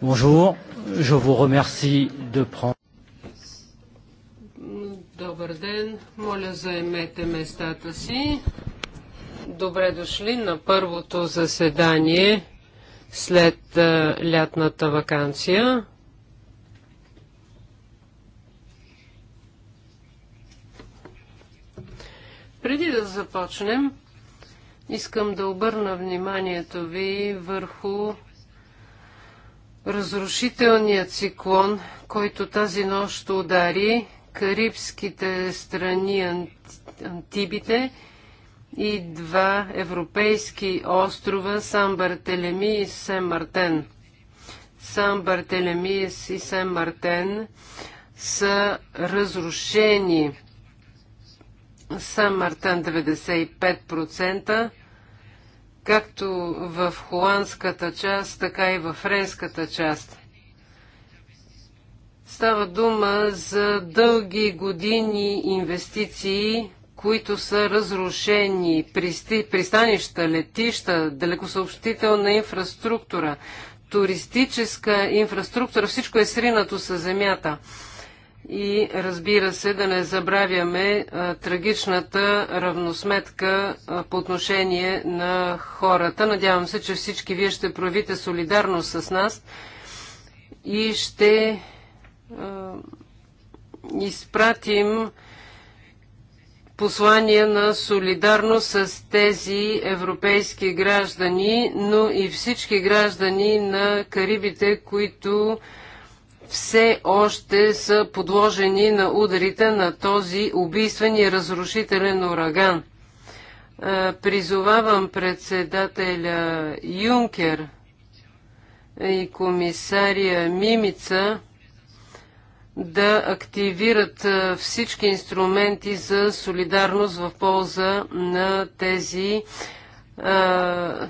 Bonjour, je vous remercie de prendre. Добър ден, моля заемете местата си. Добре дошли на първото заседание след е, лятната вакансия. Преди да започнем, искам да обърна вниманието ви върху Разрушителният циклон, който тази нощ удари Карибските страни Антибите и два европейски острова Сан Бартелеми и Сен Мартен. Сан Бартелеми и Сен Мартен са разрушени. Сан Мартен 95%, както в холандската част, така и в френската част. Става дума за дълги години инвестиции, които са разрушени, пристанища, летища, далекосъобщителна инфраструктура, туристическа инфраструктура, всичко е сринато с земята и разбира се да не забравяме а, трагичната равносметка а, по отношение на хората. Надявам се, че всички вие ще проявите солидарност с нас и ще а, изпратим послания на солидарност с тези европейски граждани, но и всички граждани на Карибите, които все още са подложени на ударите на този убийствен и разрушителен ураган. Е, призовавам председателя Юнкер и комисария Мимица да активират е, всички инструменти за солидарност в полза на тези а, е,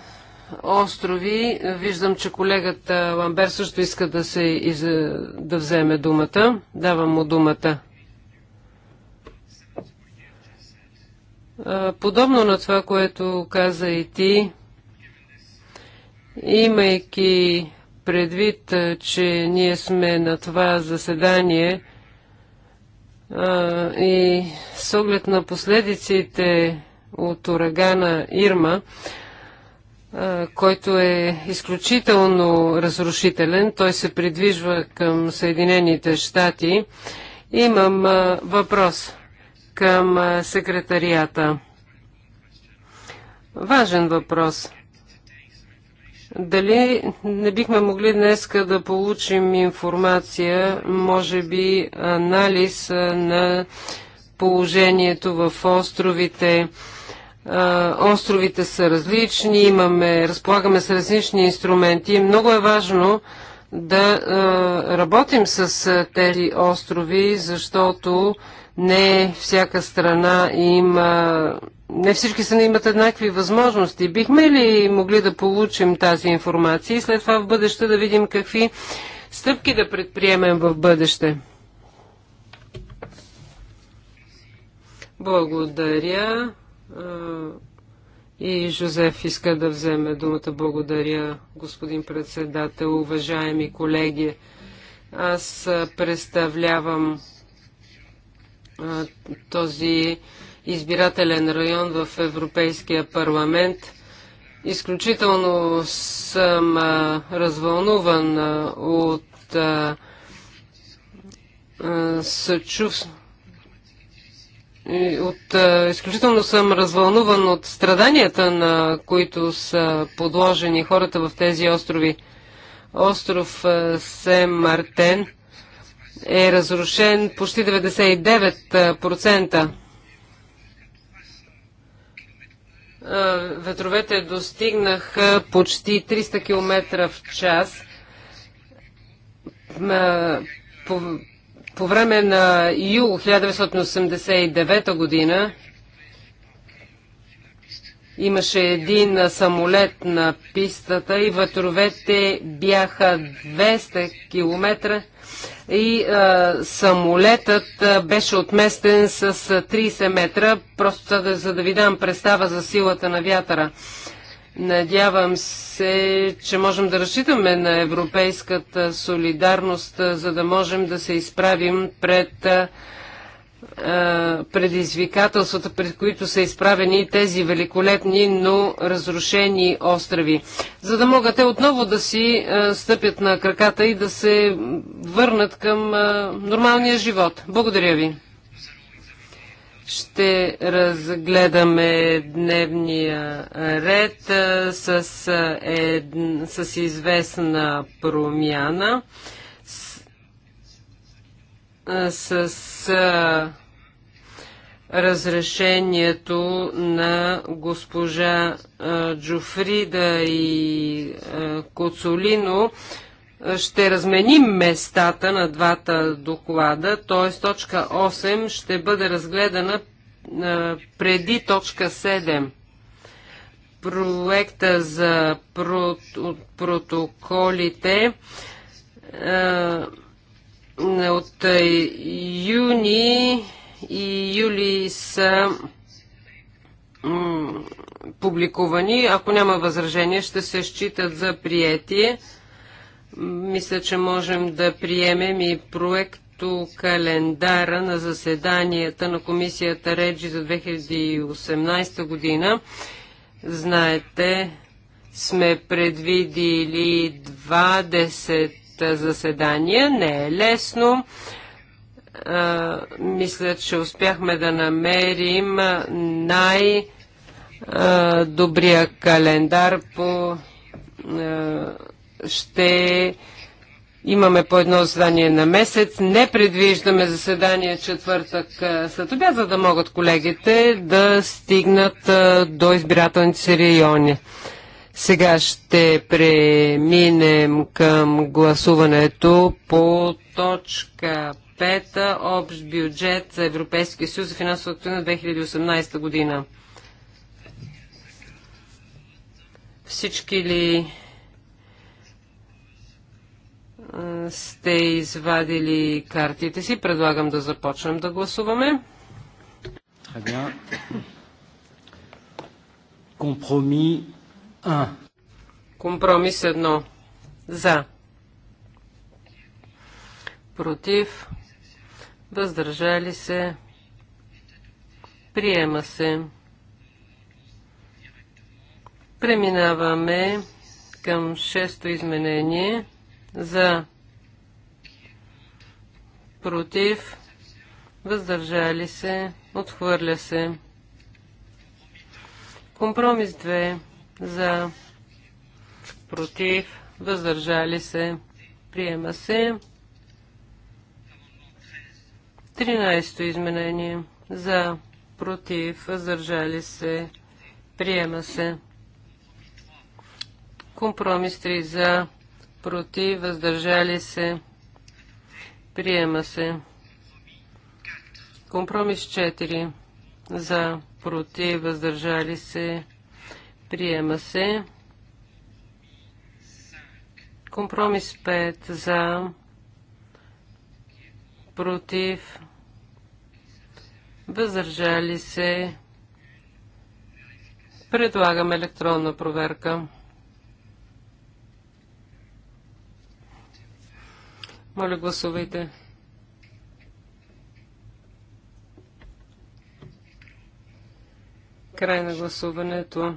острови. Виждам, че колегата Ламбер също иска да, се, из... да вземе думата. Давам му думата. Подобно на това, което каза и ти, имайки предвид, че ние сме на това заседание и с оглед на последиците от урагана Ирма, който е изключително разрушителен. Той се придвижва към Съединените щати. Имам въпрос към секретарията. Важен въпрос. Дали не бихме могли днес да получим информация, може би анализ на положението в островите, е, островите са различни, имаме, разполагаме с различни инструменти. Много е важно да е, работим с е, тези острови, защото не всяка страна има, не всички страни имат еднакви възможности. Бихме ли могли да получим тази информация и след това в бъдеще да видим какви стъпки да предприемем в бъдеще? Благодаря. И Жозеф иска да вземе думата. Благодаря, господин председател, уважаеми колеги. Аз представлявам този избирателен район в Европейския парламент. Изключително съм развълнуван от съчувствие от, е, изключително съм развълнуван от страданията, на които са подложени хората в тези острови. Остров е, Сен Мартен е разрушен почти 99%. Е, ветровете достигнаха почти 300 км в час по време на юл 1989 година имаше един самолет на пистата и вътровете бяха 200 км и а, самолетът а, беше отместен с 30 метра, просто за да, за да ви дам представа за силата на вятъра. Надявам се, че можем да разчитаме на европейската солидарност, за да можем да се изправим пред предизвикателствата, пред които са изправени тези великолепни, но разрушени острови. За да могат те отново да си стъпят на краката и да се върнат към нормалния живот. Благодаря ви. Ще разгледаме дневния ред с, ед... с известна промяна. С, с разрешението на госпожа Джуфрида и Коцолино ще разменим местата на двата доклада, т.е. точка 8 ще бъде разгледана преди точка 7. Проекта за протоколите от юни и юли са публикувани. Ако няма възражение, ще се считат за приятие. Мисля, че можем да приемем и проекто календара на заседанията на комисията Реджи за 2018 година. Знаете, сме предвидили 20 заседания. Не е лесно. А, мисля, че успяхме да намерим най- добрия календар по ще имаме по едно заседание на месец. Не предвиждаме заседание четвъртък след обяд, за да могат колегите да стигнат до избирателните си райони. Сега ще преминем към гласуването по точка 5 общ бюджет за Европейския съюз за финансовата на 2018 година. Всички ли сте извадили картите си. Предлагам да започнем да гласуваме. Компромис 1. Компромис 1. За. Против. Въздържали се. Приема се. Преминаваме към шесто изменение за против, въздържали се, отхвърля се. Компромис 2 за против, въздържали се, приема се. 13-то изменение за против, въздържали се, приема се. Компромис 3 за против, въздържали се, приема се. Компромис 4 за, против, въздържали се, приема се. Компромис 5 за, против, въздържали се. Предлагам електронна проверка. Моля, гласувайте. Край на гласуването.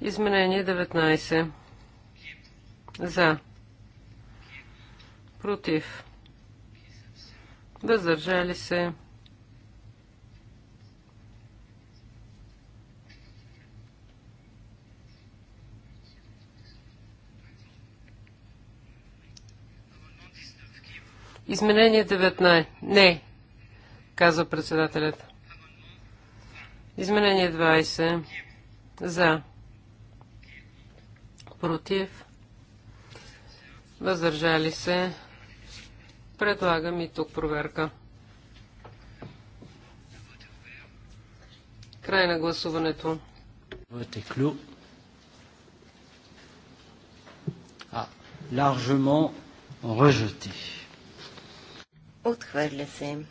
Изменение 19. За. Против въздържали се. Изменение 19. Не, казва председателят. Изменение 20. За. Против. Въздържали се. Предлагам и тук проверка. Край на гласуването. Е а, largement rejeté. Отхвърля се.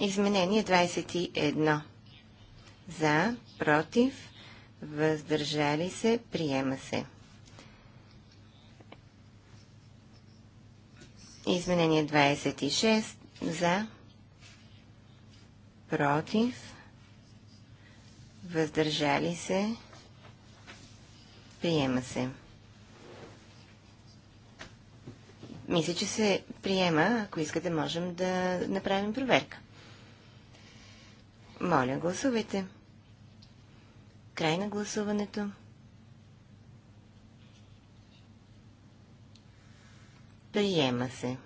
Изменение 21. За, против, въздържали се, приема се. Изменение 26. За, против, въздържали се, приема се. Мисля, че се приема. Ако искате, можем да направим проверка. Моля, гласувайте. Край на гласуването. Приема се.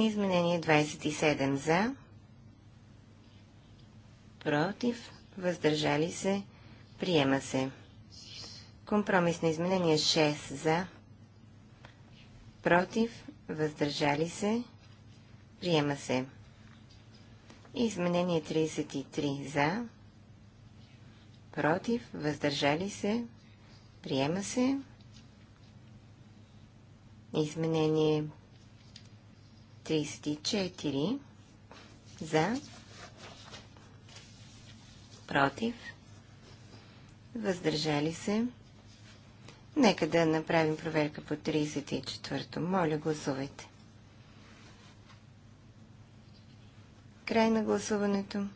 Изменение 27 за. Против. Въздържали се. Приема се. Компромис на изменение 6 за. Против. Въздържали се. Приема се. Изменение 33 за. Против. Въздържали се. Приема се. Изменение 34 за. Против. Въздържали се. Нека да направим проверка по 34-то. Моля, гласувайте. Край на гласуването.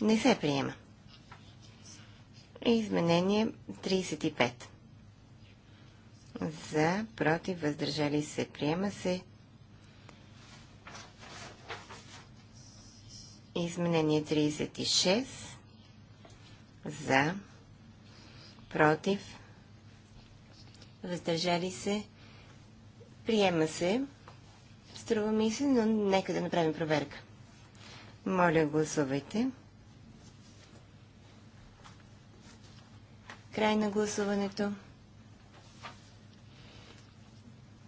Не се приема. Изменение 35. За, против, въздържали се, приема се. Изменение 36. За, против, въздържали се, приема се, струва ми се, но нека да направим проверка. Моля, гласувайте. Край на гласуването.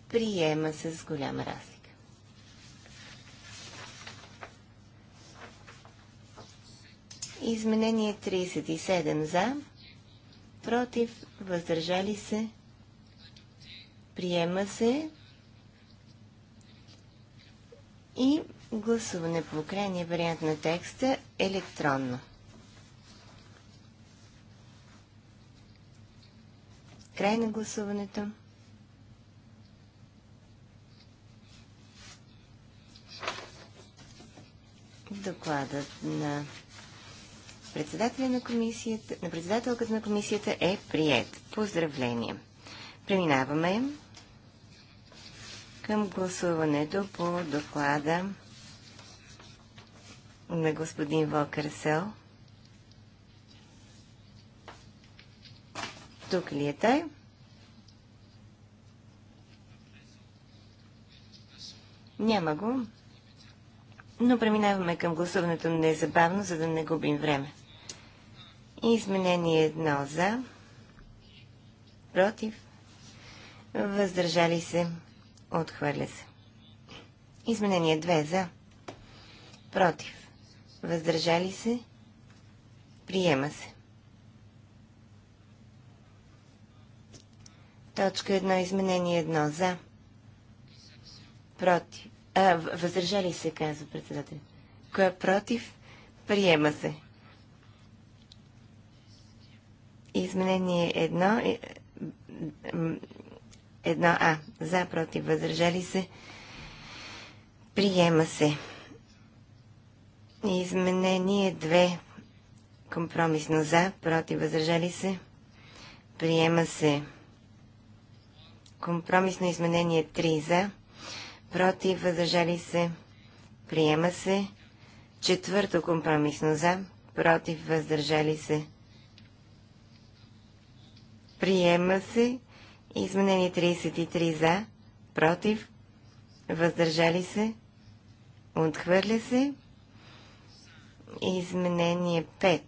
Приема се с голяма разлика. Изменение 37 за, против, въздържали се, Приема се. И гласуване по крайния вариант на текста електронно. Край на гласуването. Докладът на председателя на комисията, на председателката на комисията е прият. Поздравления! Преминаваме към гласуването по доклада на господин Вълкърсел. Тук ли е той? Няма го. Но преминаваме към гласуването незабавно, за да не губим време. Изменение едно за, против, въздържали се, отхвърля се. Изменение 2 за, против, въздържали се, приема се. Точка 1, изменение 1 за, против, а, въздържали се, казва председател. Кой е против, приема се. Изменение 1 1А. За, против, въздържали се. Приема се. Изменение 2. Компромисно за, против, въздържали се. Приема се. Компромисно изменение 3 за, против, въздържали се. Приема се. Четвърто компромисно за, против, въздържали се. Приема се. Изменение 33 за, против, въздържали се, отхвърля се. Изменение 5.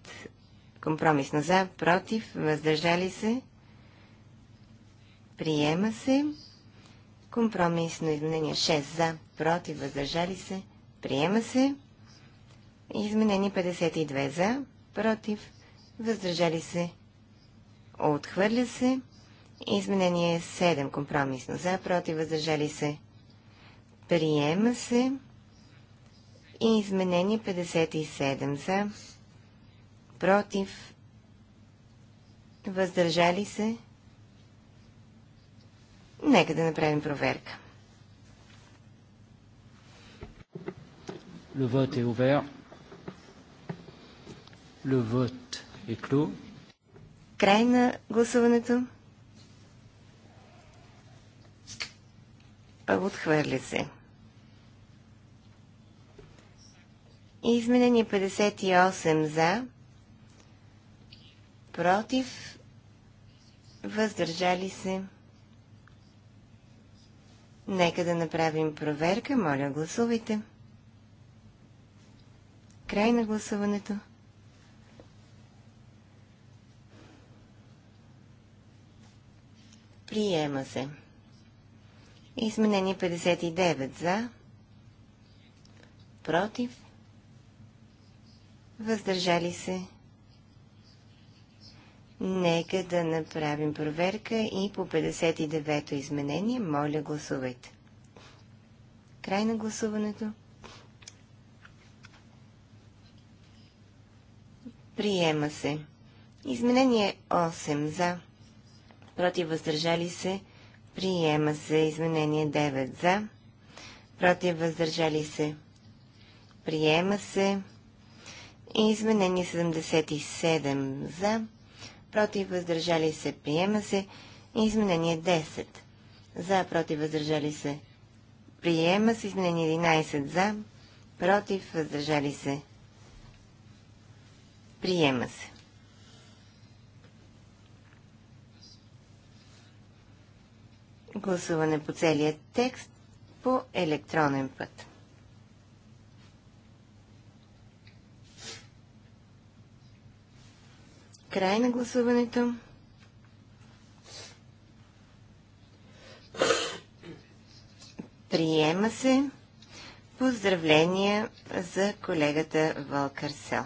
Компромисно за, против, въздържали се, приема се. Компромисно изменение 6 за, против, въздържали се, приема се. изменени 52 за, против, въздържали се, отхвърля се. Изменение 7. Компромисно за, против, въздържали се. Приема се. И изменение 57 за, против, въздържали се. Нека да направим проверка. Le vote est ouvert. Le vote est clos. Край на гласуването. Отхвърля се. Изменени 58 за, против, въздържали се. Нека да направим проверка. Моля, гласувайте. Край на гласуването. Приема се. Изменение 59 за, против, въздържали се. Нека да направим проверка и по 59-то изменение. Моля, гласувайте. Край на гласуването. Приема се. Изменение 8 за. Против въздържали се. Приема се изменение 9 за. Против въздържали се. Приема се. И изменение 77 за. Против въздържали се. Приема се. И изменение 10 за. Против въздържали се. Приема се. Изменение 11 за. Против въздържали се. Приема се. гласуване по целия текст по електронен път. Край на гласуването. Приема се. Поздравления за колегата Вълкърсел.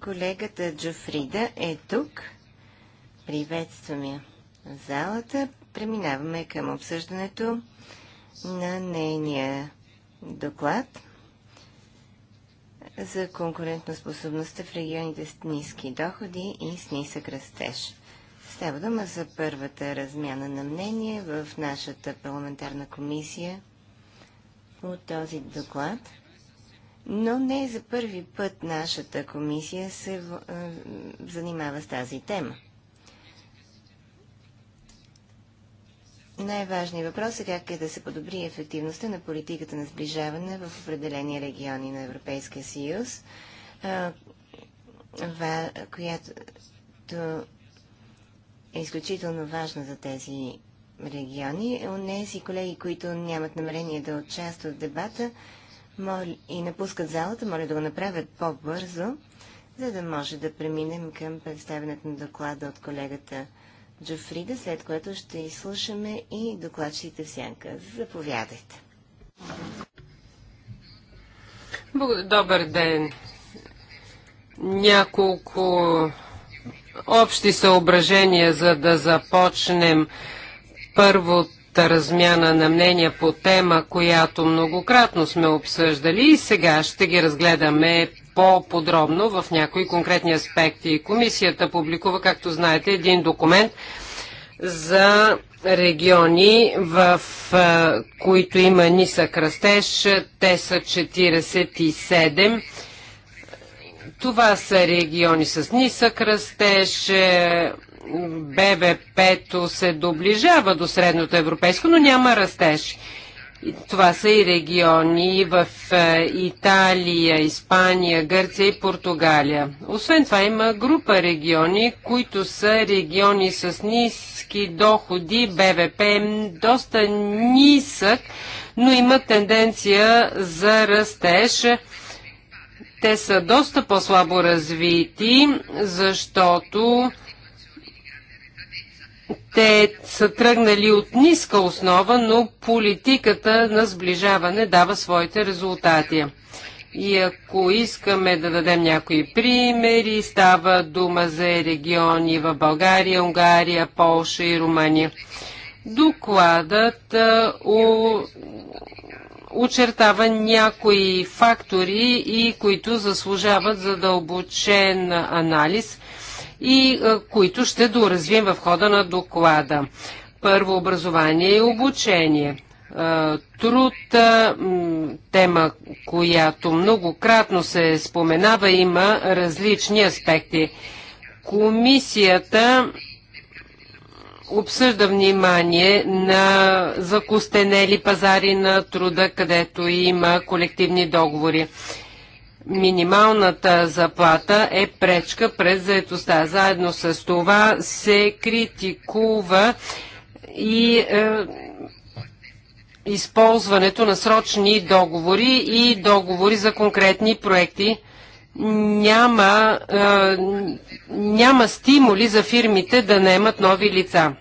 Колегата Джофрида е тук. Приветствам я в залата. Преминаваме към обсъждането на нейния доклад за конкурентоспособността в регионите с ниски доходи и с нисък растеж. Става дума за първата размяна на мнение в нашата парламентарна комисия по този доклад – но не за първи път нашата комисия се занимава с тази тема. Най-важният въпрос е как е да се подобри ефективността на политиката на сближаване в определени региони на Европейския съюз, която е изключително важна за тези региони. Онези колеги, които нямат намерение да участват в дебата, моля, и напускат залата, моля да го направят по-бързо, за да може да преминем към представенето на доклада от колегата Джофрида, след което ще изслушаме и докладчите в сянка. Заповядайте. Добър ден. Няколко общи съображения, за да започнем първото първата размяна на мнения по тема, която многократно сме обсъждали и сега ще ги разгледаме по-подробно в някои конкретни аспекти. Комисията публикува, както знаете, един документ за региони, в които има нисък растеж. Те са 47. Това са региони с нисък растеж, БВП-то се доближава до средното европейско, но няма растеж. Това са и региони в е, Италия, Испания, Гърция и Португалия. Освен това има група региони, които са региони с ниски доходи, БВП е доста нисък, но има тенденция за растеж. Те са доста по-слабо развити, защото те са тръгнали от ниска основа, но политиката на сближаване дава своите резултати. И ако искаме да дадем някои примери, става дума за региони в България, Унгария, Полша и Румъния. Докладът у... очертава някои фактори и които заслужават задълбочен анализ и които ще доразвием в хода на доклада. Първо образование и обучение труд, тема, която многократно се споменава, има различни аспекти. Комисията обсъжда внимание на закостенели пазари на труда, където има колективни договори минималната заплата е пречка пред заедостта. Заедно с това се критикува и е, използването на срочни договори и договори за конкретни проекти. Няма, е, няма стимули за фирмите да наемат нови лица.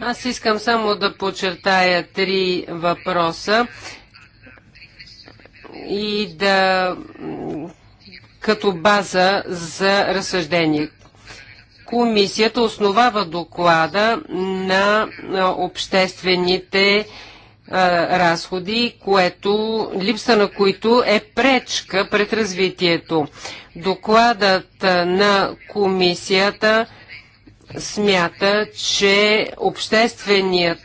Аз искам само да подчертая три въпроса и да като база за разсъждение. Комисията основава доклада на обществените разходи, което, липса на които е пречка пред развитието. Докладът на комисията смята, че общественият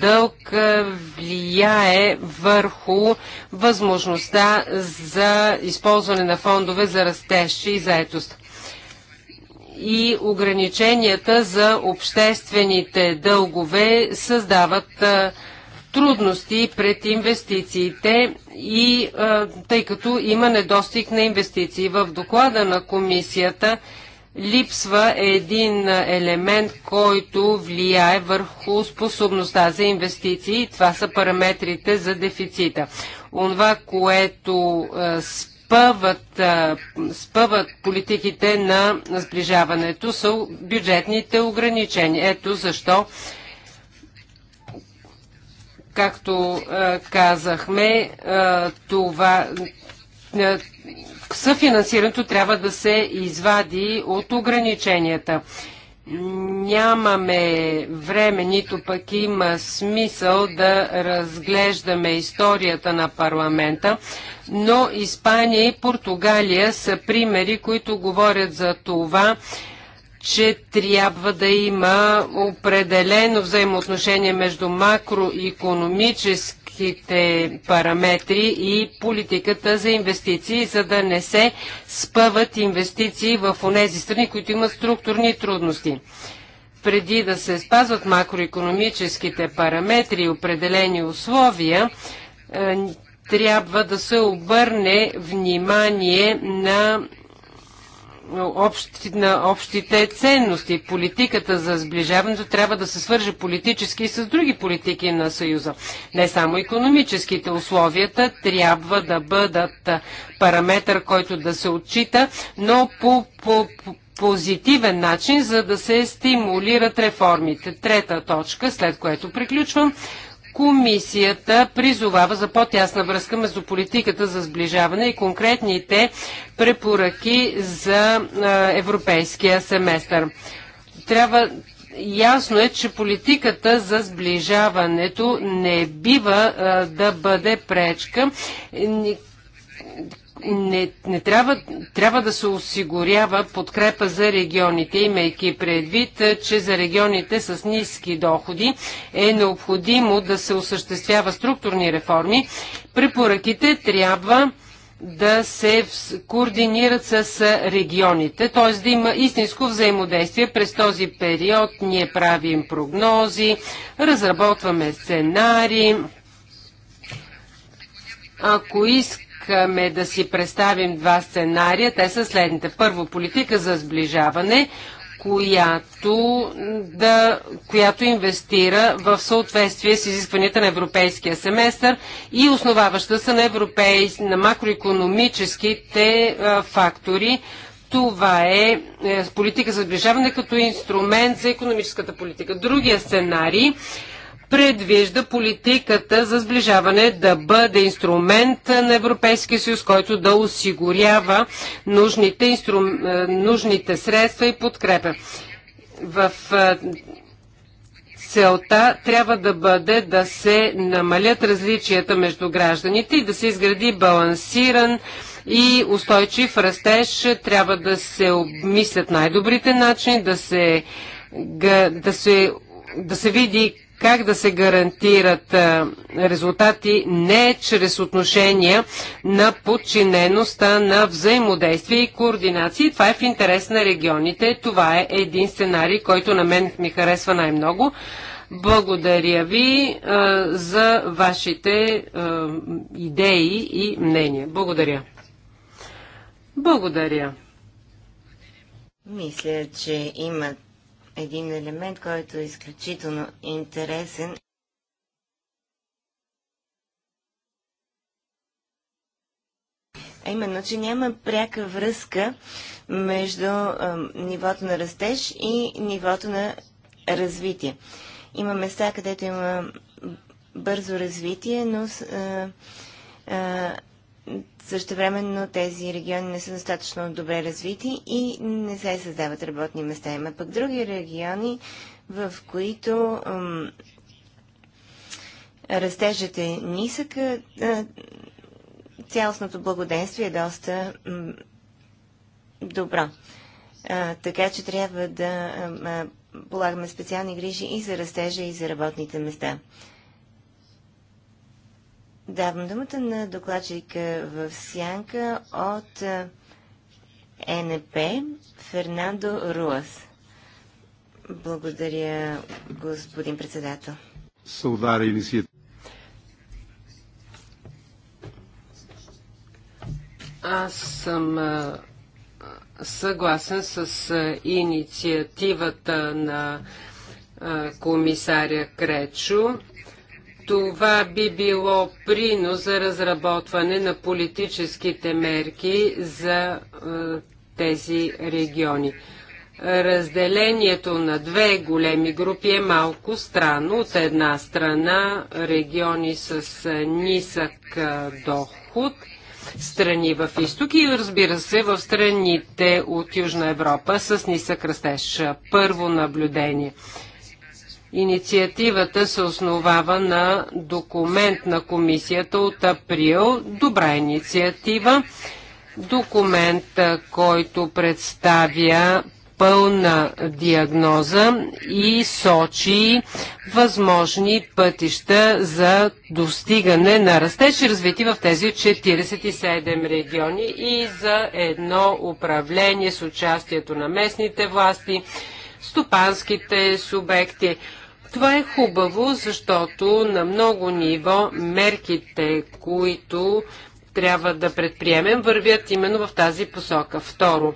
дълг влияе върху възможността за използване на фондове за растеж и заетост. И ограниченията за обществените дългове създават трудности пред инвестициите и тъй като има недостиг на инвестиции. В доклада на комисията липсва един елемент, който влияе върху способността за инвестиции. Това са параметрите за дефицита. Онова, което е, спъват, е, спъват политиките на сближаването са бюджетните ограничения. Ето защо както е, казахме, това съфинансирането трябва да се извади от ограниченията. Нямаме време, нито пък има смисъл да разглеждаме историята на парламента, но Испания и Португалия са примери, които говорят за това, че трябва да има определено взаимоотношение между макроекономически финансовите параметри и политиката за инвестиции, за да не се спъват инвестиции в тези страни, които имат структурни трудности. Преди да се спазват макроекономическите параметри и определени условия, е, трябва да се обърне внимание на общи, на общите ценности. Политиката за сближаването трябва да се свърже политически и с други политики на Съюза. Не само економическите условията трябва да бъдат параметър, който да се отчита, но по, по, по позитивен начин, за да се стимулират реформите. Трета точка, след което приключвам Комисията призовава за по-тясна връзка между политиката за сближаване и конкретните препоръки за европейския семестър. Трябва Ясно е, че политиката за сближаването не бива а, да бъде пречка не, не трябва, трябва да се осигурява подкрепа за регионите, имайки предвид, че за регионите с ниски доходи е необходимо да се осъществява структурни реформи. Препоръките трябва да се координират с регионите, т.е. да има истинско взаимодействие. През този период ние правим прогнози, разработваме сценари. Ако искаме искаме да си представим два сценария, те са следните. Първо, политика за сближаване, която, да, която инвестира в съответствие с изискванията на европейския семестър и основаваща се на, европей, на макроекономическите фактори. Това е, е политика за сближаване като инструмент за економическата политика. Другия сценарий предвижда политиката за сближаване да бъде инструмент на Европейския съюз, който да осигурява нужните, инстру... Е, нужните средства и подкрепа. В е, целта трябва да бъде да се намалят различията между гражданите и да се изгради балансиран и устойчив растеж. Трябва да се обмислят най-добрите начини, да се, да се, да се види как да се гарантират резултати не чрез отношения на подчинеността на взаимодействие и координации. Това е в интерес на регионите. Това е един сценарий, който на мен ми харесва най-много. Благодаря ви а, за вашите а, идеи и мнения. Благодаря. Благодаря. Мисля, че имат един елемент, който е изключително интересен. А именно, че няма пряка връзка между а, нивото на растеж и нивото на развитие. Има места, където има бързо развитие, но а, а, Същевременно тези региони не са достатъчно добре развити и не се създават работни места. Има пък други региони, в които растежът е нисък, а, цялостното благоденствие е доста добро. А, така че трябва да полагаме специални грижи и за растежа, и за работните места. Давам думата на докладчика в Сянка от НП Фернандо Руас. Благодаря, господин председател. Саудара инициатива. Аз съм съгласен с инициативата на комисаря Кречо това би било принос за разработване на политическите мерки за е, тези региони. Разделението на две големи групи е малко странно. От една страна региони с е, нисък е, доход, страни в изток и разбира се в страните от Южна Европа с нисък растеж. Първо наблюдение – Инициативата се основава на документ на комисията от април. Добра инициатива. Документ, който представя пълна диагноза и сочи възможни пътища за достигане на растеж и развитие в тези 47 региони и за едно управление с участието на местните власти, стопанските субекти, това е хубаво, защото на много ниво мерките, които трябва да предприемем, вървят именно в тази посока. Второ,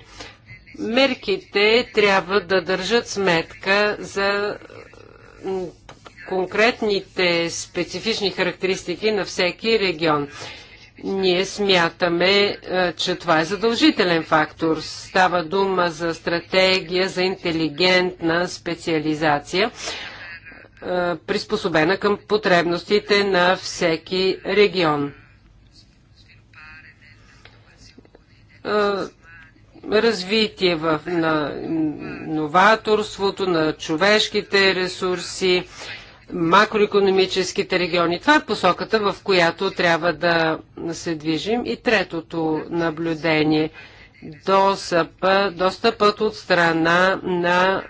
мерките трябва да държат сметка за конкретните специфични характеристики на всеки регион. Ние смятаме, е, че това е задължителен фактор. Става дума за стратегия за интелигентна специализация е, приспособена към потребностите на всеки регион. Е, развитие в, на новаторството, на човешките ресурси, макроекономическите региони. Това е посоката, в която трябва да се движим. И третото наблюдение достъпът, от страна на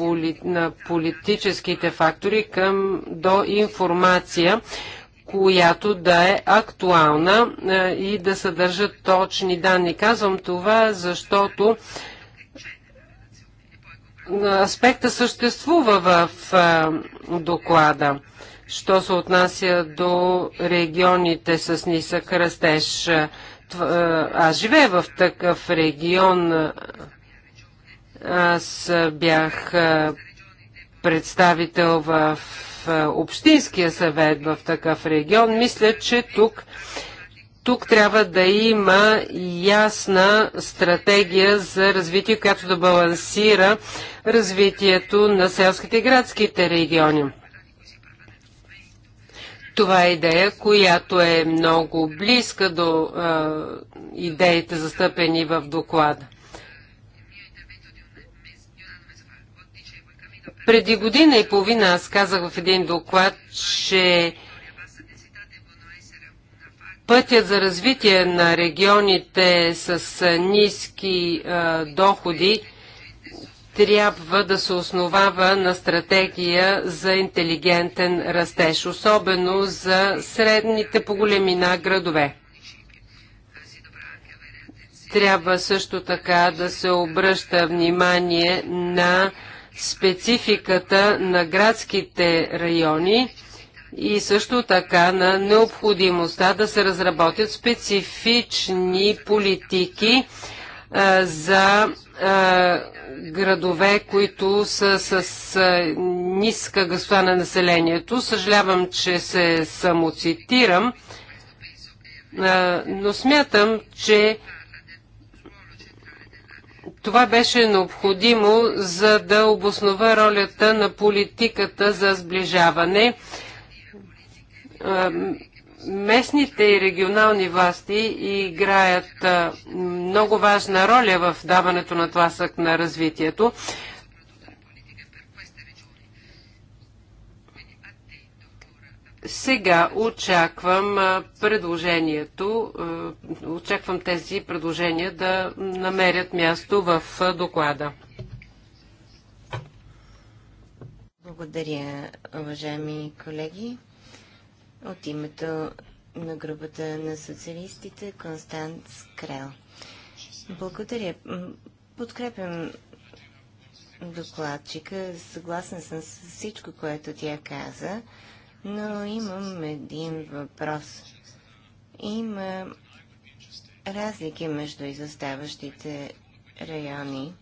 поли, на политическите фактори към, до информация, която да е актуална и да съдържа точни данни. Казвам това, защото аспекта съществува в доклада. Що се отнася до регионите с нисък растеж, аз живея в такъв регион аз бях представител в Общинския съвет в такъв регион. Мисля, че тук, тук трябва да има ясна стратегия за развитие, която да балансира развитието на селските и градските региони. Това е идея, която е много близка до а, идеите застъпени в доклада. Преди година и половина аз казах в един доклад, че пътят за развитие на регионите с ниски а, доходи трябва да се основава на стратегия за интелигентен растеж, особено за средните по големина градове. Трябва също така да се обръща внимание на спецификата на градските райони и също така на необходимостта да се разработят специфични политики а, за а, градове, които са с а, ниска гъстота на населението. Съжалявам, че се самоцитирам, но смятам, че това беше необходимо, за да обоснова ролята на политиката за сближаване. Местните и регионални власти играят много важна роля в даването на тласък на развитието. Сега очаквам предложението, очаквам тези предложения да намерят място в доклада. Благодаря, уважаеми колеги. От името на групата на социалистите Констант Крел. Благодаря. Подкрепям докладчика. Съгласна съм с всичко, което тя каза но имам един въпрос. Има разлики между изоставащите райони.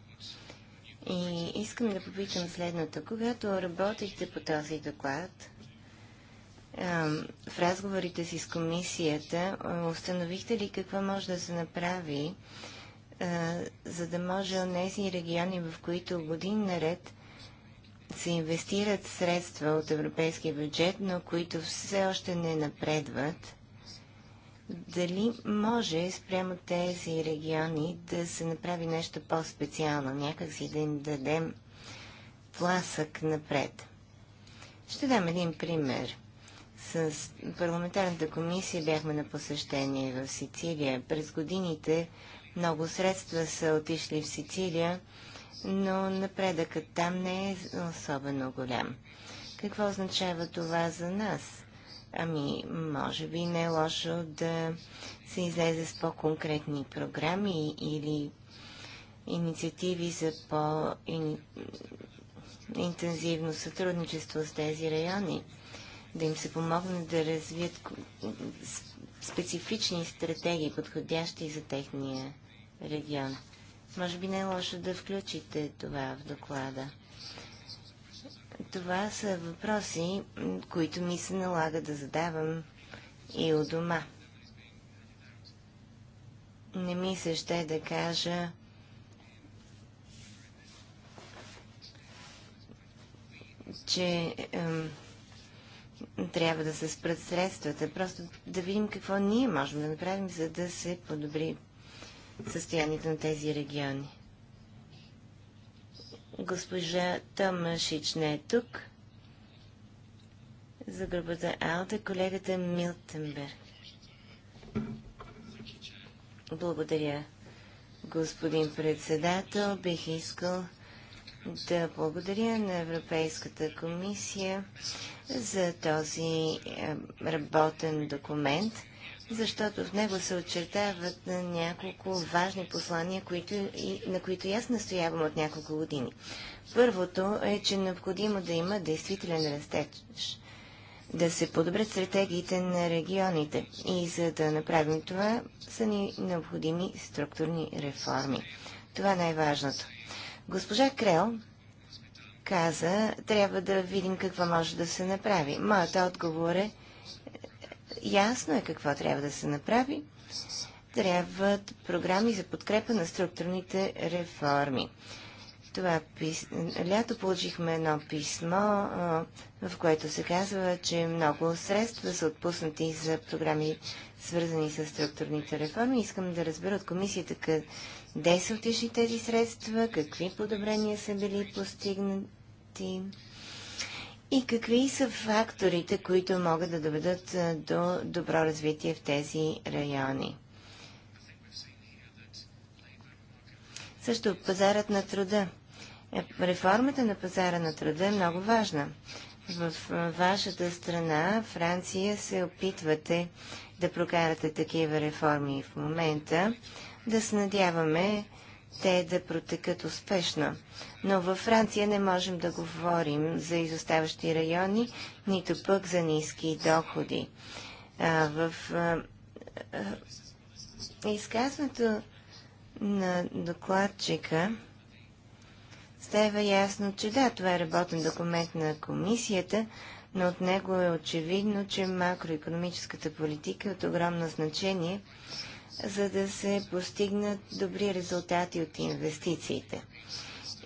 И искам да попитам следното. Когато работихте по този доклад, в разговорите си с комисията, установихте ли какво може да се направи, за да може тези региони, в които години наред се инвестират средства от европейския бюджет, но които все още не напредват, дали може спрямо тези региони да се направи нещо по-специално, някакси да им дадем пласък напред? Ще дам един пример. С парламентарната комисия бяхме на посещение в Сицилия. През годините много средства са отишли в Сицилия но напредъкът там не е особено голям. Какво означава това за нас? Ами, може би не е лошо да се излезе с по-конкретни програми или инициативи за по-интензивно сътрудничество с тези райони, да им се помогне да развият специфични стратегии, подходящи за техния регион. Може би не е лошо да включите това в доклада. Това са въпроси, които ми се налага да задавам и у дома. Не ми се ще да кажа че ем, трябва да се спрат средствата. Просто да видим какво ние можем да направим, за да се подобри състоянието на тези региони. Госпожа Томашич не е тук. За групата Алта колегата Милтенберг. Благодаря, господин председател. Бих искал да благодаря на Европейската комисия за този е, работен документ защото в него се очертават няколко важни послания, които, и, на които и аз настоявам от няколко години. Първото е, че е необходимо да има действителен растеж, да се подобрят стратегиите на регионите и за да направим това са ни необходими структурни реформи. Това е най-важното. Госпожа Крел каза, трябва да видим какво може да се направи. Моят отговор е, Ясно е какво трябва да се направи. Трябват програми за подкрепа на структурните реформи. Това пис... лято получихме едно писмо, в което се казва, че много средства са отпуснати за програми, свързани с структурните реформи. Искам да разбера от комисията къде са отишли тези средства, какви подобрения са били постигнати. И какви са факторите, които могат да доведат до добро развитие в тези райони? Също пазарът на труда. Е, реформата на пазара на труда е много важна. В вашата страна, Франция, се опитвате да прокарате такива реформи в момента. Да се надяваме, те да протекат успешно. Но във Франция не можем да говорим за изоставащи райони, нито пък за ниски доходи. А, в а, а, изказването на докладчика става ясно, че да, това е работен документ на комисията, но от него е очевидно, че макроекономическата политика е от огромно значение – за да се постигнат добри резултати от инвестициите.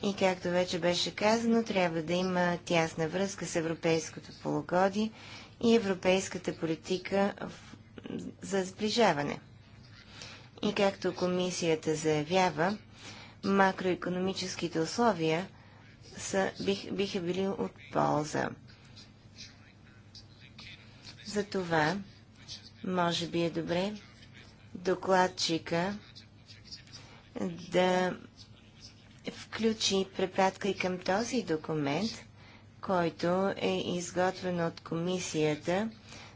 И както вече беше казано, трябва да има тясна връзка с европейското полугодие и европейската политика за сближаване. И както комисията заявява, макроекономическите условия са, бих, биха били от полза. Затова, може би е добре докладчика да включи препратка и към този документ, който е изготвен от комисията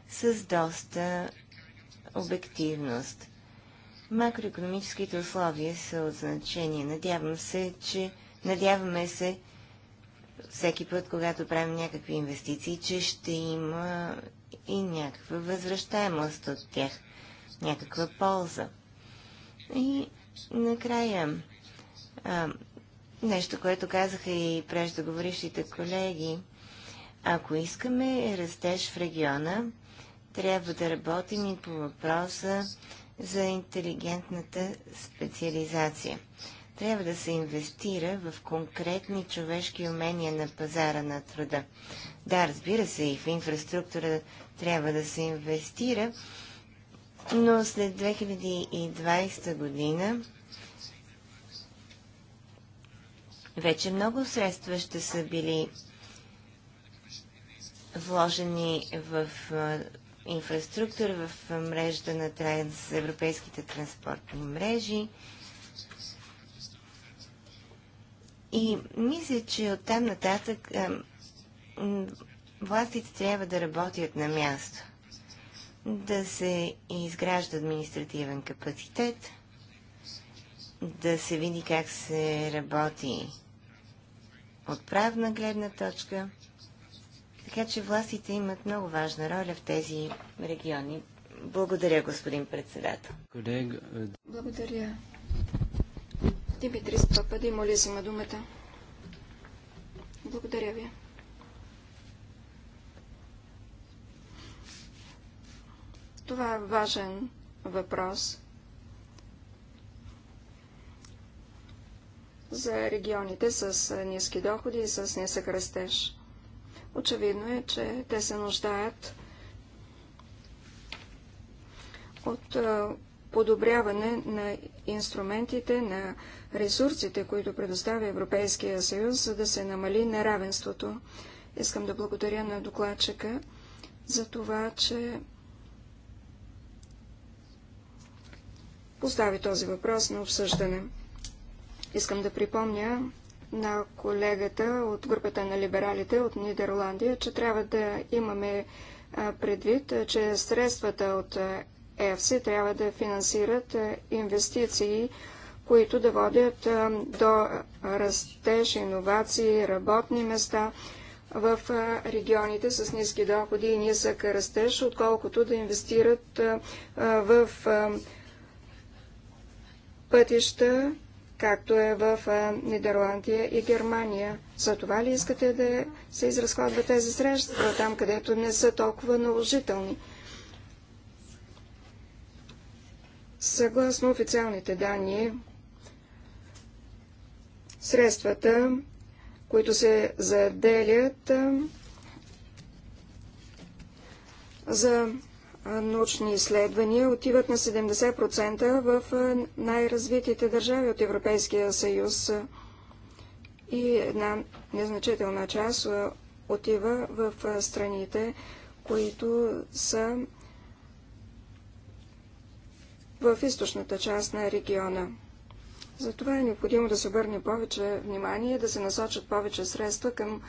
с доста обективност. Макроекономическите условия са от значение. Надявам се, че надяваме се всеки път, когато правим някакви инвестиции, че ще има и някаква възвръщаемост от тях някаква полза. И накрая, а, нещо, което казаха и преждоговорившите колеги, ако искаме растеж в региона, трябва да работим и по въпроса за интелигентната специализация. Трябва да се инвестира в конкретни човешки умения на пазара на труда. Да, разбира се, и в инфраструктура трябва да се инвестира, но след 2020 година вече много средства ще са били вложени в инфраструктура, в мрежата на транс, европейските транспортни мрежи. И мисля, че оттам нататък властите трябва да работят на място да се изгражда административен капацитет, да се види как се работи от правна гледна точка. Така че властите имат много важна роля в тези региони. Благодаря, господин председател. Е, Благодаря. Димитрис Пападимо ли има думата? Благодаря ви. Това е важен въпрос за регионите с ниски доходи и с нисък растеж. Очевидно е, че те се нуждаят от подобряване на инструментите, на ресурсите, които предоставя Европейския съюз, за да се намали неравенството. Искам да благодаря на докладчика за това, че постави този въпрос на обсъждане. Искам да припомня на колегата от групата на либералите от Нидерландия, че трябва да имаме предвид, че средствата от ЕФСИ трябва да финансират инвестиции, които да водят до растеж, иновации, работни места в регионите с ниски доходи и нисък растеж, отколкото да инвестират в пътища, както е в Нидерландия и Германия. За това ли искате да се изразходват тези средства там, където не са толкова наложителни? Съгласно официалните данни, средствата, които се заделят за научни изследвания отиват на 70% в най-развитите държави от Европейския съюз и една незначителна част отива в страните, които са в източната част на региона. Затова е необходимо да се обърне повече внимание, да се насочат повече средства към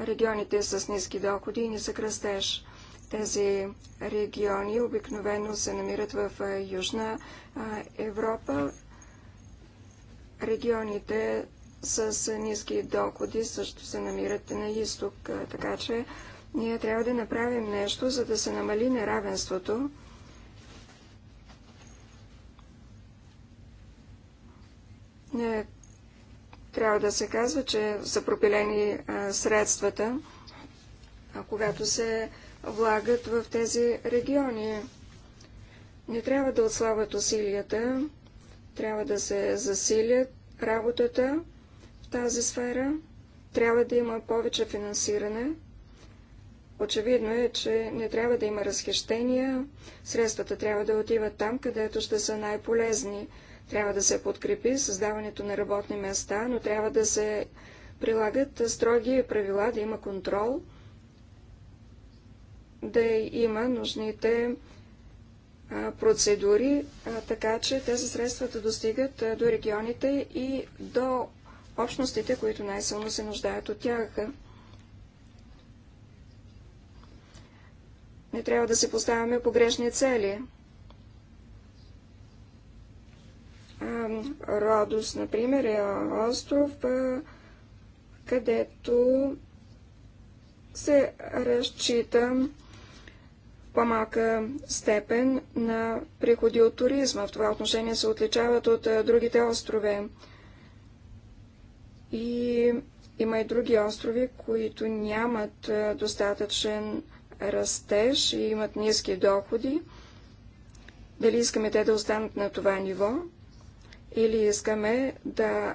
регионите с ниски доходи и нисък растеж. Тези региони обикновено се намират в Южна Европа. Регионите с ниски доходи също се намират на изток, така че ние трябва да направим нещо, за да се намали неравенството. Не трябва да се казва, че са пропилени а, средствата, а когато се влагат в тези региони. Не трябва да отслабват усилията, трябва да се засилят работата в тази сфера, трябва да има повече финансиране. Очевидно е, че не трябва да има разхищения, средствата трябва да отиват там, където ще са най-полезни. Трябва да се подкрепи създаването на работни места, но трябва да се прилагат строги правила, да има контрол – да има нужните процедури, така че тези средства да достигат до регионите и до общностите, които най-силно се нуждаят от тях. Не трябва да се поставяме погрешни цели. Родос, например, е остров, където се разчита по-малка степен на приходи от туризма. В това отношение се отличават от другите острове. И има и други острови, които нямат достатъчен растеж и имат ниски доходи. Дали искаме те да останат на това ниво или искаме да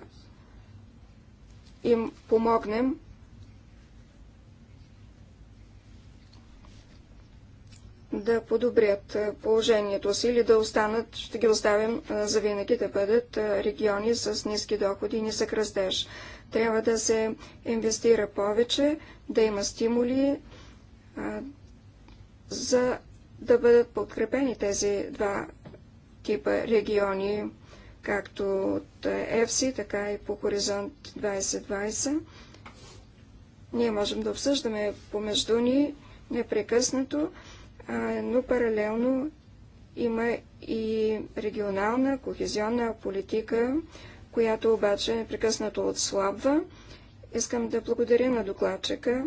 им помогнем да подобрят положението си или да останат, ще ги оставим за винаги да бъдат региони с ниски доходи и нисък растеж. Трябва да се инвестира повече, да има стимули, а, за да бъдат подкрепени тези два типа региони, както от ЕФСИ, така и по Хоризонт 2020. Ние можем да обсъждаме помежду ни непрекъснато, но паралелно има и регионална кохезионна политика, която обаче непрекъснато отслабва. Искам да благодаря на докладчика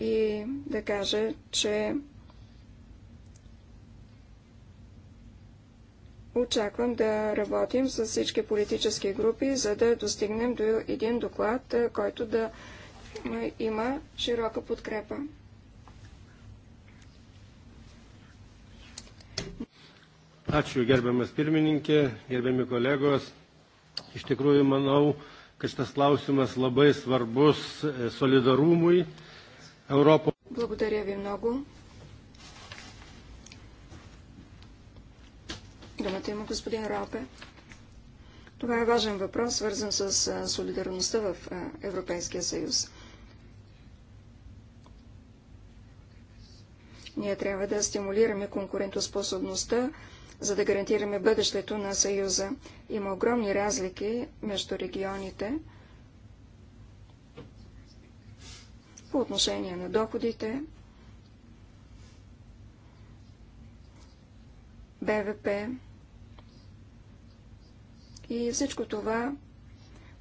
и да кажа, че очаквам да работим с всички политически групи, за да достигнем до един доклад, който да има широка подкрепа. Ačiū gerbiamas pirmininkė, gerbiami kolegos. Iš tikrųjų manau, kad šitas klausimas labai svarbus e, solidarumui Europos. Благодаря ви много. Думата има господин Ропе. Това е важен въпрос, свързан с е, солидарността в е, Европейския съюз. Ние трябва да стимулираме конкурентоспособността за да гарантираме бъдещето на Съюза. Има огромни разлики между регионите по отношение на доходите, БВП и всичко това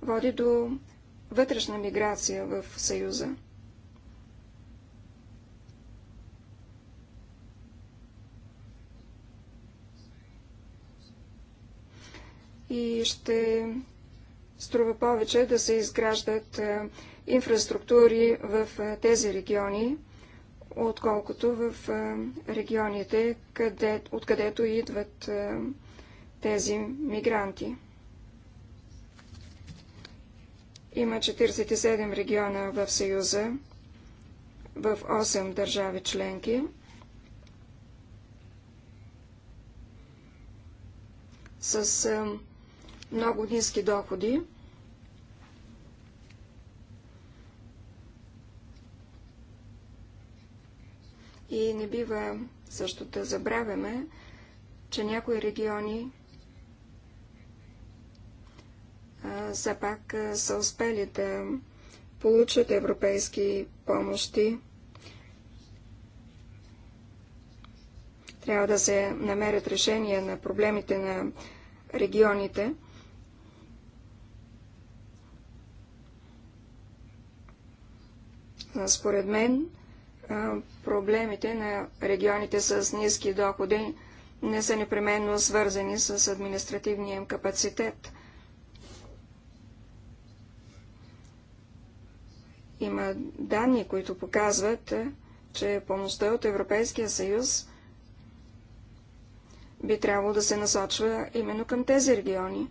води до вътрешна миграция в Съюза. и ще струва повече да се изграждат е, инфраструктури в е, тези региони, отколкото в е, регионите, къде, откъдето идват тези мигранти. Има 47 региона в Съюза, в 8 държави членки. С много ниски доходи. И не бива също да забравяме, че някои региони все пак са успели да получат европейски помощи. Трябва да се намерят решения на проблемите на регионите – Според мен проблемите на регионите с ниски доходи не са непременно свързани с административния им капацитет. Има данни, които показват, че помощта от Европейския съюз би трябвало да се насочва именно към тези региони.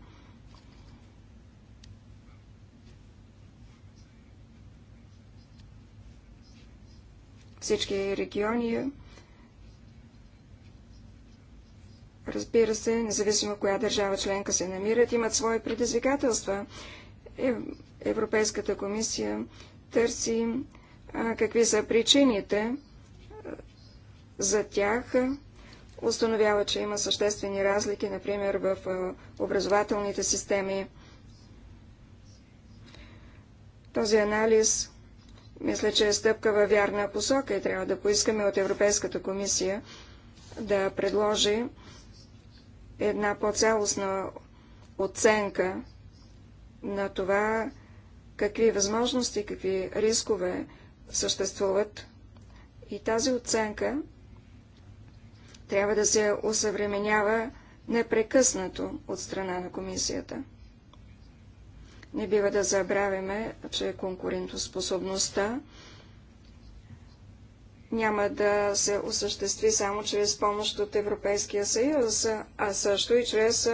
всички региони. Разбира се, независимо коя държава членка се намират, имат свои предизвикателства. Европейската комисия търси какви са причините за тях. Установява, че има съществени разлики, например, в образователните системи. Този анализ мисля, че е стъпка във вярна посока и трябва да поискаме от Европейската комисия да предложи една по-цялостна оценка на това, какви възможности, какви рискове съществуват. И тази оценка трябва да се осъвременява непрекъснато от страна на комисията. Не бива да забравяме, че конкурентоспособността няма да се осъществи само чрез помощ от Европейския съюз, а също и чрез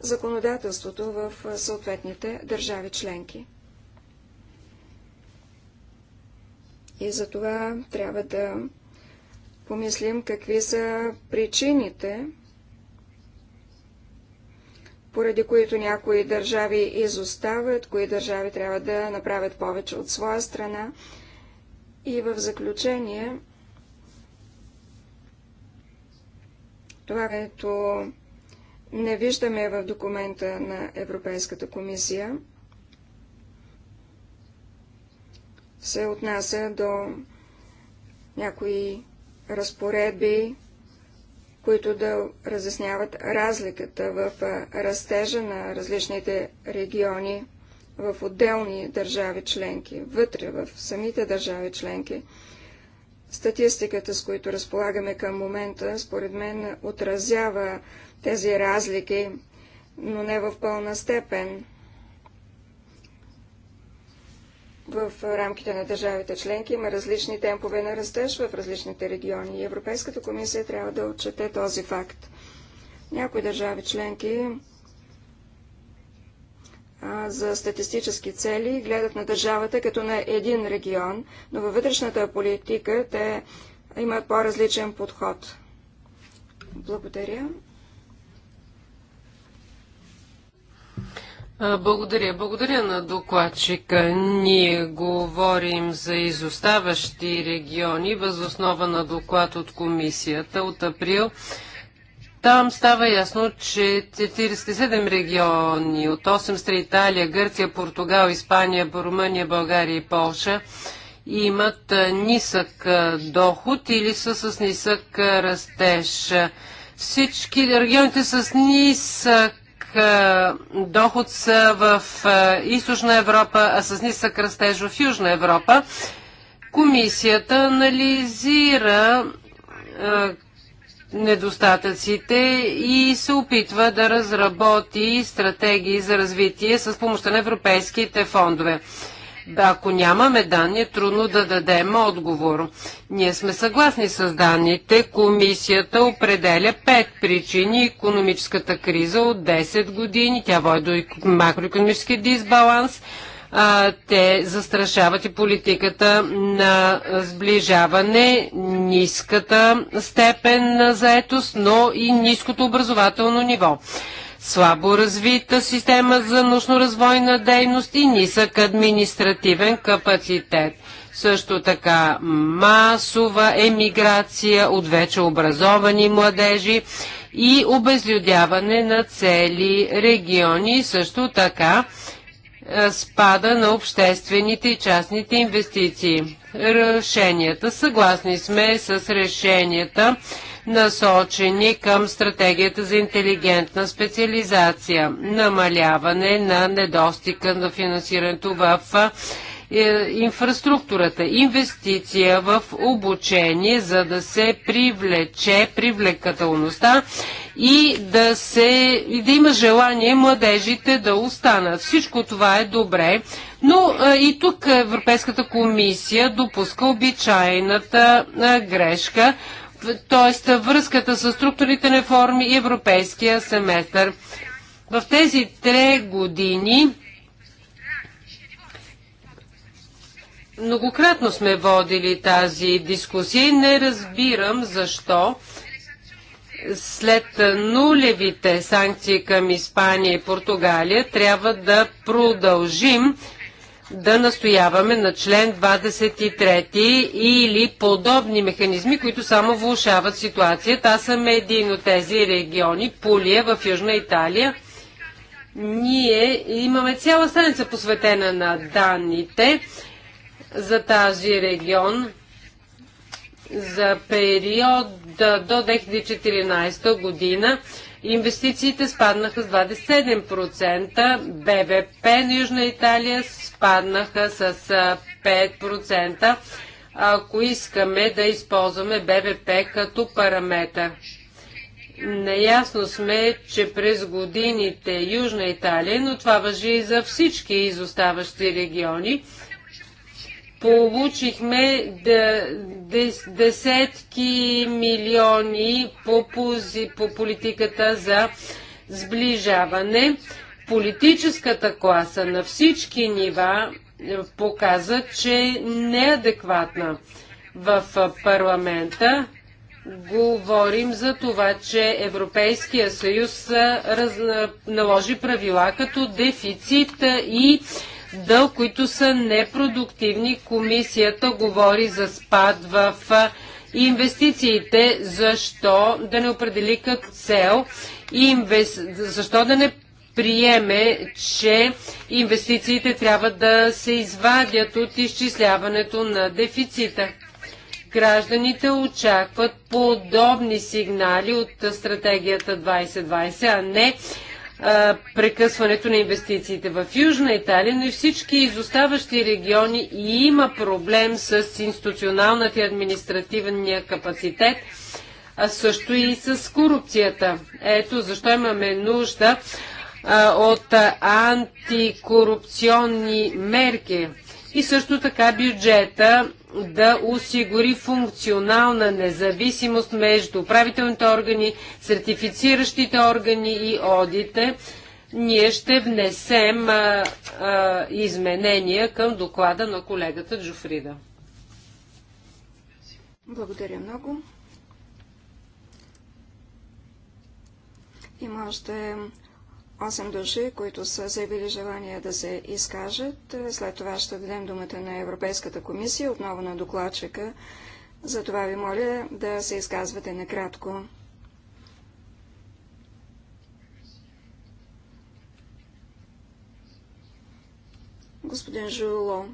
законодателството в съответните държави членки. И за това трябва да помислим какви са причините поради които някои държави изостават, кои държави трябва да направят повече от своя страна. И в заключение, това, което не виждаме в документа на Европейската комисия, се отнася до някои разпоредби които да разясняват разликата в растежа на различните региони в отделни държави членки, вътре в самите държави членки. Статистиката, с които разполагаме към момента, според мен отразява тези разлики, но не в пълна степен. в рамките на държавите членки има различни темпове на растеж в различните региони и Европейската комисия трябва да отчете този факт. Някои държави членки за статистически цели гледат на държавата като на един регион, но във вътрешната политика те имат по-различен подход. Благодаря. Благодаря. Благодаря на докладчика. Ние говорим за изоставащи региони възоснова на доклад от комисията от април. Там става ясно, че 47 региони от 8 страни Италия, Гърция, Португал, Испания, Румъния, България и Полша имат нисък доход или са с нисък растеж. Всички регионите с нисък е, доход са в е, източна Европа, а с нисък растеж в южна Европа. Комисията анализира е, недостатъците и се опитва да разработи стратегии за развитие с помощта на европейските фондове. Ако нямаме данни, е трудно да дадем отговор. Ние сме съгласни с данните. Комисията определя пет причини економическата криза от 10 години. Тя води до макроекономически дисбаланс а, те застрашават и политиката на сближаване, ниската степен на заетост, но и ниското образователно ниво слабо развита система за научно-развойна дейност и нисък административен капацитет. Също така масова емиграция от вече образовани младежи и обезлюдяване на цели региони. Също така е, спада на обществените и частните инвестиции. Решенията. Съгласни сме с решенията насочени към стратегията за интелигентна специализация, намаляване на недостига на финансирането в е, инфраструктурата, инвестиция в обучение, за да се привлече привлекателността и да, се, и да има желание младежите да останат. Всичко това е добре, но а, е, и тук Европейската комисия допуска обичайната а, е, грешка т.е. връзката с структурните реформи и европейския семестър. В тези три години многократно сме водили тази дискусия и не разбирам защо след нулевите санкции към Испания и Португалия трябва да продължим да настояваме на член 23 или подобни механизми, които само влушават ситуацията. Аз съм един от тези региони, Пулия в Южна Италия. Ние имаме цяла страница посветена на данните за тази регион за период до 2014 година Инвестициите спаднаха с 27%, БВП на Южна Италия спаднаха с 5%, ако искаме да използваме БВП като параметър. Наясно сме, че през годините Южна Италия, но това въжи и за всички изоставащи региони, Получихме десетки милиони по, по политиката за сближаване. Политическата класа на всички нива е, показа, че е неадекватна в е, парламента. Говорим за това, че Европейския съюз е, наложи правила като дефицит и дълг, които са непродуктивни. Комисията говори за спад в инвестициите. Защо да не определи като цел? Инвес... Защо да не приеме, че инвестициите трябва да се извадят от изчисляването на дефицита. Гражданите очакват подобни сигнали от стратегията 2020, а не прекъсването на инвестициите в Южна Италия, но и всички изоставащи региони и има проблем с институционалната и административния капацитет, а също и с корупцията. Ето защо имаме нужда от антикорупционни мерки и също така бюджета да осигури функционална независимост между управителните органи, сертифициращите органи и одите. Ние ще внесем а, а, изменения към доклада на колегата Джуфрида. Благодаря много. Има още 8 души, които са заявили желание да се изкажат. След това ще дадем думата на Европейската комисия, отново на докладчика. Затова ви моля да се изказвате накратко. Господин Жуло,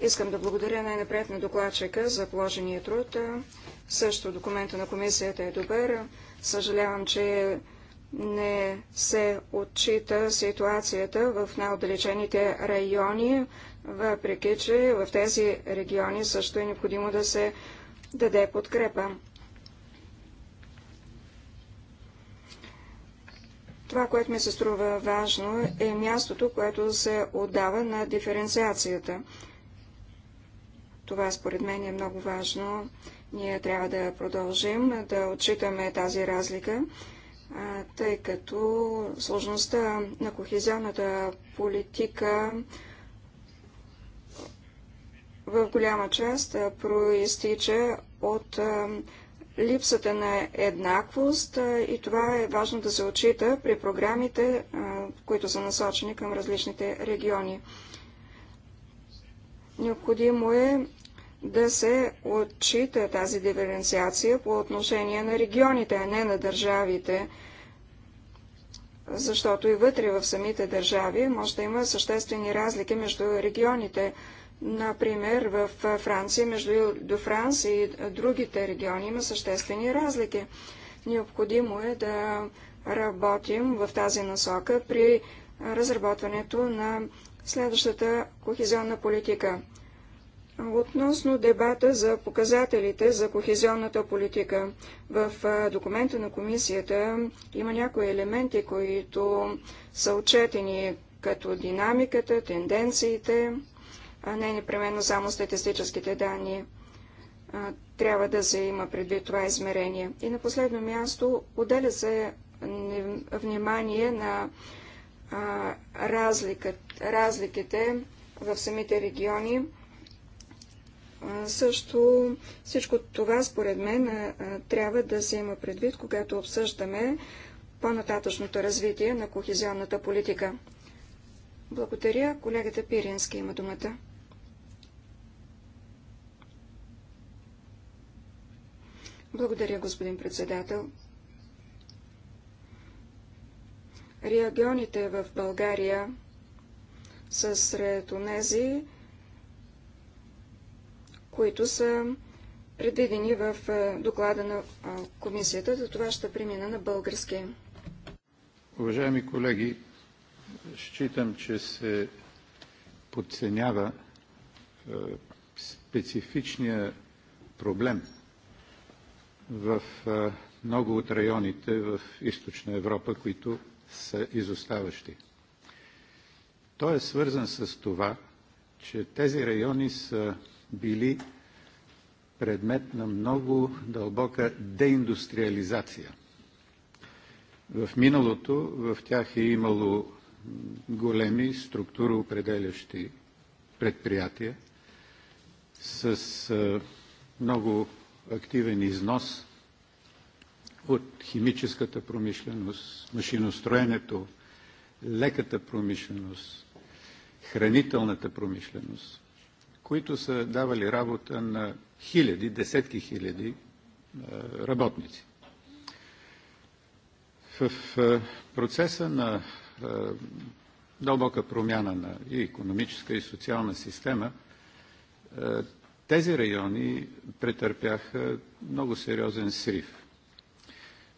искам да благодаря най-напред на докладчика за положения труд. Също документа на комисията е добър. Съжалявам, че не се отчита ситуацията в най-отдалечените райони, въпреки че в тези региони също е необходимо да се даде подкрепа. Това, което ми се струва важно, е мястото, което се отдава на диференциацията. Това според мен е много важно. Ние трябва да продължим да отчитаме тази разлика тъй като сложността на кохезионната политика в голяма част проистича от липсата на еднаквост и това е важно да се отчита при програмите, които са насочени към различните региони. Необходимо е да се отчита тази диференциация по отношение на регионите, а не на държавите, защото и вътре в самите държави може да има съществени разлики между регионите. Например, в Франция, между до Франс и другите региони има съществени разлики. Необходимо е да работим в тази насока при разработването на следващата кохезионна политика. Относно дебата за показателите за кохезионната политика, в документа на комисията има някои елементи, които са отчетени като динамиката, тенденциите, а не непременно само статистическите данни. Трябва да се има предвид това измерение. И на последно място отделя се внимание на разликът, разликите в самите региони също всичко това, според мен, трябва да се има предвид, когато обсъждаме по-нататъчното развитие на кохезионната политика. Благодаря. Колегата Пирински има думата. Благодаря, господин председател. Регионите в България са сред онези, които са предвидени в е, доклада на комисията. За това ще премина на български. Уважаеми колеги, считам, че се подценява е, специфичния проблем в е, много от районите в източна Европа, които са изоставащи. Той е свързан с това, че тези райони са били предмет на много дълбока деиндустриализация. В миналото в тях е имало големи структуроопределящи предприятия с много активен износ от химическата промишленост, машиностроенето, леката промишленост, хранителната промишленост които са давали работа на хиляди, десетки хиляди е, работници. В е, процеса на е, дълбока промяна на и економическа и социална система, тези райони претърпяха много сериозен срив.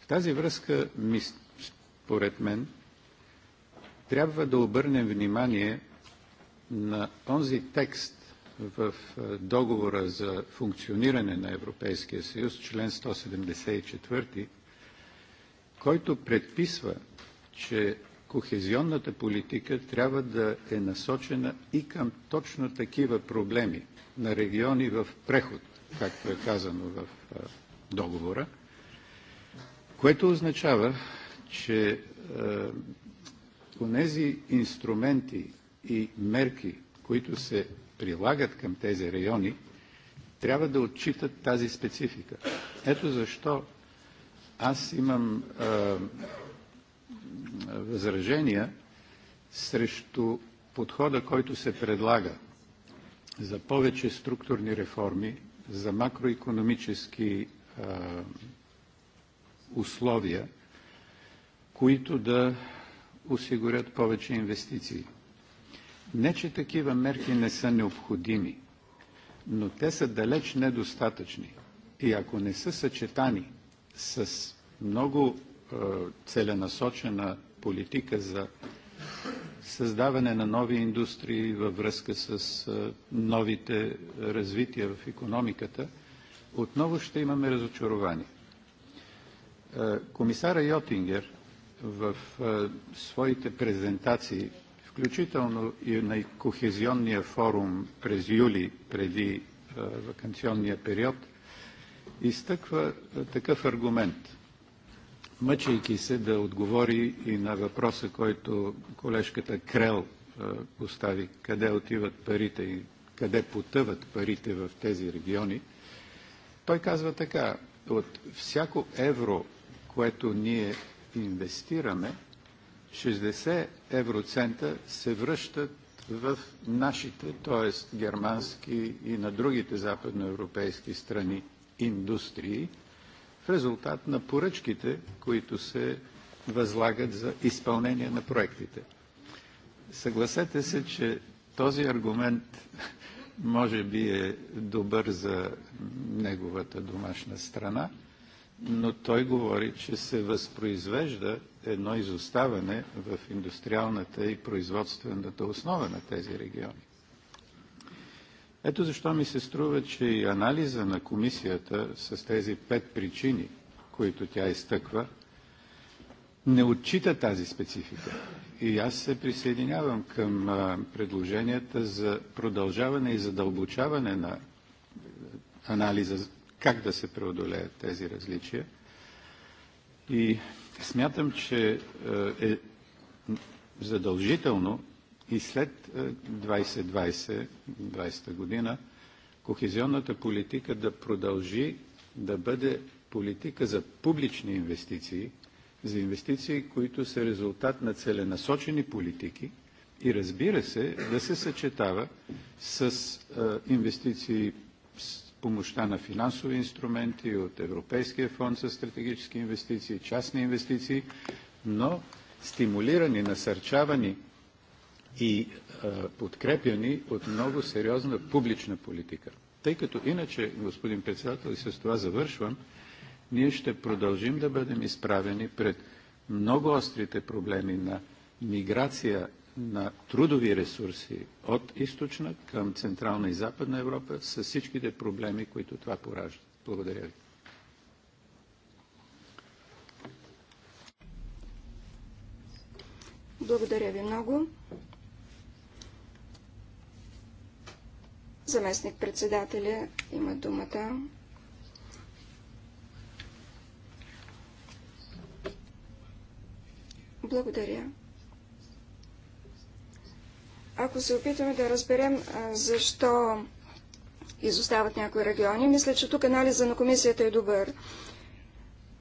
В тази връзка, според мен, трябва да обърнем внимание на онзи текст в е, договора за функциониране на Европейския съюз, член 174, който предписва, че кохезионната политика трябва да е насочена и към точно такива проблеми на региони в преход, както е казано в е, договора, което означава, че е, онези инструменти и мерки, които се прилагат към тези райони, трябва да отчитат тази специфика. Ето защо аз имам а, възражения срещу подхода, който се предлага за повече структурни реформи, за макроекономически а, условия, които да осигурят повече инвестиции. Не, че такива мерки не са необходими, но те са далеч недостатъчни. И ако не са съчетани с много е, целенасочена политика за създаване на нови индустрии във връзка с е, новите развития в економиката, отново ще имаме разочарование. Е, комисара Йотингер в е, своите презентации включително и на Кохезионния форум през юли, преди е, вакансионния период, изтъква е, такъв аргумент, мъчайки се да отговори и на въпроса, който колежката Крел е, постави, къде отиват парите и къде потъват парите в тези региони, той казва така, от всяко евро, което ние инвестираме, 60 евроцента се връщат в нашите, т.е. германски и на другите западноевропейски страни индустрии, в резултат на поръчките, които се възлагат за изпълнение на проектите. Съгласете се, че този аргумент може би е добър за неговата домашна страна, но той говори, че се възпроизвежда едно изоставане в индустриалната и производствената основа на тези региони. Ето защо ми се струва, че и анализа на комисията с тези пет причини, които тя изтъква, не отчита тази специфика. И аз се присъединявам към предложенията за продължаване и задълбочаване на анализа как да се преодолеят тези различия. И Смятам, че е, е задължително и след 2020, е, 2020 година кохезионната политика да продължи да бъде политика за публични инвестиции, за инвестиции, които са резултат на целенасочени политики и разбира се да се съчетава с е, инвестиции помощта на финансови инструменти, от Европейския фонд за стратегически инвестиции, частни инвестиции, но стимулирани, насърчавани и а, е, подкрепяни от много сериозна публична политика. Тъй като иначе, господин председател, и с това завършвам, ние ще продължим да бъдем изправени пред много острите проблеми на миграция на трудови ресурси от източна към Централна и Западна Европа с всичките проблеми, които това поражда. Благодаря ви. Благодаря ви много. Заместник председателя има думата. Благодаря. Ако се опитаме да разберем защо изостават някои региони, мисля, че тук анализа на комисията е добър.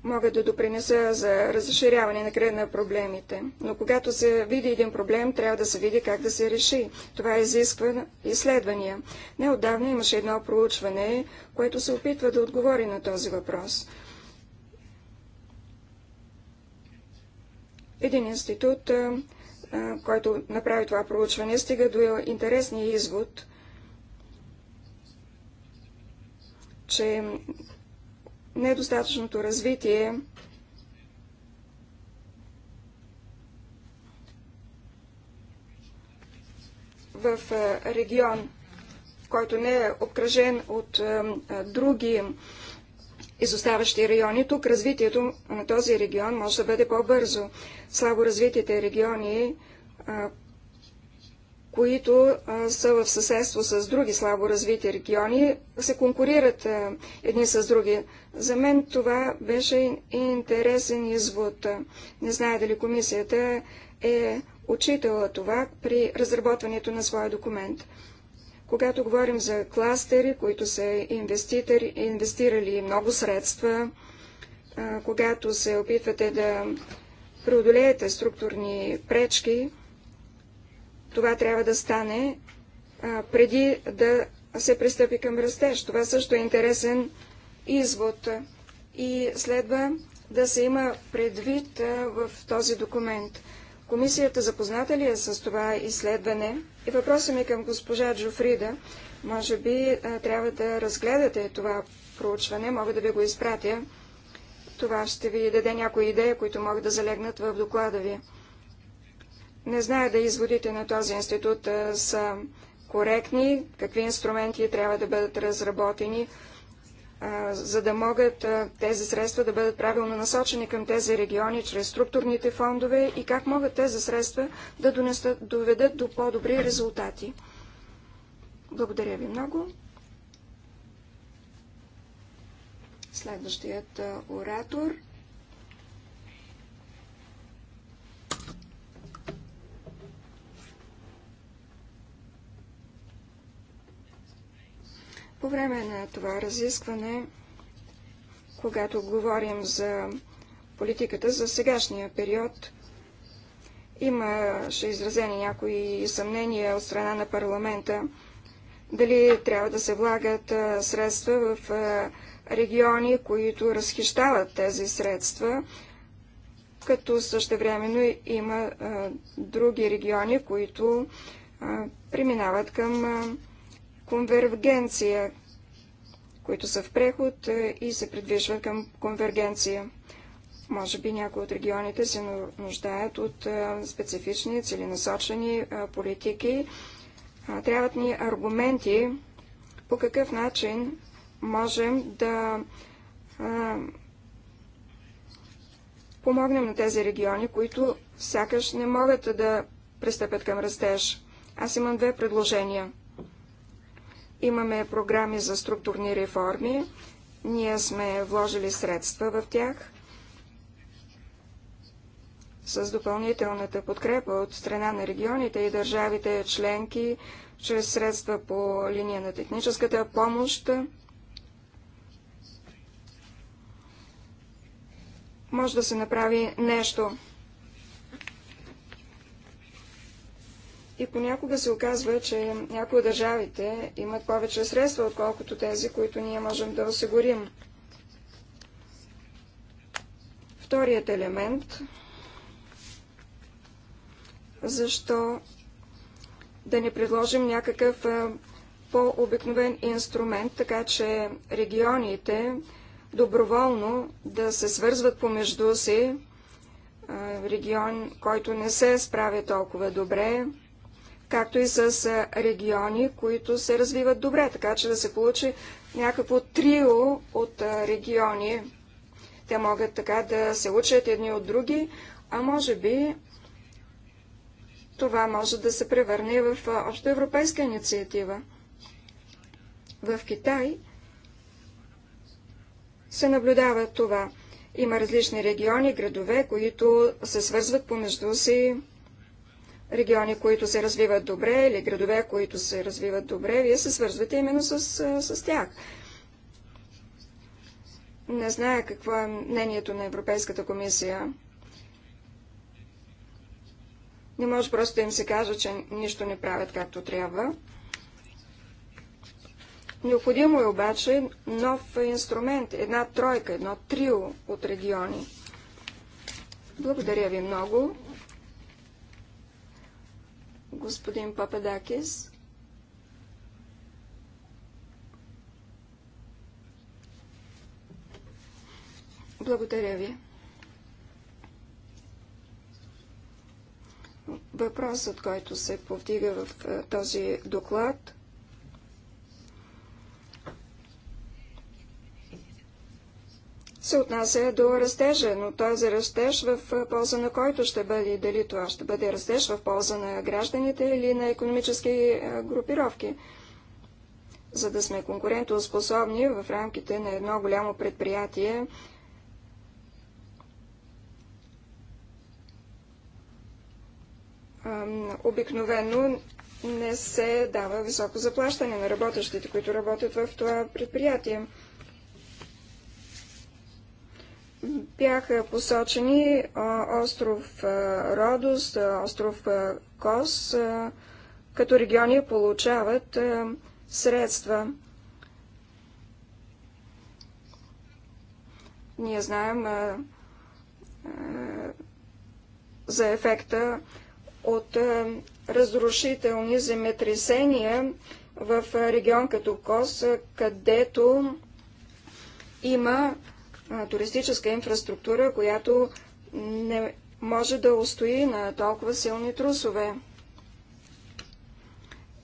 Мога да допринеса за разширяване на края на проблемите. Но когато се види един проблем, трябва да се види как да се реши. Това е изисква изследвания. Неодавна имаше едно проучване, което се опитва да отговори на този въпрос. Един институт който направи това проучване, стига до интересния извод, че недостатъчното развитие в регион, който не е обкръжен от други изоставащи райони. Тук развитието на този регион може да бъде по-бързо. Слабо развитите региони, които са в съседство с други слабо развити региони, се конкурират едни с други. За мен това беше интересен извод. Не знае дали комисията е учитала това при разработването на своя документ. Когато говорим за кластери, които са инвестирали много средства, когато се опитвате да преодолеете структурни пречки, това трябва да стане преди да се пристъпи към растеж. Това също е интересен извод и следва да се има предвид в този документ. Комисията запозната ли е с това изследване? И въпросът ми е към госпожа Джофрида. Може би трябва да разгледате това проучване. Мога да ви го изпратя. Това ще ви даде някои идеи, които могат да залегнат в доклада ви. Не зная да изводите на този институт са коректни, какви инструменти трябва да бъдат разработени за да могат тези средства да бъдат правилно насочени към тези региони чрез структурните фондове и как могат тези средства да донесат, доведат до по-добри резултати. Благодаря ви много. Следващият оратор – По време на това разискване, когато говорим за политиката за сегашния период, имаше изразени някои съмнения от страна на парламента, дали трябва да се влагат средства в региони, които разхищават тези средства, като същевременно има други региони, които преминават към а, конвергенция, които са в преход е, и се придвижват към конвергенция. Може би някои от регионите се нуждаят от е, специфични, целенасочени е, политики. Трябват ни аргументи по какъв начин можем да помогнем на тези региони, които сякаш не могат да пристъпят към растеж. Аз имам две предложения – Имаме програми за структурни реформи. Ние сме вложили средства в тях. С допълнителната подкрепа от страна на регионите и държавите членки, чрез средства по линия на техническата помощ, може да се направи нещо. И понякога се оказва, че някои от държавите имат повече средства, отколкото тези, които ние можем да осигурим. Вторият елемент защо да не предложим някакъв по-обикновен инструмент, така че регионите доброволно да се свързват помежду си, регион, който не се справя толкова добре, както и с региони, които се развиват добре, така че да се получи някакво трио от региони. Те могат така да се учат едни от други, а може би това може да се превърне в общо европейска инициатива. В Китай се наблюдава това. Има различни региони, градове, които се свързват помежду си региони, които се развиват добре или градове, които се развиват добре, вие се свързвате именно с, с тях. Не зная какво е мнението на Европейската комисия. Не може просто да им се каже, че нищо не правят както трябва. Необходимо е обаче нов инструмент, една тройка, едно трио от региони. Благодаря ви много господин Пападакис. Благодаря ви. Въпросът, който се повдига в този доклад, се отнася до растежа, но този е растеж в полза на който ще бъде, дали това ще бъде растеж в полза на гражданите или на економически групировки. За да сме конкурентоспособни в рамките на едно голямо предприятие, обикновено не се дава високо заплащане на работещите, които работят в това предприятие бяха посочени остров Родос, остров Кос, като региони получават средства. Ние знаем за ефекта от разрушителни земетресения в регион като Кос, където има туристическа инфраструктура, която не може да устои на толкова силни трусове.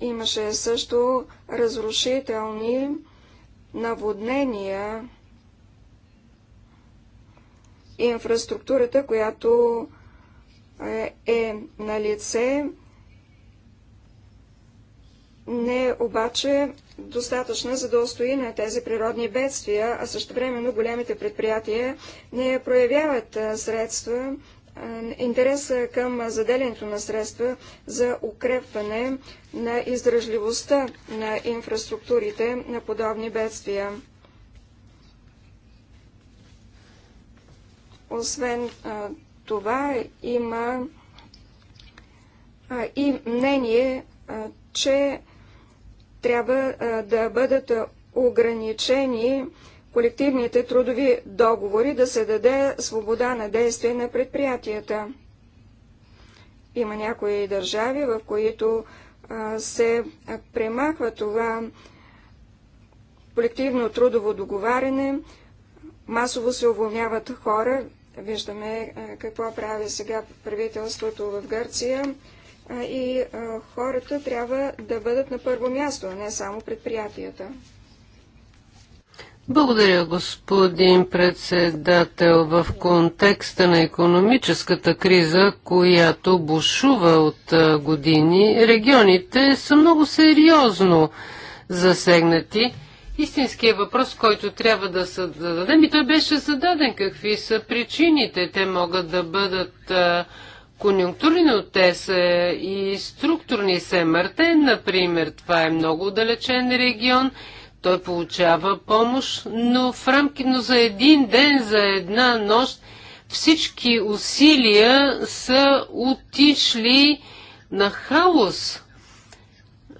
Имаше също разрушителни наводнения. Инфраструктурата, която е, е на лице, не обаче достатъчна, за да устои на тези природни бедствия, а също времено големите предприятия не проявяват средства, интереса към заделянето на средства за укрепване на издръжливостта на инфраструктурите на подобни бедствия. Освен това има и мнение, че трябва да бъдат ограничени колективните трудови договори, да се даде свобода на действие на предприятията. Има някои държави, в които се премахва това колективно трудово договаряне, масово се уволняват хора. Виждаме какво прави сега правителството в Гърция и хората трябва да бъдат на първо място, а не само предприятията. Благодаря, господин председател. В контекста на економическата криза, която бушува от години, регионите са много сериозно засегнати. Истинският е въпрос, който трябва да зададем, и той беше зададен, какви са причините. Те могат да бъдат конюнктурни, но те са и структурни. мърте, например, това е много удалечен регион, той получава помощ, но в рамки, но за един ден, за една нощ, всички усилия са отишли на хаос.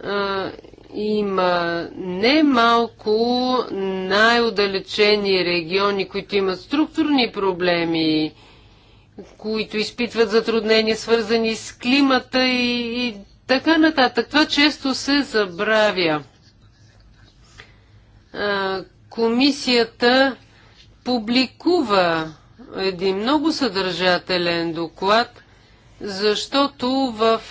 А, има немалко най-удалечени региони, които имат структурни проблеми които изпитват затруднения, свързани с климата и, и така нататък. Това често се забравя. А, комисията публикува един много съдържателен доклад, защото в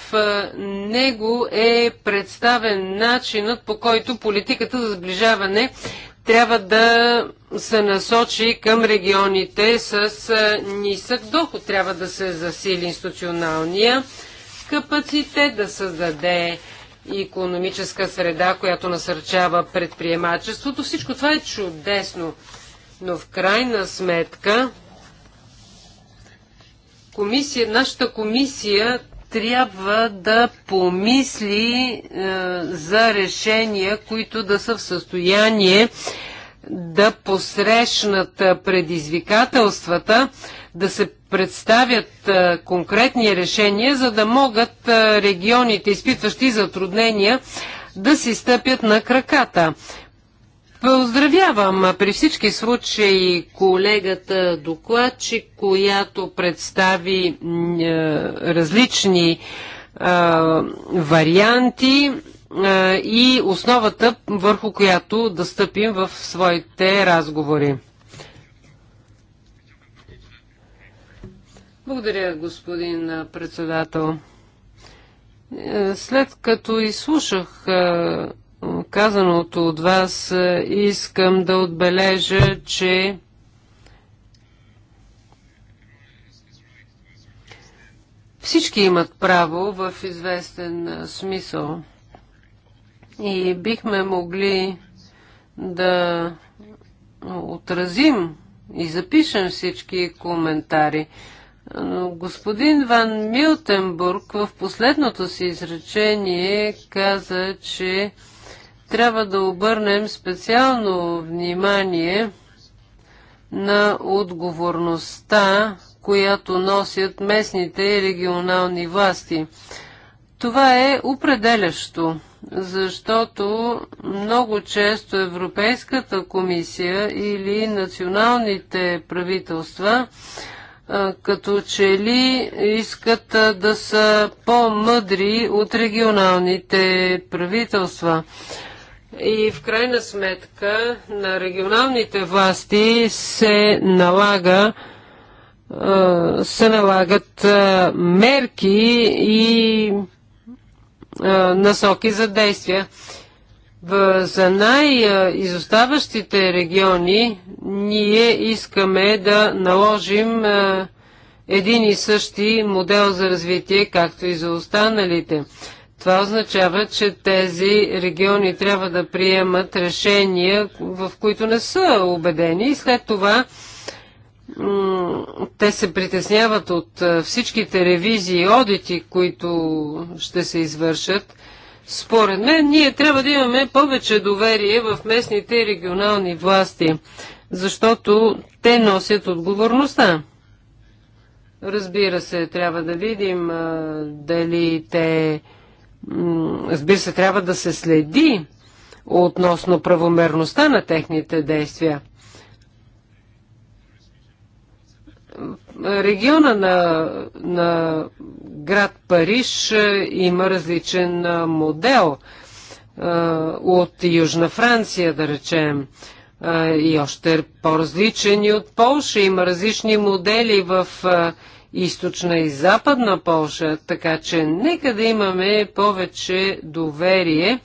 него е представен начинът по който политиката за сближаване трябва да се насочи към регионите с нисък доход. Трябва да се засили институционалния капацитет, да създаде економическа среда, която насърчава предприемачеството. Всичко това е чудесно. Но в крайна сметка комисия, нашата комисия трябва да помисли е, за решения, които да са в състояние да посрещнат предизвикателствата, да се представят е, конкретни решения, за да могат е, регионите, изпитващи затруднения, да си стъпят на краката. Поздравявам при всички случаи колегата докладчик, която представи е, различни е, варианти е, и основата, върху която да стъпим в своите разговори. Благодаря, господин председател. След като изслушах казаното от вас искам да отбележа, че всички имат право в известен смисъл и бихме могли да отразим и запишем всички коментари. Но господин Ван Милтенбург в последното си изречение каза, че трябва да обърнем специално внимание на отговорността, която носят местните и регионални власти. Това е определящо, защото много често Европейската комисия или националните правителства като че ли искат да са по-мъдри от регионалните правителства. И в крайна сметка на регионалните власти се налага се налагат мерки и насоки за действия. За най-изоставащите региони ние искаме да наложим един и същи модел за развитие, както и за останалите. Това означава, че тези региони трябва да приемат решения, в които не са убедени и след това те се притесняват от всичките ревизии и одити, които ще се извършат. Според мен, ние трябва да имаме повече доверие в местните и регионални власти, защото те носят отговорността. Разбира се, трябва да видим а, дали те разбира се, трябва да се следи относно правомерността на техните действия. Региона на, на град Париж е, има различен е, модел е, от Южна Франция, да речем, и още по-различен и от Полша. Има различни модели в източна и западна Полша, така че нека да имаме повече доверие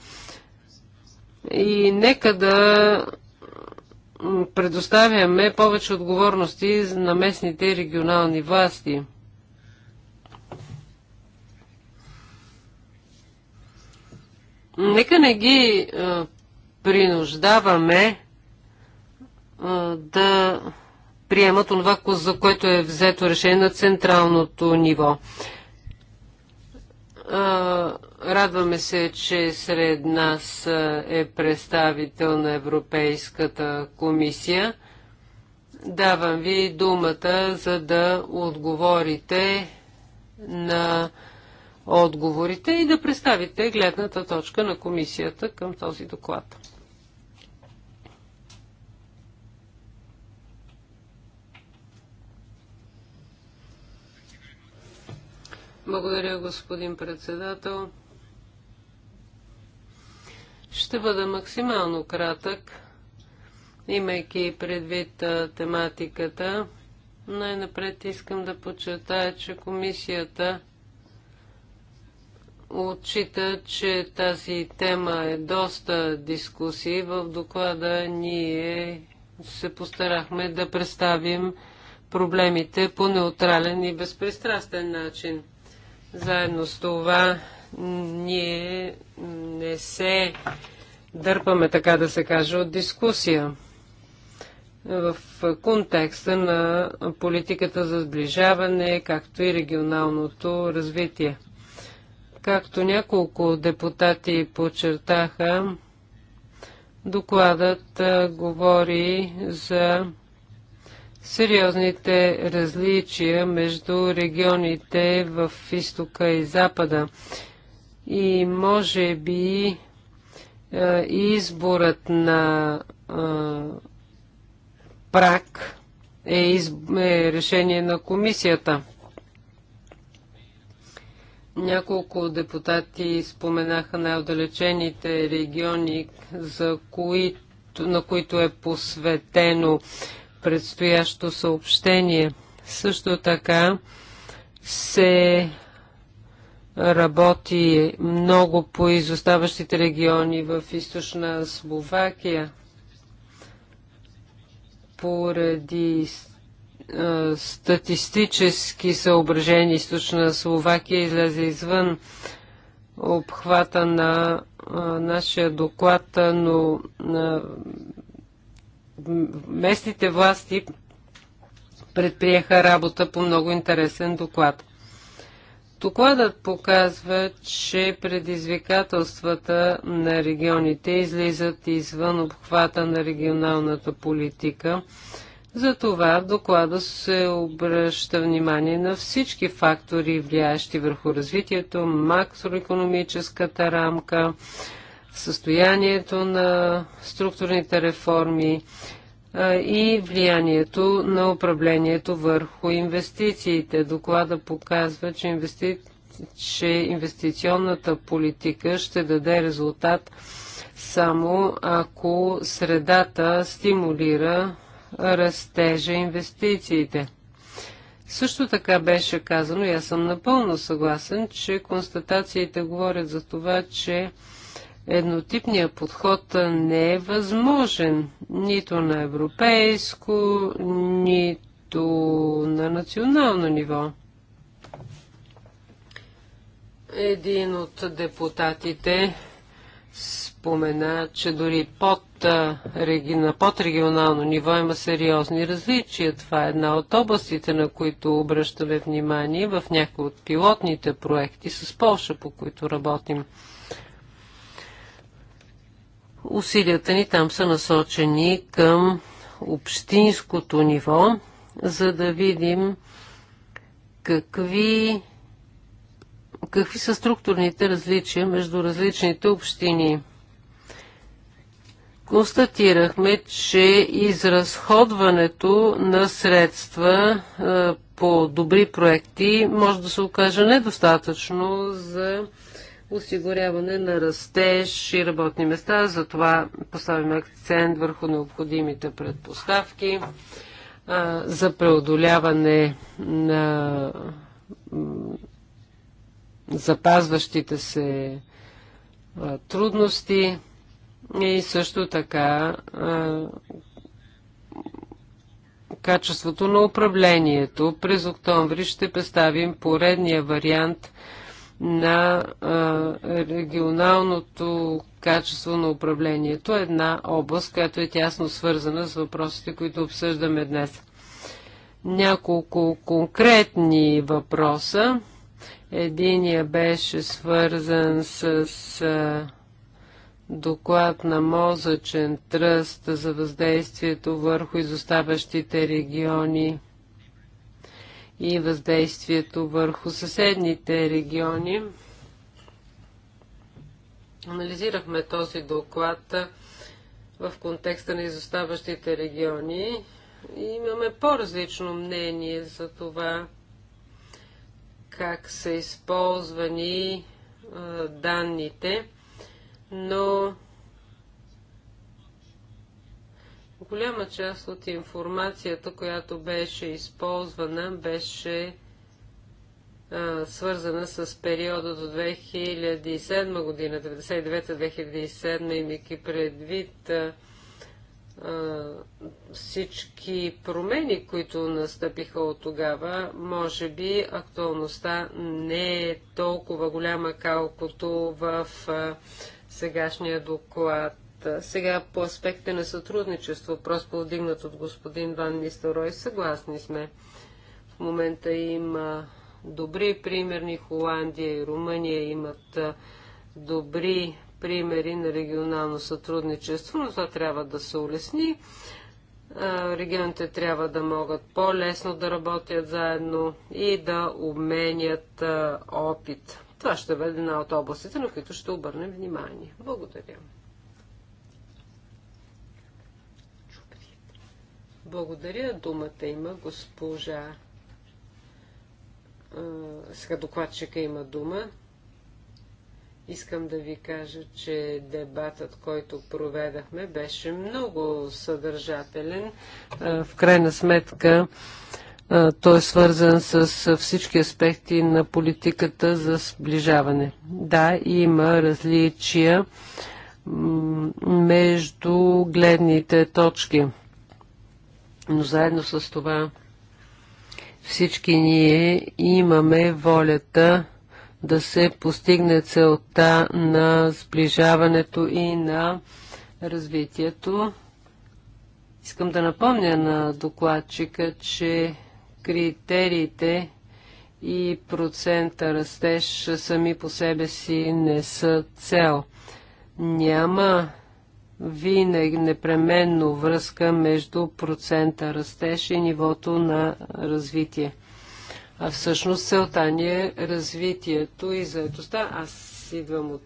и нека да предоставяме повече отговорности на местните регионални власти. Нека не ги принуждаваме да приемат това, за което е взето решение на централното ниво. Радваме се, че сред нас е представител на Европейската комисия. Давам ви думата, за да отговорите на отговорите и да представите гледната точка на комисията към този доклад. Благодаря, господин председател. Ще бъда максимално кратък, имайки предвид тематиката. Най-напред искам да подчертая, че комисията отчита, че тази тема е доста дискусии. В доклада ние се постарахме да представим проблемите по неутрален и безпристрастен начин. Заедно с това ние не се дърпаме, така да се каже, от дискусия в контекста на политиката за сближаване, както и регионалното развитие. Както няколко депутати подчертаха, докладът говори за сериозните различия между регионите в изтока и запада. И може би е, изборът на прак е, е, е решение на комисията. Няколко депутати споменаха най-отдалечените региони, за които, на които е посветено предстоящо съобщение. Също така се работи много по изоставащите региони в източна Словакия поради статистически съображения източна Словакия излезе извън обхвата на нашия доклад, но местните власти предприеха работа по много интересен доклад. Докладът показва, че предизвикателствата на регионите излизат извън обхвата на регионалната политика. Затова доклада се обръща внимание на всички фактори, влияещи върху развитието, макроекономическата рамка, състоянието на структурните реформи и влиянието на управлението върху инвестициите. Доклада показва, че, инвести... че инвестиционната политика ще даде резултат само ако средата стимулира растежа инвестициите. Също така беше казано, и аз съм напълно съгласен, че констатациите говорят за това, че еднотипният подход не е възможен нито на европейско, нито на национално ниво. Един от депутатите спомена, че дори под, на подрегионално ниво има сериозни различия. Това е една от областите, на които обръщаме внимание в някои от пилотните проекти с Польша, по които работим. Усилията ни там са насочени към общинското ниво, за да видим какви, какви са структурните различия между различните общини. Констатирахме, че изразходването на средства по добри проекти може да се окаже недостатъчно за осигуряване на растеж и работни места. Затова поставяме акцент върху необходимите предпоставки а, за преодоляване на запазващите се а, трудности и също така а, качеството на управлението. През октомври ще представим поредния вариант – на регионалното качество на управлението. Е една област, която е тясно свързана с въпросите, които обсъждаме днес. Няколко конкретни въпроса. Единия беше свързан с доклад на мозъчен тръст за въздействието върху изоставащите региони и въздействието върху съседните региони. Анализирахме този доклад в контекста на изоставащите региони и имаме по-различно мнение за това как са използвани данните, но Голяма част от информацията, която беше използвана, беше а, свързана с периода до 2007 година, 99-2007, имайки предвид а, всички промени, които настъпиха от тогава, може би актуалността не е толкова голяма, колкото в а, сегашния доклад. Е, сега по аспекта на сътрудничество, просто повдигнат от господин Ван Нистерой, съгласни сме. В момента има добри примерни, Холандия и Румъния имат е, добри примери на регионално сътрудничество, но това трябва да се улесни. Е, регионите трябва да могат по-лесно да работят заедно и да обменят опит. Това ще бъде една от областите, на които ще обърнем внимание. Благодаря. Благодаря. Думата има госпожа. Сега докладчика има дума. Искам да ви кажа, че дебатът, който проведахме, беше много съдържателен. В крайна сметка, той е свързан с всички аспекти на политиката за сближаване. Да, има различия между гледните точки. Но заедно с това всички ние имаме волята да се постигне целта на сближаването и на развитието. Искам да напомня на докладчика, че критериите и процента растеж сами по себе си не са цел. Няма винаги непременно връзка между процента растеж и нивото на развитие. А всъщност целта ни е развитието и заедостта. Аз идвам от,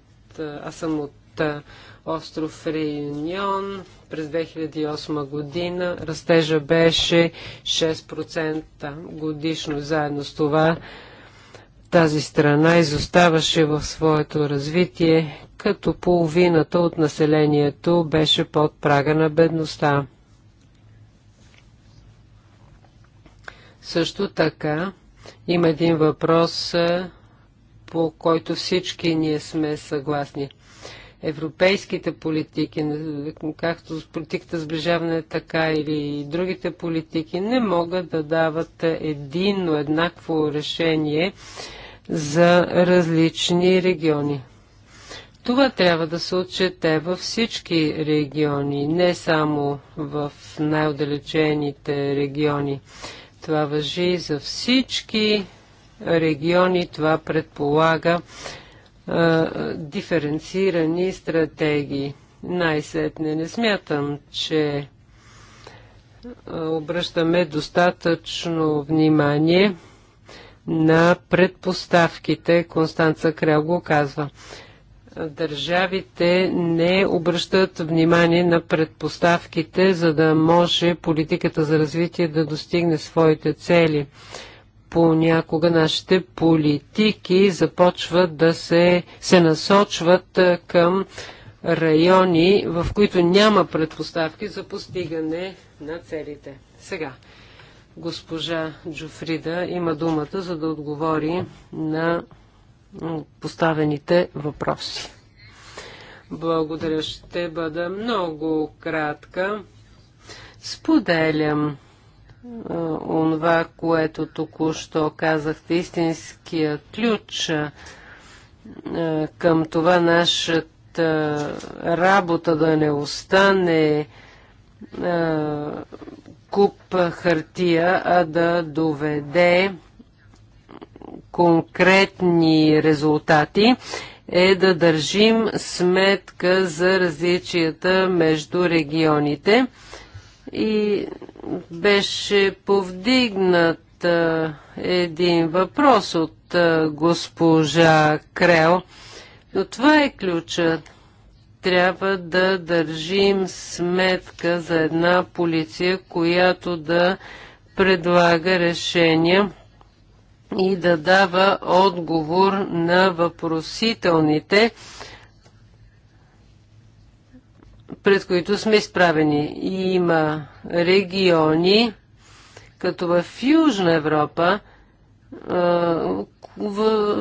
аз съм от остров Реюнион. През 2008 година растежа беше 6% годишно. Заедно с това тази страна изоставаше в своето развитие, като половината от населението беше под прага на бедността. Също така има един въпрос, по който всички ние сме съгласни. Европейските политики, както политиката сближаване, така или другите политики, не могат да дават единно, еднакво решение за различни региони. Това трябва да се отчете във всички региони, не само в най-отдалечените региони. Това въжи за всички региони. Това предполага а, диференцирани стратегии. Най-сетне не смятам, че обръщаме достатъчно внимание на предпоставките, Констанца Крел го казва. Държавите не обръщат внимание на предпоставките, за да може политиката за развитие да достигне своите цели. Понякога нашите политики започват да се, се насочват към райони, в които няма предпоставки за постигане на целите. Сега, Госпожа Джофрида има думата, за да отговори на поставените въпроси. Благодаря, ще бъда много кратка. Споделям онова, което току-що казахте. Истинския ключ към това нашата работа да не остане куп хартия, а да доведе конкретни резултати е да държим сметка за различията между регионите. И беше повдигнат а, един въпрос от а, госпожа Крел, но това е ключът трябва да държим сметка за една полиция, която да предлага решения и да дава отговор на въпросителните, пред които сме изправени. има региони, като в Южна Европа, в,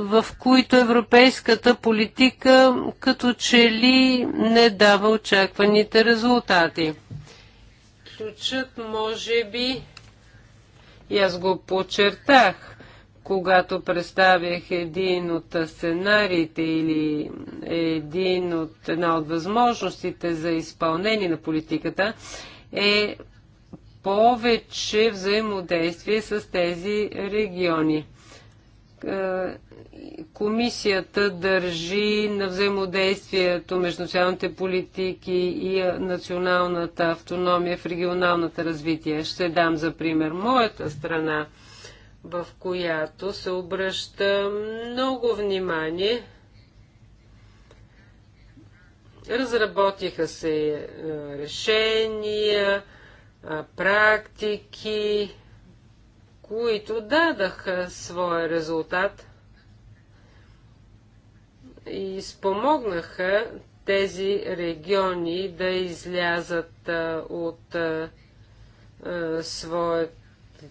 в които европейската политика като че ли не дава очакваните резултати. Ключът може би, и аз го подчертах, когато представях един от сценариите или един от, една от възможностите за изпълнение на политиката, е повече взаимодействие с тези региони. Е, комисията държи на взаимодействието между националните политики и националната автономия в регионалната развитие. Ще дам за пример моята страна, в която се обръща много внимание. Разработиха се е, решения, практики, които дадаха своя резултат и спомогнаха тези региони да излязат от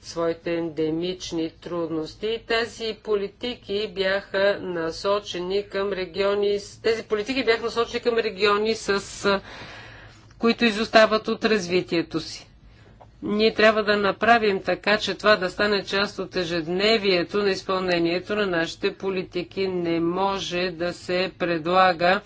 своите ендемични трудности. Тези политики бяха насочени към региони, тези политики бяха насочени към региони с които изостават от развитието си. Ние трябва да направим така, че това да стане част от ежедневието на изпълнението на нашите политики. Не може да се предлага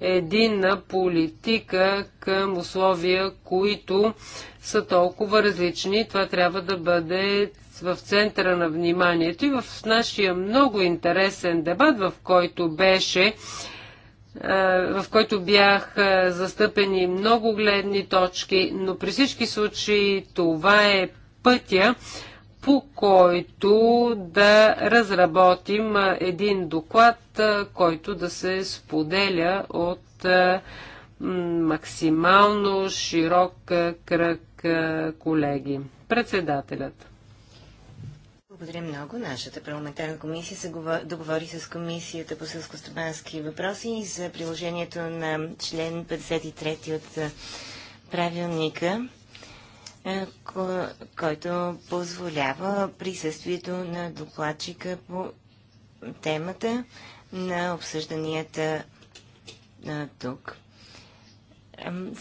единна политика към условия, които са толкова различни. Това трябва да бъде в центъра на вниманието и в нашия много интересен дебат, в който беше в който бях застъпени много гледни точки, но при всички случаи това е пътя, по който да разработим един доклад, който да се споделя от максимално широк кръг колеги. Председателят. Благодаря много. Нашата парламентарна комисия се договори с Комисията по сълско-стопански въпроси за приложението на член 53 от правилника, който позволява присъствието на докладчика по темата на обсъжданията тук.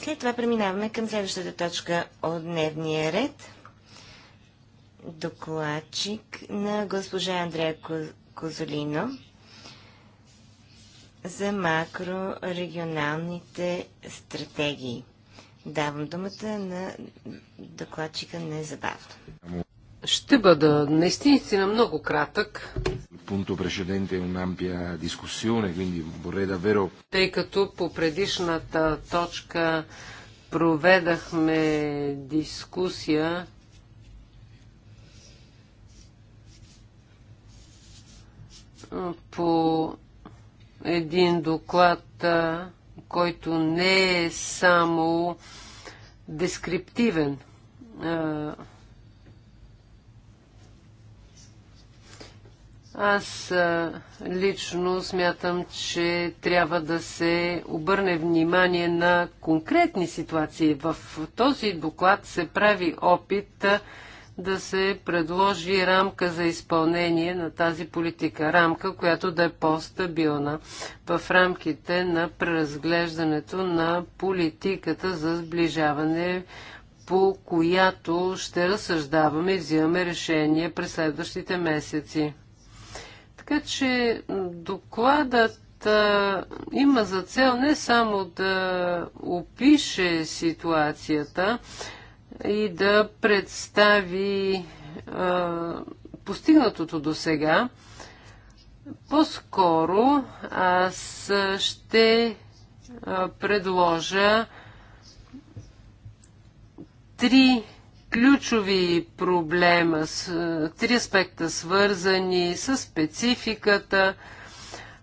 След това преминаваме към следващата точка от дневния ред – докладчик на госпожа Андрея Козолино за макрорегионалните стратегии. Давам думата на докладчика незабавно. Ще бъда наистина много кратък. Пункто precedente un'ampia discussione, quindi vorrei davvero... Тъй като по предишната точка проведахме дискусия по един доклад, който не е само дескриптивен. Аз лично смятам, че трябва да се обърне внимание на конкретни ситуации. В този доклад се прави опит да се предложи рамка за изпълнение на тази политика. Рамка, която да е по-стабилна в рамките на преразглеждането на политиката за сближаване по която ще разсъждаваме и взимаме решение през следващите месеци. Така че докладът а, има за цел не само да опише ситуацията, и да представи а, постигнатото до сега. По-скоро аз ще а, предложа три ключови проблема, с, три аспекта свързани с спецификата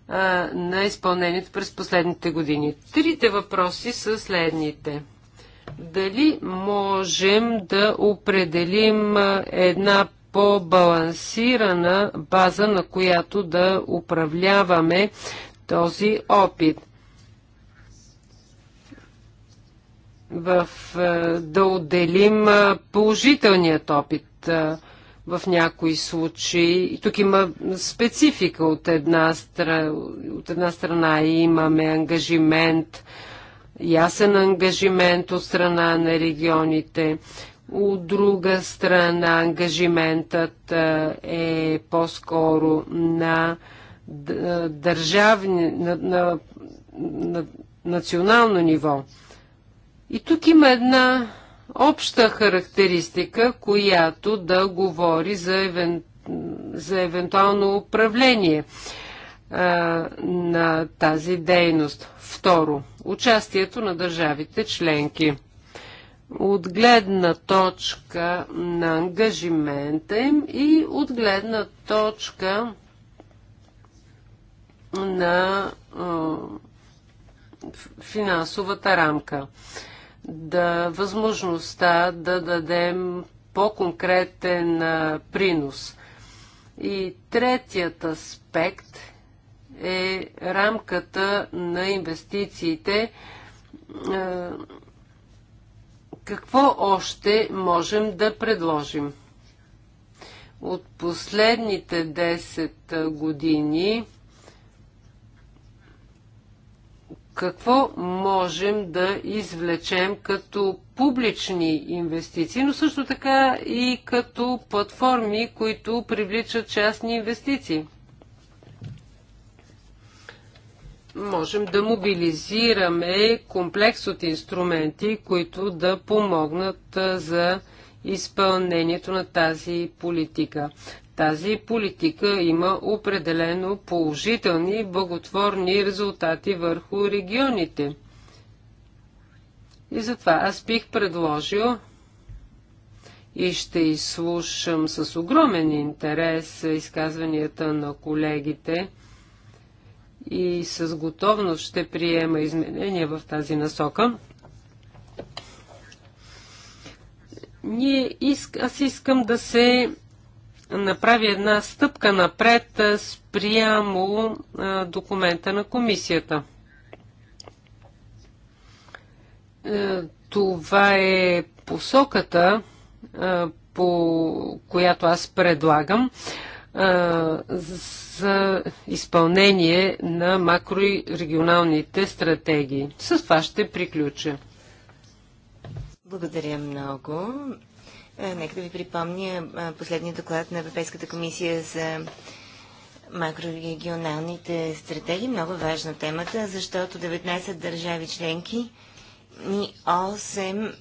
а, на изпълнението през последните години. Трите въпроси са следните. Дали можем да определим една по-балансирана база, на която да управляваме този опит? В, да отделим положителният опит в някои случаи. И тук има специфика от една, стра... от една страна. Имаме ангажимент, ясен ангажимент от страна на регионите. От друга страна, ангажиментът е по-скоро на държавни, на, на, на национално ниво. И тук има една обща характеристика, която да говори за, евен... за евентуално управление на тази дейност. Второ, участието на държавите членки. От гледна точка на ангажимента им и от гледна точка на а, финансовата рамка. Да, възможността да дадем по-конкретен принос. И третият аспект е рамката на инвестициите. Е, какво още можем да предложим? От последните 10 е, години какво можем да извлечем като публични инвестиции, но също така и като платформи, които привличат частни инвестиции. можем да мобилизираме комплекс от инструменти, които да помогнат за изпълнението на тази политика. Тази политика има определено положителни и благотворни резултати върху регионите. И затова аз бих предложил и ще изслушам с огромен интерес изказванията на колегите – и с готовност ще приема изменения в тази насока. Ние иск, аз искам да се направи една стъпка напред спрямо документа на комисията. Е, това е посоката, по която аз предлагам за изпълнение на макрорегионалните стратегии. С това ще приключа. Благодаря много. Нека да ви припомня последния доклад на Европейската комисия за макрорегионалните стратегии. Много важна темата, защото 19 държави членки и 8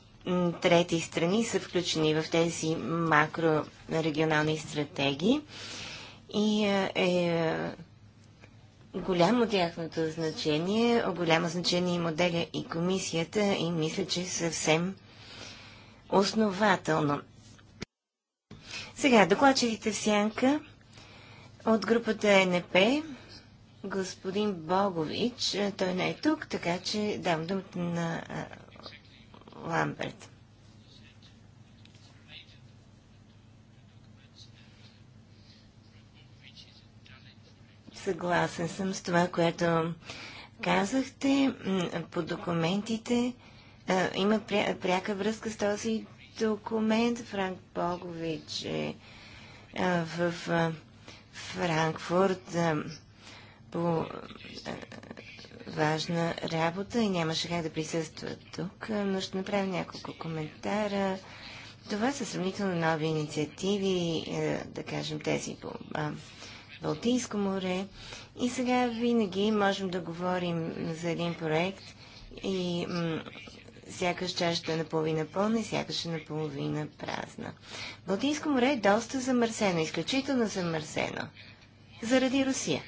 трети страни са включени в тези макрорегионални стратегии и е, е голямо тяхното значение, голямо значение и моделя и комисията и мисля, че съвсем основателно. Сега, докладчиците в сянка от групата е НП, господин Богович, е, той не е тук, така че дам думата на Ламберт. Съгласен съм с това, което казахте. По документите е, има пряка връзка с този документ. Франк Богович е, е в е, Франкфурт по важна работа и нямаше как да присъства тук, е, но ще направя няколко коментара. Това са сравнително нови инициативи, е, да кажем тези по Балтийско море. И сега винаги можем да говорим за един проект и сякаш чашата е наполовина пълна и сякаш е наполовина празна. Балтийско море е доста замърсено, изключително замърсено. Заради Русия.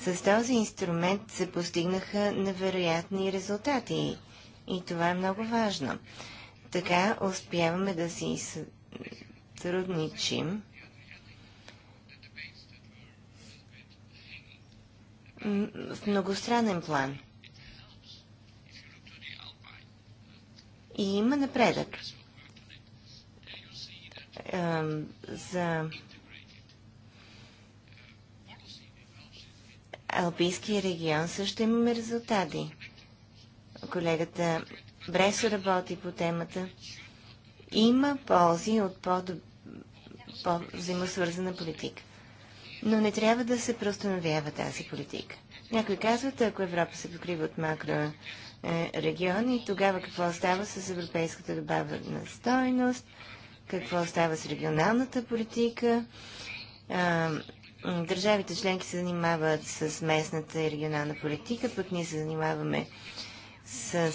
С този инструмент се постигнаха невероятни резултати и това е много важно. Така успяваме да си сътрудничим в многостранен план. И има напредък. За Алпийския регион също имаме резултати. Колегата Бресо работи по темата. Има ползи от по-взаимосвързана по политика. Но не трябва да се преустановява тази политика. Някои казват, ако Европа се покрива от макро е, региони, тогава какво става с европейската добавена стойност, какво става с регионалната политика, Държавите членки се занимават с местната и регионална политика, пък ние се занимаваме с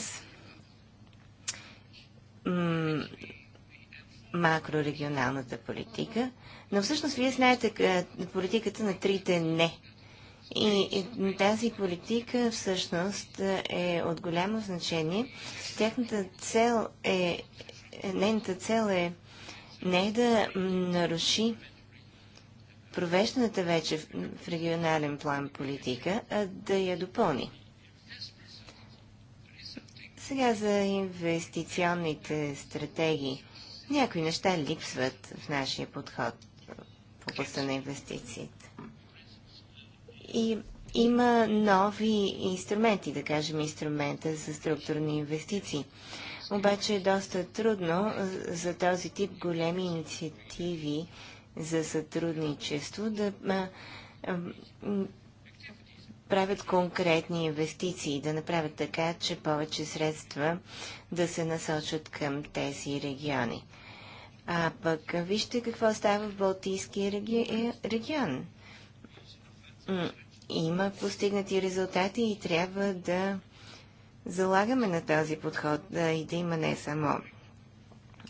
макрорегионалната политика. Но всъщност вие знаете е, политиката на трите не. И, тази политика всъщност е от голямо значение. Тяхната цел е, нейната цел е не да наруши провежданата вече в регионален план политика, да я допълни. Сега за инвестиционните стратегии. Някои неща липсват в нашия подход в областта на инвестициите. И има нови инструменти, да кажем инструмента за структурни инвестиции. Обаче е доста трудно за този тип големи инициативи за сътрудничество да а, а, правят конкретни инвестиции, да направят така, че повече средства да се насочат към тези региони. А пък вижте какво става в Балтийския реги... Е, регион. Има постигнати резултати и трябва да залагаме на този подход да и да има не само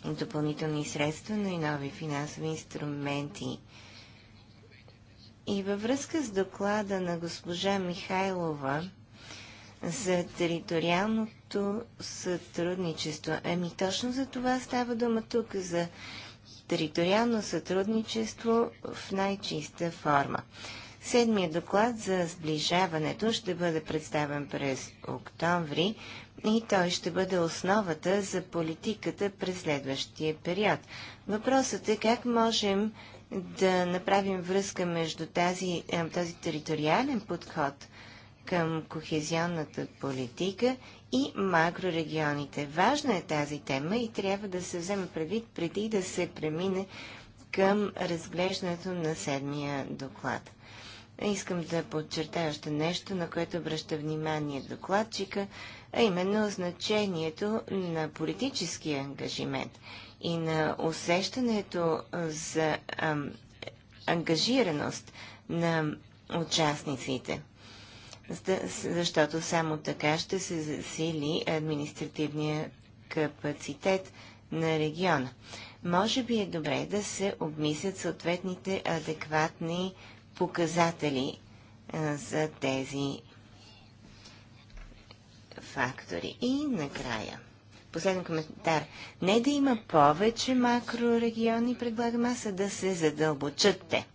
допълнителни средства, но и нови финансови инструменти. И във връзка с доклада на госпожа Михайлова за териториалното сътрудничество, Ами точно за това става дума тук, за териториално сътрудничество в най-чиста форма. Седмият доклад за сближаването ще бъде представен през октомври и той ще бъде основата за политиката през следващия период. Въпросът е как можем да направим връзка между тази, е, този териториален подход към кохезионната политика и макрорегионите. Важна е тази тема и трябва да се вземе предвид преди да се премине към разглеждането на седмия доклад. Искам да подчертая още нещо, на което обръща внимание докладчика, а именно значението на политическия ангажимент и на усещането за ам, ангажираност на участниците. Защото само така ще се засили административния капацитет на региона. Може би е добре да се обмислят съответните адекватни показатели за тези фактори. И накрая, последен коментар. Не да има повече макрорегиони, предлагам аз, а да се задълбочат те.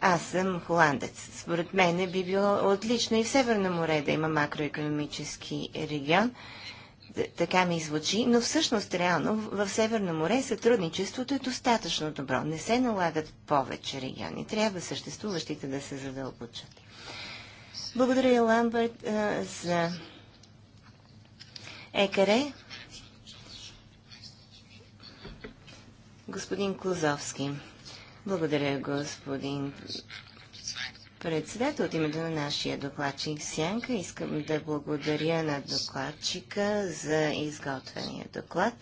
Аз съм холандец. Според мен би било отлично и в Северно море да има макроекономически регион, така ми звучи, но всъщност реално в Северно море сътрудничеството е достатъчно добро. Не се налагат повече региони. Трябва съществуващите да се задълбочат. Благодаря, Ламбърт, за екаре. Господин Клузовски. Благодаря, господин председател. От името на нашия докладчик Сянка искам да благодаря на докладчика за изготвения доклад.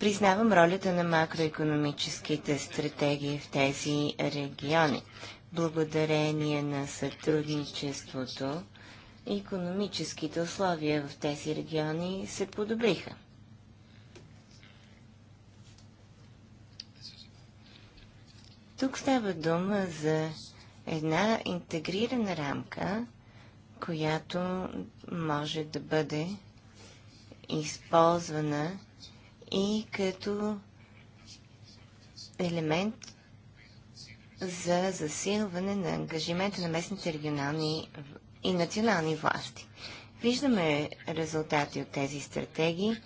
Признавам ролята на макроекономическите стратегии в тези региони. Благодарение на сътрудничеството, економическите условия в тези региони се подобриха. Тук става дума за една интегрирана рамка, която може да бъде използвана и като елемент за засилване на ангажимента на местните регионални и национални власти. Виждаме резултати от тези стратегии,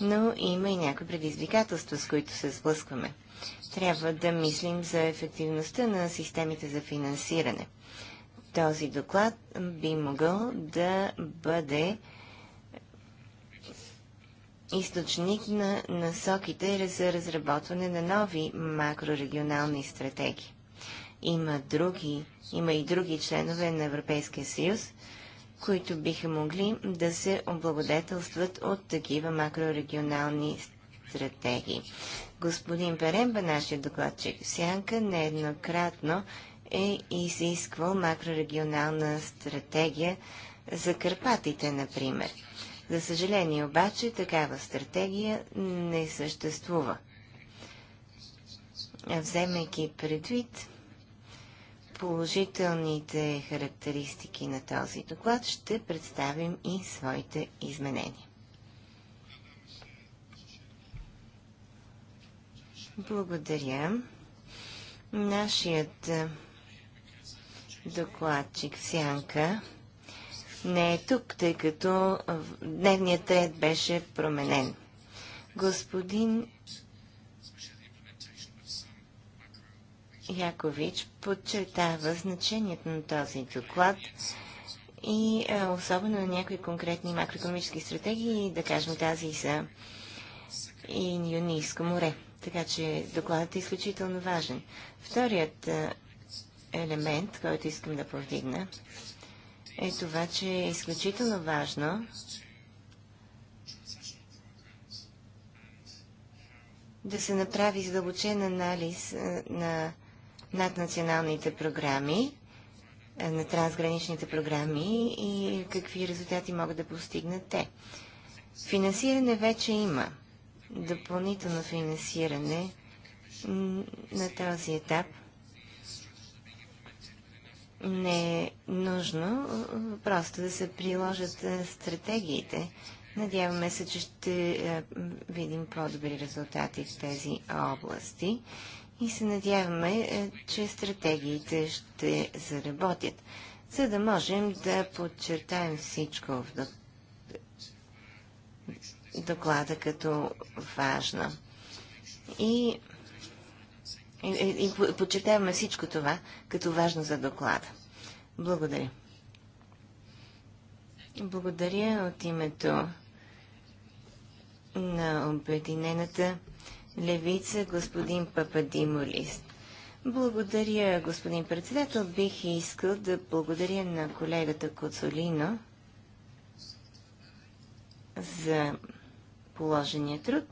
но има и някои предизвикателства, с които се сблъскваме трябва да мислим за ефективността на системите за финансиране. Този доклад би могъл да бъде източник на насоките за разработване на нови макрорегионални стратегии. Има, други, има и други членове на Европейския съюз, които биха могли да се облагодетелстват от такива макрорегионални стратегии. Господин Беремба, нашия докладчик Сянка, нееднократно е изисквал макрорегионална стратегия за Карпатите, например. За съжаление обаче, такава стратегия не съществува. Вземайки предвид положителните характеристики на този доклад, ще представим и своите изменения. Благодаря. Нашият е, докладчик Сянка не е тук, тъй като дневният ред беше променен. Господин Якович подчертава значението на този доклад и е, особено на някои конкретни макроекономически стратегии, да кажем тази за и Юнийско море. Така че докладът е изключително важен. Вторият е, елемент, който искам да повдигна, е това, че е изключително важно да се направи задълбочен анализ е, на наднационалните програми, е, на трансграничните програми и какви резултати могат да постигнат те. Финансиране вече има допълнително финансиране на този етап не е нужно просто да се приложат е, стратегиите. Надяваме се, че ще е, видим по-добри резултати в тези области и се надяваме, е, че стратегиите ще заработят, за да можем да подчертаем всичко в доклада доклада като важна. И, и, и подчертаваме всичко това като важно за доклада. Благодаря. Благодаря от името на Обединената левица господин Пападимолис. Благодаря, господин председател. Бих искал да благодаря на колегата Коцолино за положения труд.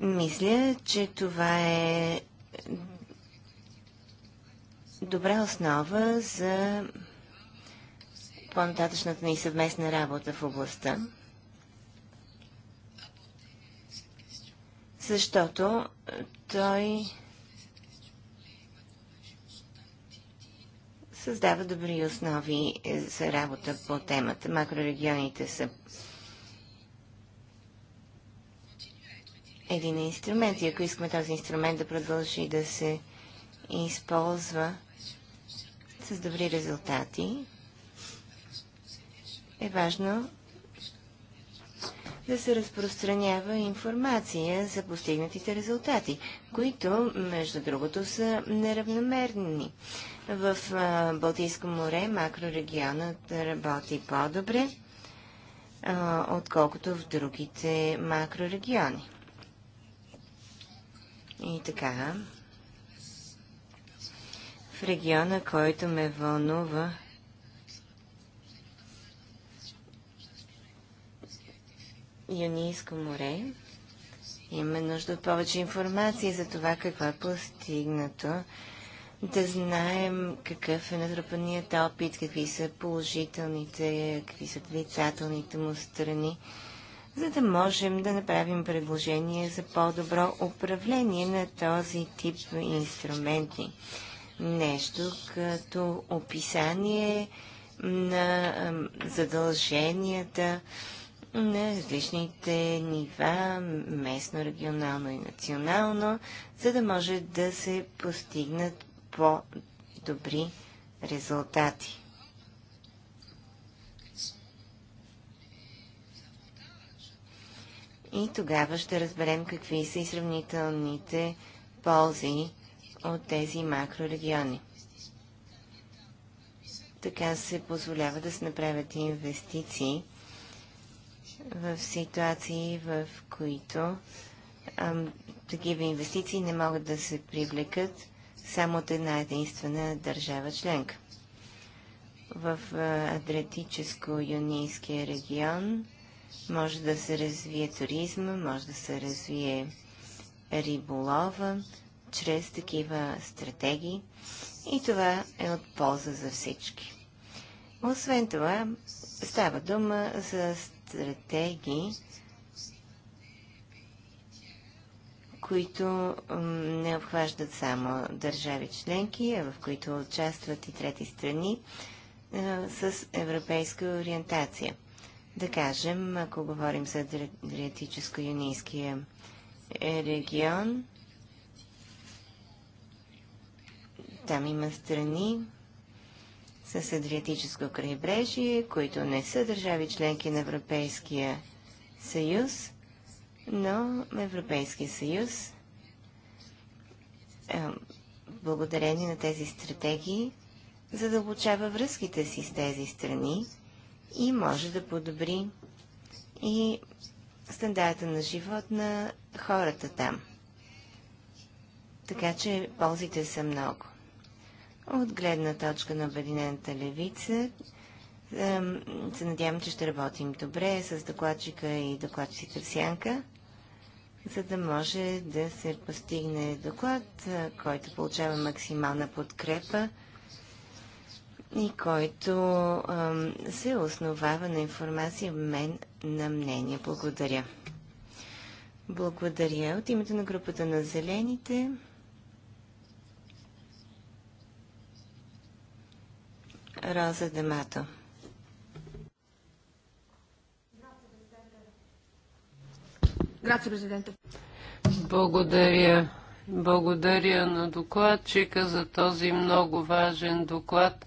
Мисля, че това е добра основа за по-нататъчната ни съвместна работа в областта. Защото той създава добри основи е, за работа по темата. Макрорегионите са един инструмент и ако искаме този инструмент да продължи да се използва с добри резултати, е важно да се разпространява информация за постигнатите резултати, които, между другото, са неравномерни. В Балтийско море макрорегионът работи по-добре, отколкото в другите макрорегиони. И така, в региона, който ме вълнува, Юнийско море, имаме нужда от повече информация за това какво е постигнато да знаем какъв е натрупаният опит, какви са положителните, какви са отрицателните му страни, за да можем да направим предложение за по-добро управление на този тип инструменти. Нещо като описание на задълженията на различните нива, местно, регионално и национално, за да може да се постигнат по-добри резултати. И тогава ще разберем какви са и сравнителните ползи от тези макрорегиони. Така се позволява да се направят инвестиции в ситуации, в които а, такива инвестиции не могат да се привлекат само от една единствена държава членка. В Адриатическо-юнийския регион може да се развие туризма, може да се развие риболова чрез такива стратегии и това е от полза за всички. Освен това, става дума за стратегии, които не обхващат само държави членки, а в които участват и трети страни с европейска ориентация. Да кажем, ако говорим за Адриатическо-юнийския регион, там има страни с Адриатическо крайбрежие, които не са държави членки на Европейския съюз – но Европейския съюз е, благодарение на тези стратегии задълбочава връзките си с тези страни и може да подобри и стандарта на живот на хората там. Така че ползите са много. От гледна точка на Обединената левица се надявам, че ще работим добре с докладчика и докладчиците в сянка за да може да се постигне доклад, който получава максимална подкрепа и който се основава на информация мен на мнение. Благодаря. Благодаря. От името на групата на зелените Роза Демато. Благодаря. Благодаря на докладчика за този много важен доклад.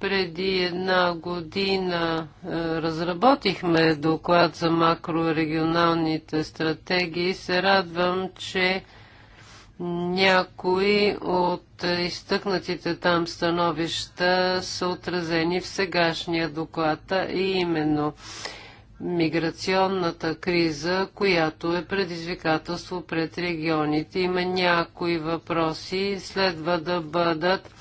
Преди една година е, разработихме доклад за макрорегионалните стратегии се радвам, че някои от изтъкнатите там становища са отразени в сегашния доклад, и именно миграционната криза, която е предизвикателство пред регионите. Има някои въпроси, следва да бъдат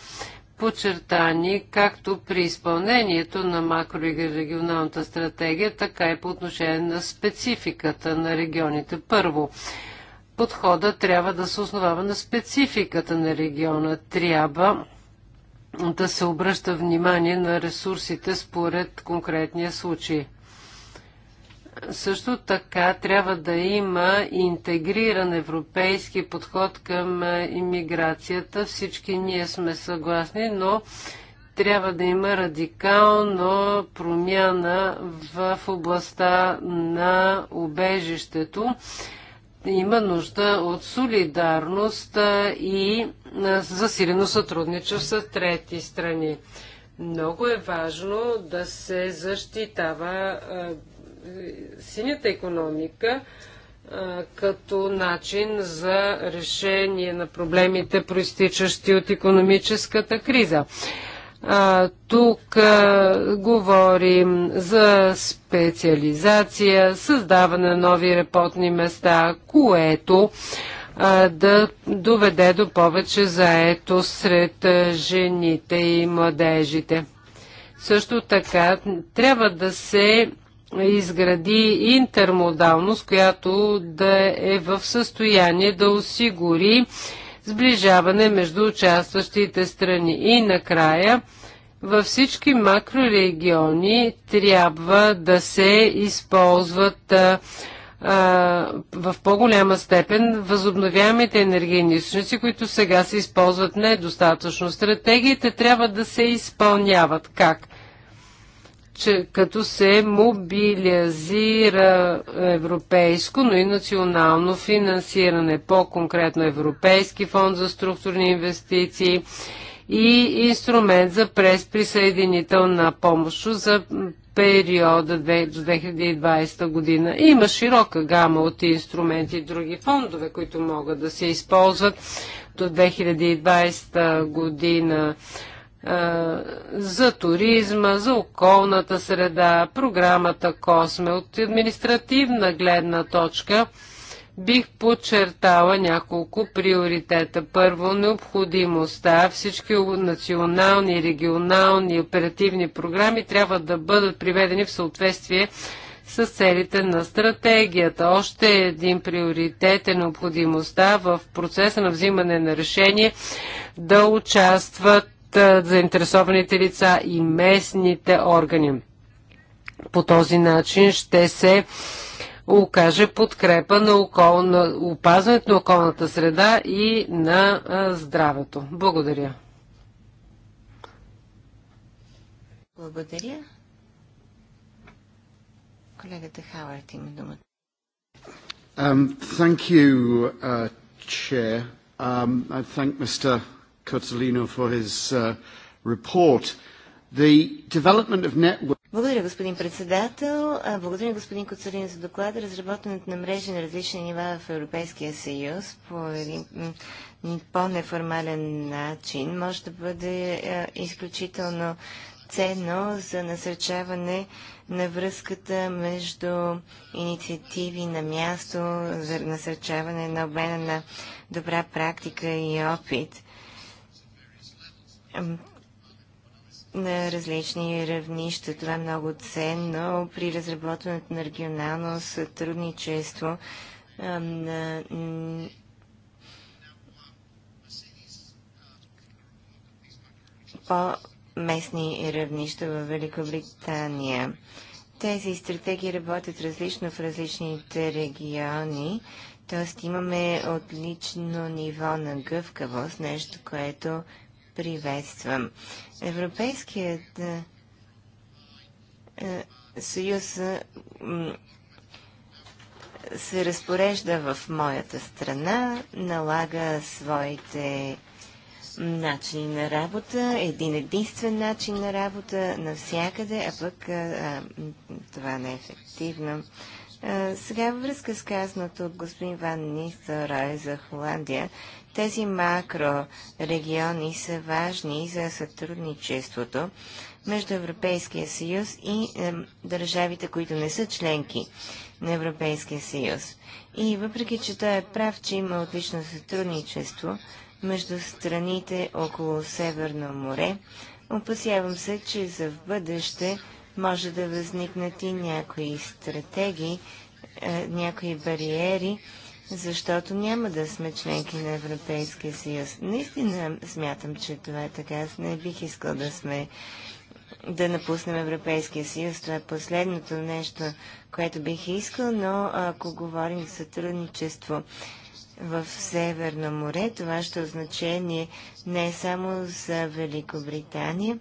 подчертани както при изпълнението на макрорегионалната стратегия, така и по отношение на спецификата на регионите. Първо, подхода трябва да се основава на спецификата на региона. Трябва да се обръща внимание на ресурсите според конкретния случай. Също така трябва да има интегриран европейски подход към иммиграцията. Всички ние сме съгласни, но трябва да има радикална промяна в областта на убежището. Има нужда от солидарност и засилено сътрудничество с трети страни. Много е важно да се защитава синята економика като начин за решение на проблемите, проистичащи от економическата криза. А, тук а, говорим за специализация, създаване на нови работни места, което а, да доведе до повече заето сред жените и младежите. Също така трябва да се изгради интермодалност, която да е в състояние да осигури сближаване между участващите страни. И накрая, във всички макрорегиони трябва да се използват в по-голяма степен възобновяемите енергийни източници, които сега се използват недостатъчно. Стратегиите трябва да се изпълняват. Как? че като се мобилизира европейско, но и национално финансиране, по-конкретно Европейски фонд за структурни инвестиции и инструмент за пресприсъединителна помощ за периода до 2020 година. Има широка гама от инструменти и други фондове, които могат да се използват до 2020 година за туризма, за околната среда, програмата Косме. От административна гледна точка бих подчертала няколко приоритета. Първо, необходимостта всички национални, регионални и оперативни програми трябва да бъдат приведени в съответствие с целите на стратегията. Още един приоритет е необходимостта в процеса на взимане на решение да участват заинтересованите лица и местните органи. По този начин ще се окаже подкрепа на опазването на околната среда и на здравето. Благодаря. Благодаря. Колегата Хауърт има думата. Um, thank you, uh, Chair. Um, I thank Mr. Коцелино for his uh, report. The development of network... Благодаря, господин председател. Благодаря, господин Коцелин, за доклада. Разработването на мрежи на различни нива в Европейския съюз по един по-неформален начин може да бъде изключително ценно за насърчаване на връзката между инициативи на място, за насърчаване на обмена на добра практика и опит на различни равнища. Това е много ценно при разработването на регионално сътрудничество на по-местни равнища в Великобритания. Тези стратегии работят различно в различните региони, т.е. имаме отлично ниво на гъвкавост, нещо, което приветствам. Европейският е, е, съюз е, се разпорежда в моята страна, налага своите начини на работа, един единствен начин на работа навсякъде, а пък а, това не е ефективно. А, сега във връзка с казаното от господин Ван Нистерой за Холандия, тези макрорегиони са важни за сътрудничеството между Европейския съюз и е, държавите, които не са членки на Европейския съюз. И въпреки, че той е прав, че има отлично сътрудничество между страните около Северно море, опасявам се, че за в бъдеще може да възникнат и някои стратегии, е, някои бариери, защото няма да сме членки на Европейския съюз. Наистина смятам, че това е така. Аз не бих искал да сме да напуснем Европейския съюз. Това е последното нещо, което бих искал, но ако говорим за сътрудничество в Северно море, това ще означение не само за Великобритания,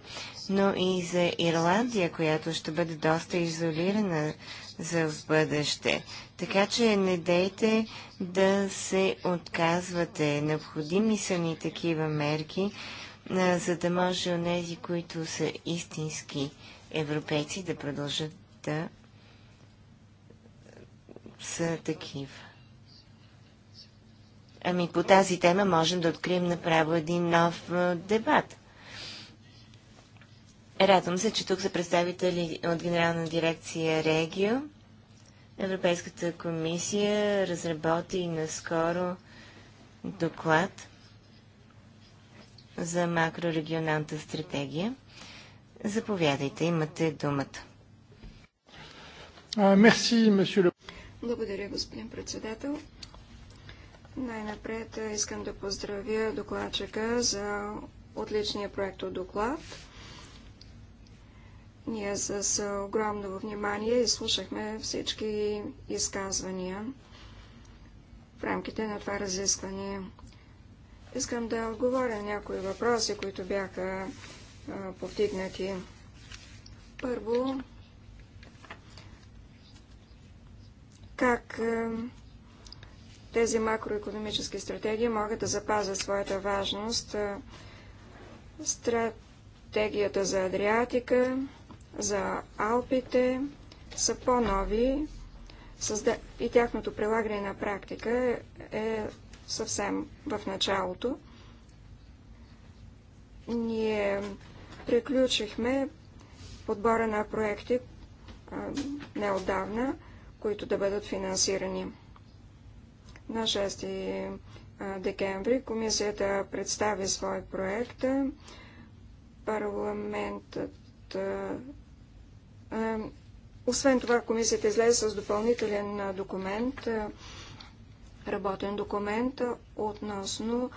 но и за Ирландия, която ще бъде доста изолирана за в бъдеще. Така че не дейте да се отказвате. Необходими са ни такива мерки, за да може онези, които са истински европейци, да продължат да са такива. Ами по тази тема можем да открием направо един нов дебат. Радвам се, че тук са представители от Генерална дирекция Регио. Европейската комисия разработи наскоро доклад за макрорегионалната стратегия. Заповядайте, имате думата. Благодаря, господин председател. Най-напред е, искам да поздравя докладчика за отличния проект от доклад. Ние с огромно внимание изслушахме всички изказвания в рамките на това разискване. Искам да отговоря някои въпроси, които бяха повдигнати. Първо, как тези макроекономически стратегии могат да запазят своята важност? стратегията за Адриатика за Алпите са по-нови и тяхното прилагане на практика е съвсем в началото. Ние приключихме подбора на проекти неодавна, които да бъдат финансирани. На 6 декември комисията представи свой проект. Парламентът освен това, комисията излезе с допълнителен документ, работен документ относно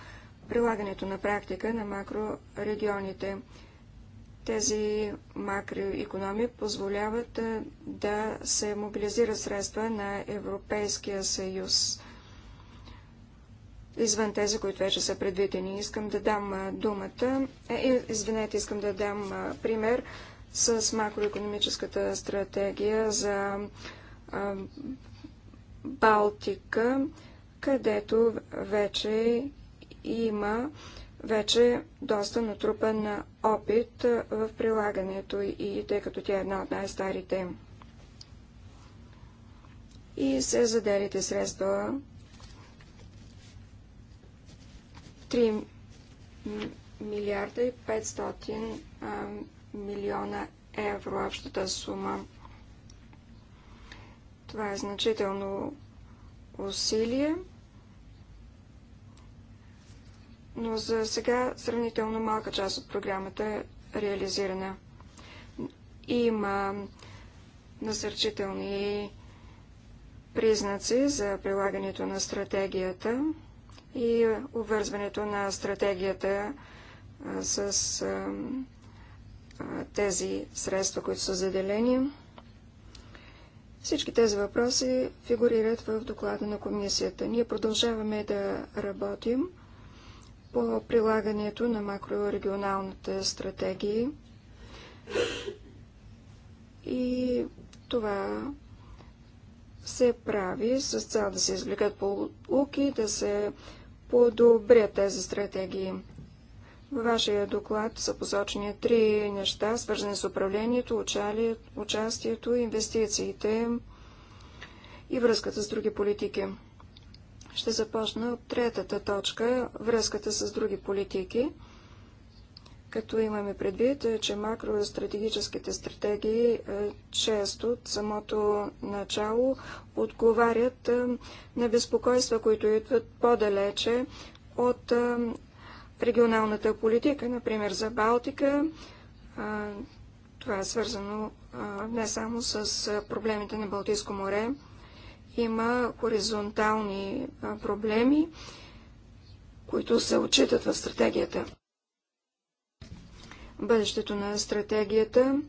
прилагането на практика на макрорегионите. Тези макроекономи позволяват да се мобилизират средства на Европейския съюз извън тези, които вече са предвидени. Искам да дам думата, е, извинете, искам да дам пример с макроекономическата стратегия за а, Балтика, където вече има вече доста натрупан опит в прилагането и тъй като тя е една от най-старите. И се заделите средства 3 милиарда и 500 милиона евро общата сума. Това е значително усилие, но за сега сравнително малка част от програмата е реализирана. Има насърчителни признаци за прилагането на стратегията и обвързването на стратегията с тези средства, които са заделени. Всички тези въпроси фигурират в доклада на комисията. Ние продължаваме да работим по прилагането на макрорегионалната стратегия и това се прави с цел да се извлекат полуки, да се подобрят тези стратегии. Във вашия доклад са посочени три неща, свързани с управлението, участието, инвестициите и връзката с други политики. Ще започна от третата точка – връзката с други политики, като имаме предвид, е, че макростратегическите стратегии е, често от самото начало отговарят е, на безпокойства, които идват по-далече от в регионалната политика, например за Балтика. Това е свързано не само с проблемите на Балтийско море. Има хоризонтални проблеми, които се отчитат в стратегията. Бъдещето на стратегията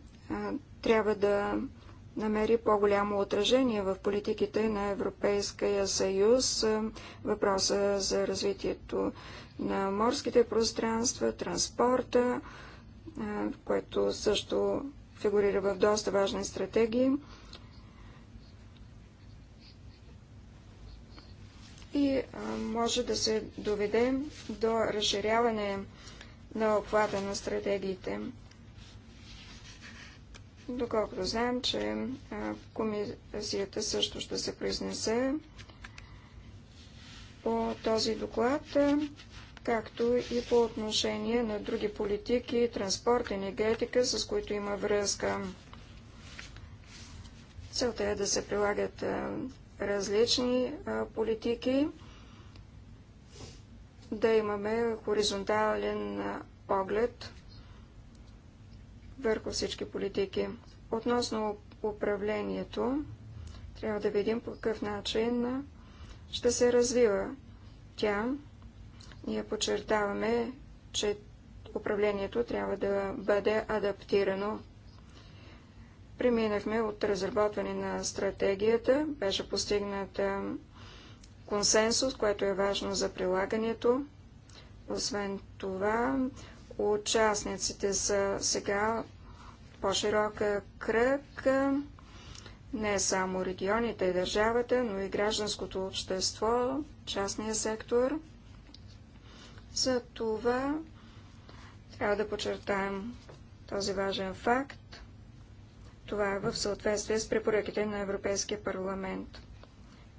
трябва да намери по-голямо отражение в политиките на Европейския съюз. Въпроса за развитието на морските пространства, транспорта, което също фигурира в доста важни стратегии. И може да се доведе до разширяване на обхвата на стратегиите. Доколкото знаем, че комисията също ще се произнесе по този доклад както и по отношение на други политики, транспорт, енергетика, с които има връзка. Целта е да се прилагат различни политики, да имаме хоризонтален поглед върху всички политики. Относно управлението, трябва да видим по какъв начин ще се развива тя. Ние подчертаваме, че управлението трябва да бъде адаптирано. Преминахме от разработване на стратегията, беше постигнат консенсус, което е важно за прилагането. Освен това, участниците са сега по-широка кръг, не само регионите и държавата, но и гражданското общество, частния сектор – за това трябва да подчертаем този важен факт. Това е в съответствие с препоръките на Европейския парламент.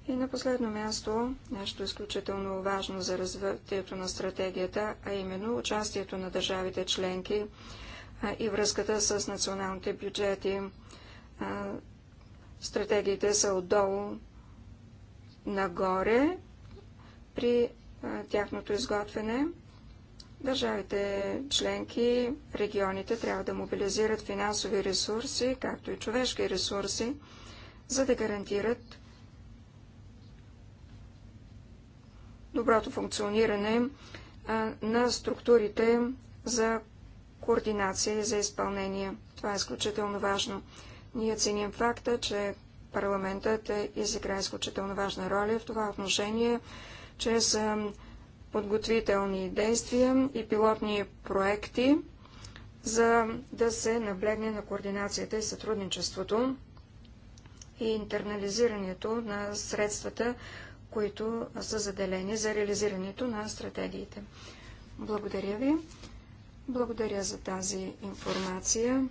И на последно място, нещо изключително важно за развитието на стратегията, а именно участието на държавите членки и връзката с националните бюджети. Стратегиите са отдолу нагоре при тяхното изготвяне. Държавите членки, регионите трябва да мобилизират финансови ресурси, както и човешки ресурси, за да гарантират доброто функциониране на структурите за координация и за изпълнение. Това е изключително важно. Ние ценим факта, че парламентът е, изигра изключително важна роля в това отношение чрез е, подготвителни действия и пилотни проекти, за да се наблегне на координацията и сътрудничеството и интернализирането на средствата, които са заделени за реализирането на стратегиите. Благодаря ви. Благодаря за тази информация.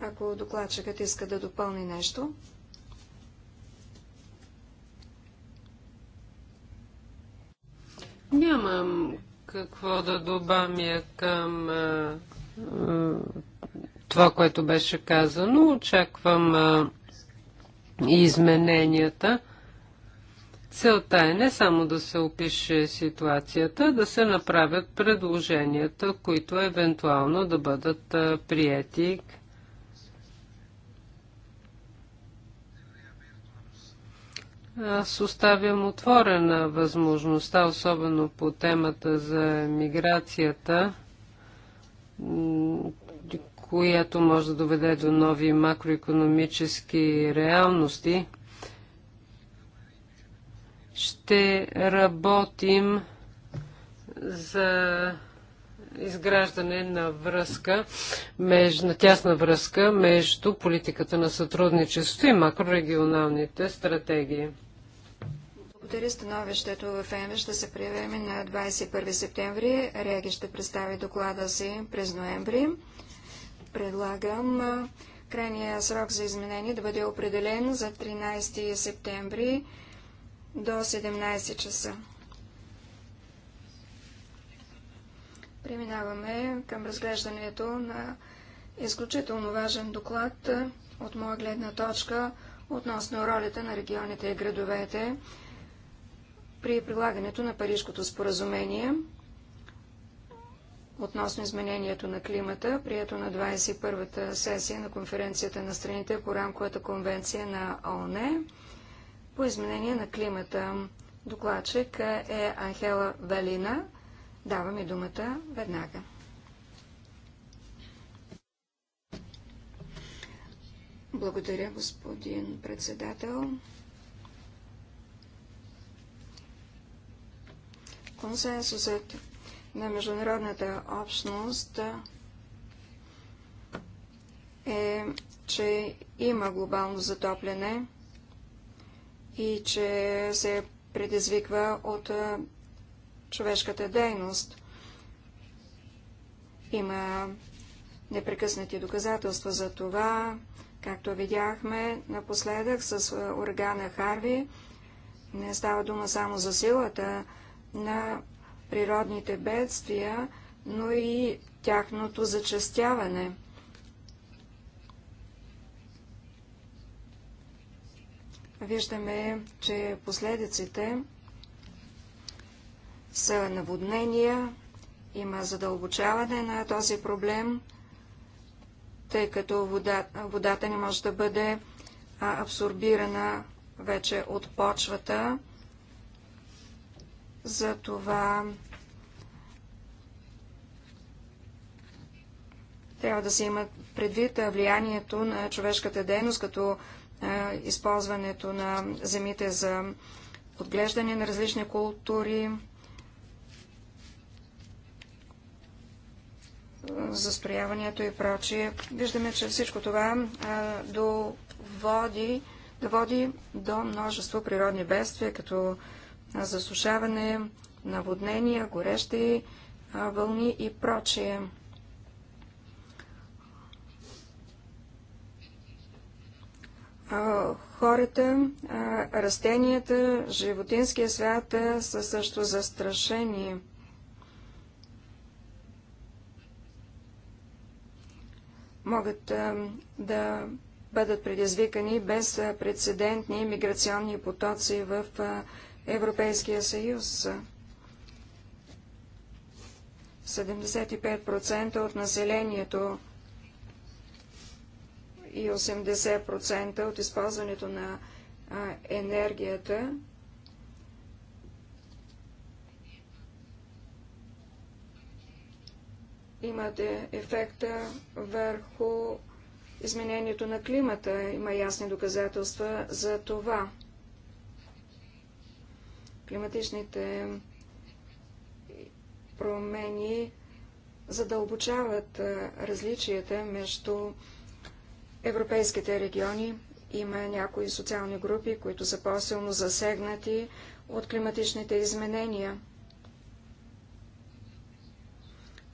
Ако докладчикът иска да допълни нещо, Нямам какво да добавя към а, а, това, което беше казано. Очаквам а, измененията. Целта е не само да се опише ситуацията, да се направят предложенията, които евентуално да бъдат прияти Аз оставям отворена възможността, особено по темата за миграцията, която може да доведе до нови макроекономически реалности. Ще работим за изграждане на връзка, меж, на тясна връзка между политиката на сътрудничество и макрорегионалните стратегии. Благодаря становището в ЕМВ ще се приеме на 21 септември. Реги ще представи доклада си през ноември. Предлагам крайния срок за изменение да бъде определен за 13 септември до 17 часа. Преминаваме към разглеждането на изключително важен доклад от моя гледна точка относно ролята на регионите и градовете при прилагането на Парижкото споразумение относно изменението на климата, прието на 21-та сесия на конференцията на страните по рамковата конвенция на ООН по изменение на климата. Докладчик е Анхела Валина. Даваме думата веднага. Благодаря, господин председател. Консенсусът на международната общност е, че има глобално затопляне и че се предизвиква от човешката дейност. Има непрекъснати доказателства за това, както видяхме напоследък с е, урагана Харви. Не става дума само за силата на природните бедствия, но и тяхното зачастяване. Виждаме, че последиците са наводнения, има задълбочаване на този проблем, тъй като вода, водата не може да бъде абсорбирана вече от почвата. Затова трябва да се имат предвид влиянието на човешката дейност, като използването на земите за отглеждане на различни култури, застрояването и прочие. Виждаме, че всичко това доводи, доводи до множество природни бедствия, като засушаване, наводнения, горещи вълни и прочие. Хората, растенията, животинския свят са също застрашени. могат да бъдат предизвикани без прецедентни миграционни потоци в Европейския съюз. 75% от населението и 80% от използването на енергията Имате ефекта върху изменението на климата. Има ясни доказателства за това. Климатичните промени задълбочават различията между европейските региони. Има някои социални групи, които са по-силно засегнати от климатичните изменения –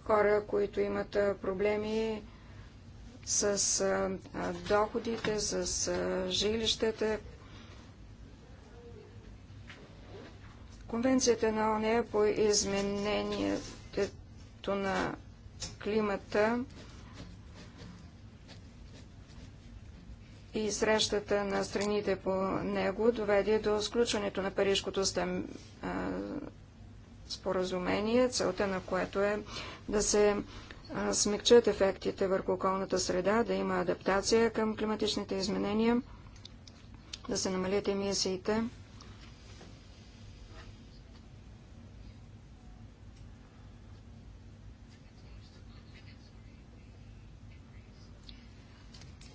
хора, които имат проблеми с доходите, с жилищата. Конвенцията на ОНЕ по изменението на климата и срещата на страните по него доведе до сключването на Парижкото споразумение, целта на което е да се смекчат ефектите върху околната среда, да има адаптация към климатичните изменения, да се намалят емисиите.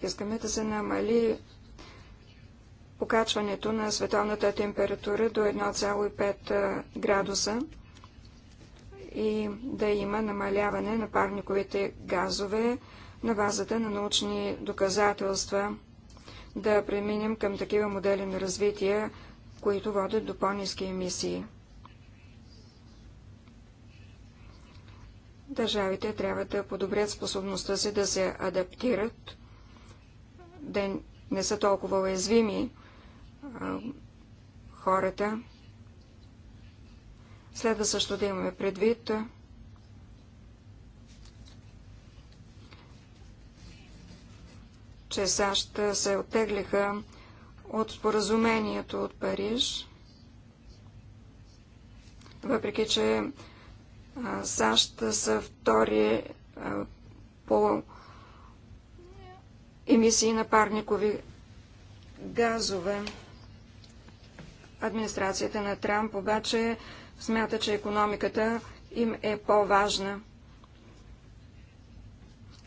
Искаме да се намали покачването на световната температура до 1,5 градуса и да има намаляване на парниковите газове на базата на научни доказателства, да преминем към такива модели на развитие, които водят до по-низки емисии. Държавите трябва да подобрят способността си да се адаптират, да не са толкова уязвими хората, Следва също да имаме предвид, че САЩ се оттеглиха от споразумението от Париж, въпреки че САЩ са втори по емисии на парникови газове. Администрацията на Трамп обаче смята, че економиката им е по-важна.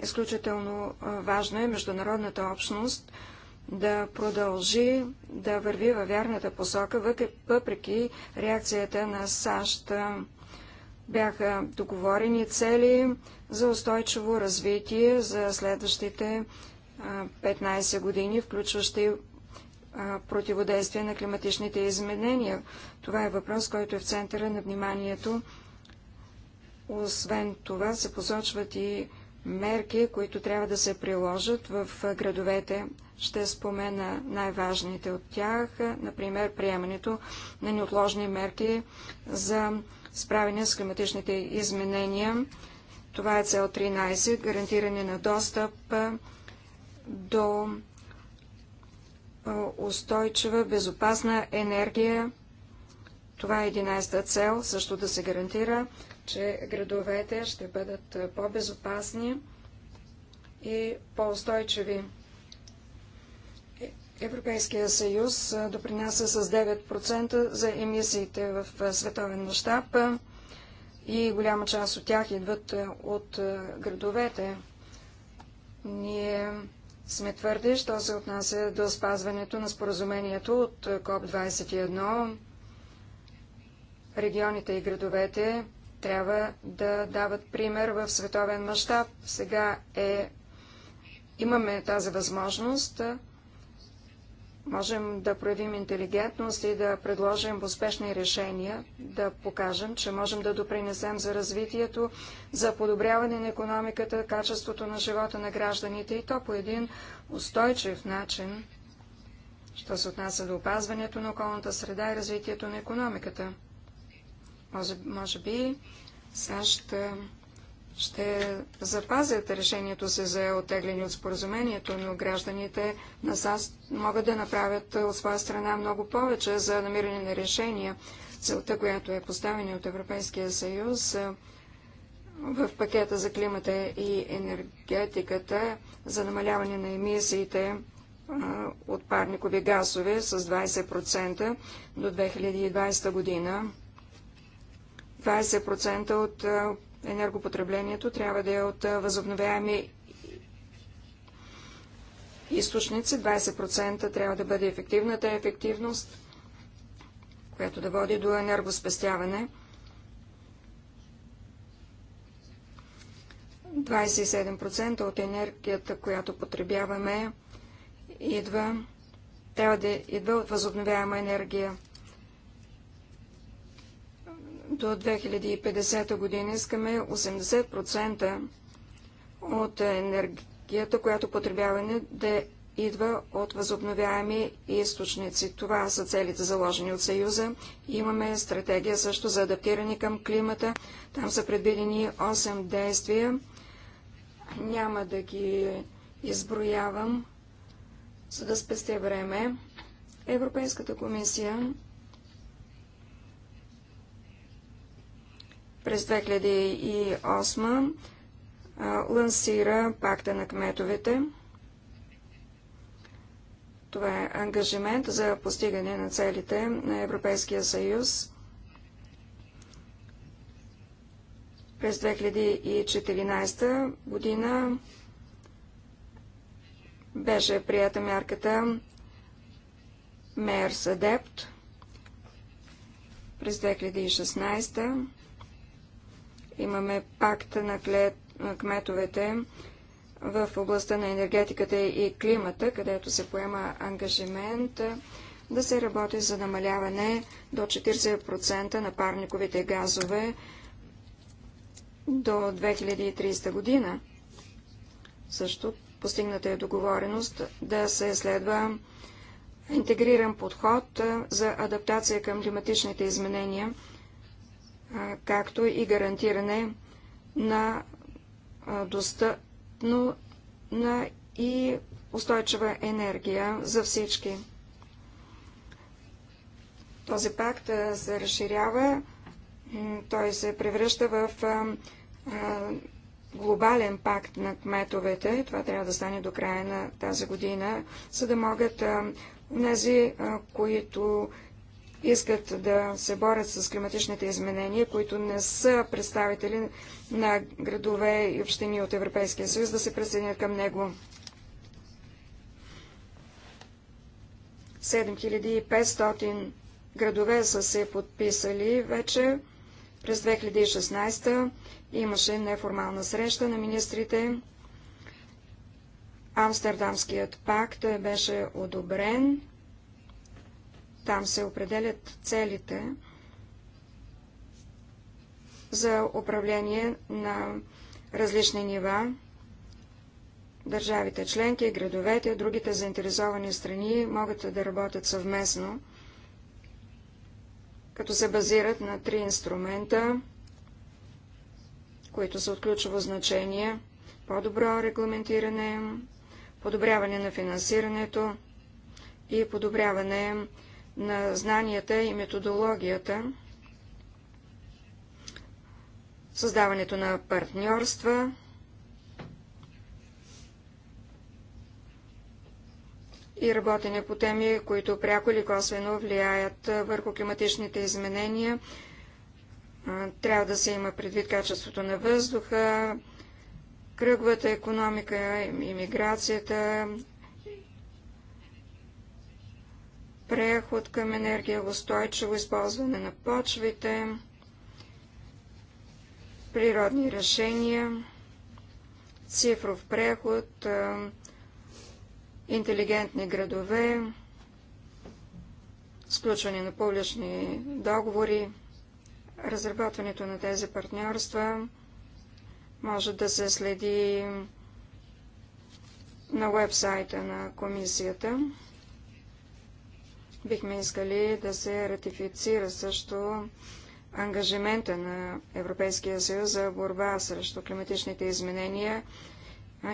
Изключително важно е международната общност да продължи да върви във вярната посока, въпреки реакцията на САЩ. Бяха договорени цели за устойчиво развитие за следващите 15 години, включващи противодействие на климатичните изменения. Това е въпрос, който е в центъра на вниманието. Освен това се посочват и мерки, които трябва да се приложат в градовете. Ще спомена най-важните от тях, например приемането на неотложни мерки за справяне с климатичните изменения. Това е цел 13 – гарантиране на достъп до устойчива, безопасна енергия. Това е 11-та цел, също да се гарантира, че градовете ще бъдат по-безопасни и по-устойчиви. Европейския съюз допринася с 9% за емисиите в световен мащаб и голяма част от тях идват от градовете. Ние сме твърди, що се отнася до спазването на споразумението от КОП-21. Регионите и градовете трябва да дават пример в световен мащаб. Сега е... имаме тази възможност можем да проявим интелигентност и да предложим успешни решения, да покажем, че можем да допринесем за развитието, за подобряване на економиката, качеството на живота на гражданите и то по един устойчив начин, що се отнася до опазването на околната среда и развитието на економиката. Може, може би САЩ ще запазят решението си за отегляне от споразумението, но гражданите на САЩ могат да направят от своя страна много повече за намиране на решения. Целта, която е поставена от Европейския съюз в пакета за климата и енергетиката за намаляване на емисиите от парникови газове с 20% до 2020 година. 20% от енергопотреблението трябва да е от възобновяеми източници, 20% трябва да бъде ефективната ефективност, която да води до енергоспестяване. 27% от енергията, която потребяваме, идва, трябва да идва от възобновяема енергия до 2050 година искаме 80% от енергията, която потребяваме, да идва от възобновяеми източници. Това са целите заложени от Съюза. Имаме стратегия също за адаптиране към климата. Там са предвидени 8 действия. Няма да ги изброявам, за да спестя време. Европейската комисия През 2008 лансира пакта на кметовете. Това е ангажимент за постигане на целите на Европейския съюз. През 2014 година беше прията мярката Мерс Адепт. През 2016 Имаме пакта на, кметовете в областта на енергетиката и климата, където се поема ангажимент да се работи за намаляване до 40% на парниковите газове до 2030 година. Също постигната е договореност да се следва интегриран подход за адаптация към климатичните изменения – както и гарантиране на достъпно на и устойчива енергия за всички. Този пакт се разширява, той се превръща в глобален пакт на кметовете. Това трябва да стане до края на тази година, за да могат тези, които искат да се борят с климатичните изменения, които не са представители на градове и общини от Европейския съюз, да се присъединят към него. 7500 градове са се подписали вече. През 2016 имаше неформална среща на министрите. Амстердамският пакт беше одобрен там се определят целите за управление на различни нива. Държавите членки, градовете, другите заинтересовани страни могат да работят съвместно, като се базират на три инструмента, които са от ключово значение – по-добро регламентиране, подобряване на финансирането и подобряване на на знанията и методологията, създаването на партньорства, и работене по теми, които пряко или косвено влияят върху климатичните изменения. Трябва да се има предвид качеството на въздуха, кръговата економика, иммиграцията, преход към енергия, устойчиво използване на почвите, природни решения, цифров преход, интелигентни градове, сключване на публични договори, разработването на тези партньорства може да се следи на вебсайта на комисията. Бихме искали да се ратифицира също ангажимента на Европейския съюз за борба срещу климатичните изменения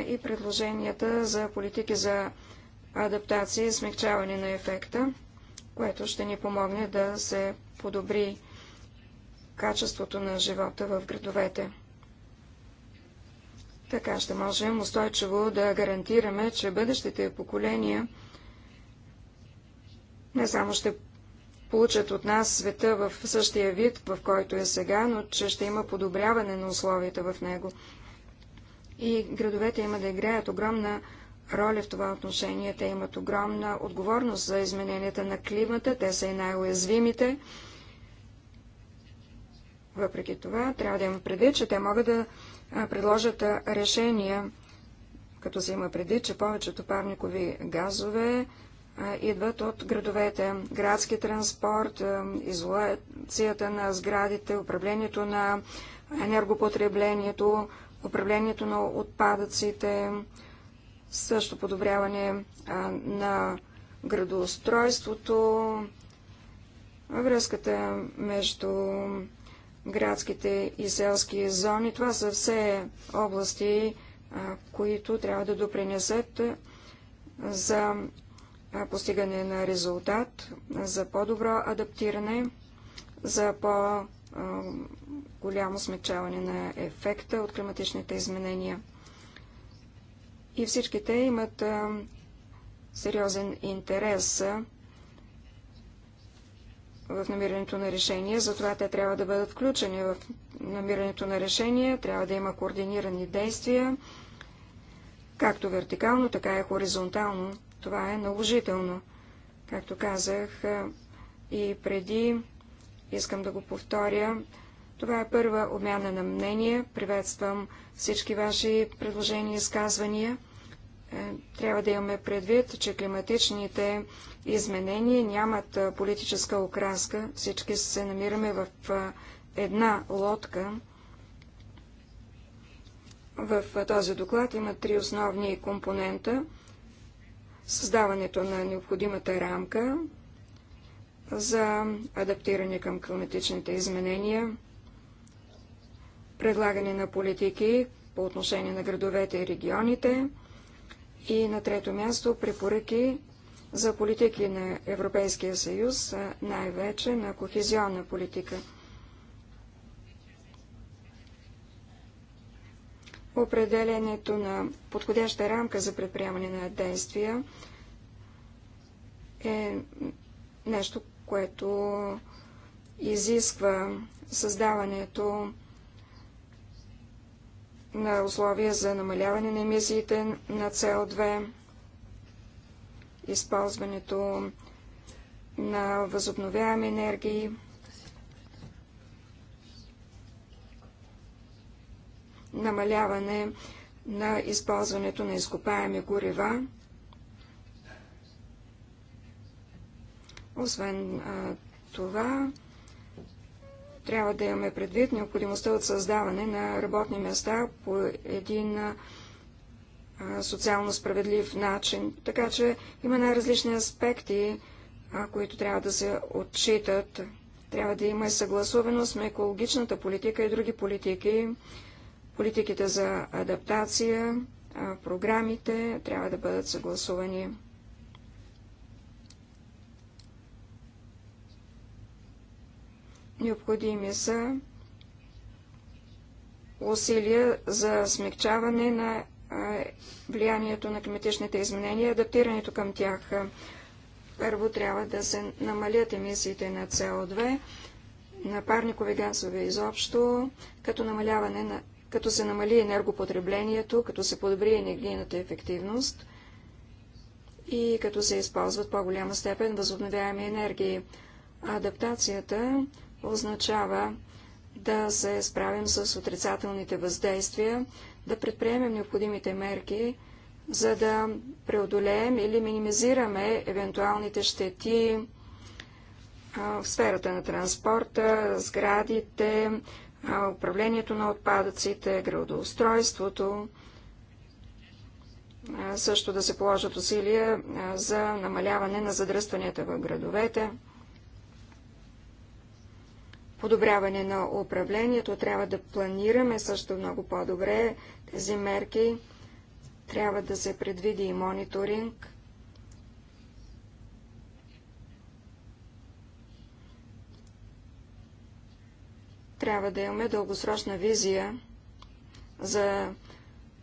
и предложенията за политики за адаптация и смягчаване на ефекта, което ще ни помогне да се подобри качеството на живота в градовете. Така ще можем устойчиво да гарантираме, че бъдещите поколения – не само ще получат от нас света в същия вид, в който е сега, но че ще има подобряване на условията в него. И градовете има да играят огромна роля в това отношение. Те имат огромна отговорност за измененията на климата. Те са и най-уязвимите. Въпреки това, трябва да има предвид, че те могат да предложат решения, като се има предвид, че повечето парникови газове идват от градовете. Градски транспорт, изолацията на сградите, управлението на енергопотреблението, управлението на отпадъците, също подобряване на градоустройството, връзката между градските и селски зони. Това са все области, които трябва да допринесат за постигане на резултат, за по-добро адаптиране, за по-голямо смягчаване на ефекта от климатичните изменения. И всички те имат сериозен интерес в намирането на решение, затова те трябва да бъдат включени в намирането на решение, трябва да има координирани действия, както вертикално, така и хоризонтално това е наложително. Както казах и преди, искам да го повторя. Това е първа обмяна на мнение. Приветствам всички ваши предложения и изказвания. Е, трябва да имаме предвид, че климатичните изменения нямат политическа окраска. Всички се намираме в една лодка. В този доклад има три основни компонента създаването на необходимата рамка за адаптиране към климатичните изменения, предлагане на политики по отношение на градовете и регионите и на трето място препоръки за политики на Европейския съюз, най-вече на кохезионна политика – определенето на подходяща рамка за предприемане на действия е нещо, което изисква създаването на условия за намаляване на емисиите на CO2, използването на възобновяеми енергии, намаляване на използването на изкопаеми горива. Освен а, това, трябва да имаме предвид необходимостта от създаване на работни места по един а, социално справедлив начин. Така че има най-различни аспекти, а, които трябва да се отчитат. Трябва да има и съгласуваност на екологичната политика и други политики. Политиките за адаптация, програмите трябва да бъдат съгласувани. Необходими са усилия за смягчаване на влиянието на климатичните изменения и адаптирането към тях. Първо трябва да се намалят емисиите на СО2, на парникови газове изобщо, като намаляване на като се намали енергопотреблението, като се подобри енергийната ефективност и като се използват по-голяма степен възобновяеми енергии. Адаптацията означава да се справим с отрицателните въздействия, да предприемем необходимите мерки, за да преодолеем или минимизираме евентуалните щети в сферата на транспорта, сградите, управлението на отпадъците, градоустройството, също да се положат усилия за намаляване на задръстванията в градовете. Подобряване на управлението трябва да планираме също много по-добре тези мерки. Трябва да се предвиди и мониторинг Трябва да имаме дългосрочна визия за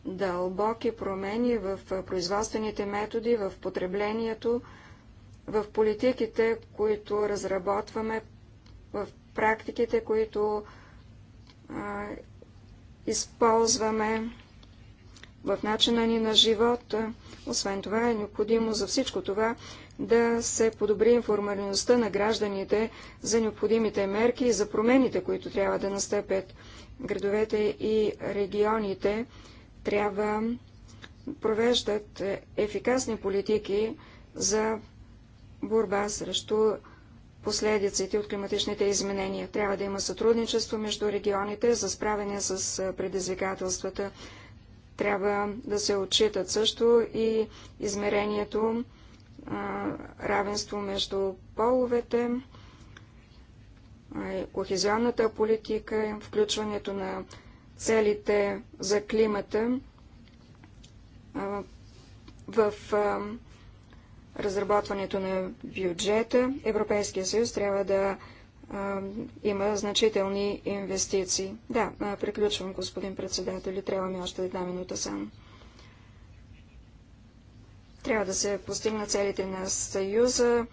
дълбоки промени в производствените методи, в потреблението, в политиките, които разработваме, в практиките, които а, използваме в начина ни на живот. Освен това е необходимо за всичко това да се подобри информираността на гражданите за необходимите мерки и за промените, които трябва да настъпят. Градовете и регионите трябва провеждат ефикасни политики за борба срещу последиците от климатичните изменения. Трябва да има сътрудничество между регионите за справяне с предизвикателствата. Трябва да се отчитат също и измерението равенство между половете, кохезионната политика, включването на целите за климата в разработването на бюджета. Европейския съюз трябва да има значителни инвестиции. Да, приключвам, господин председател. Трябва ми още една минута само. Трябва да се постигнат целите на Съюза.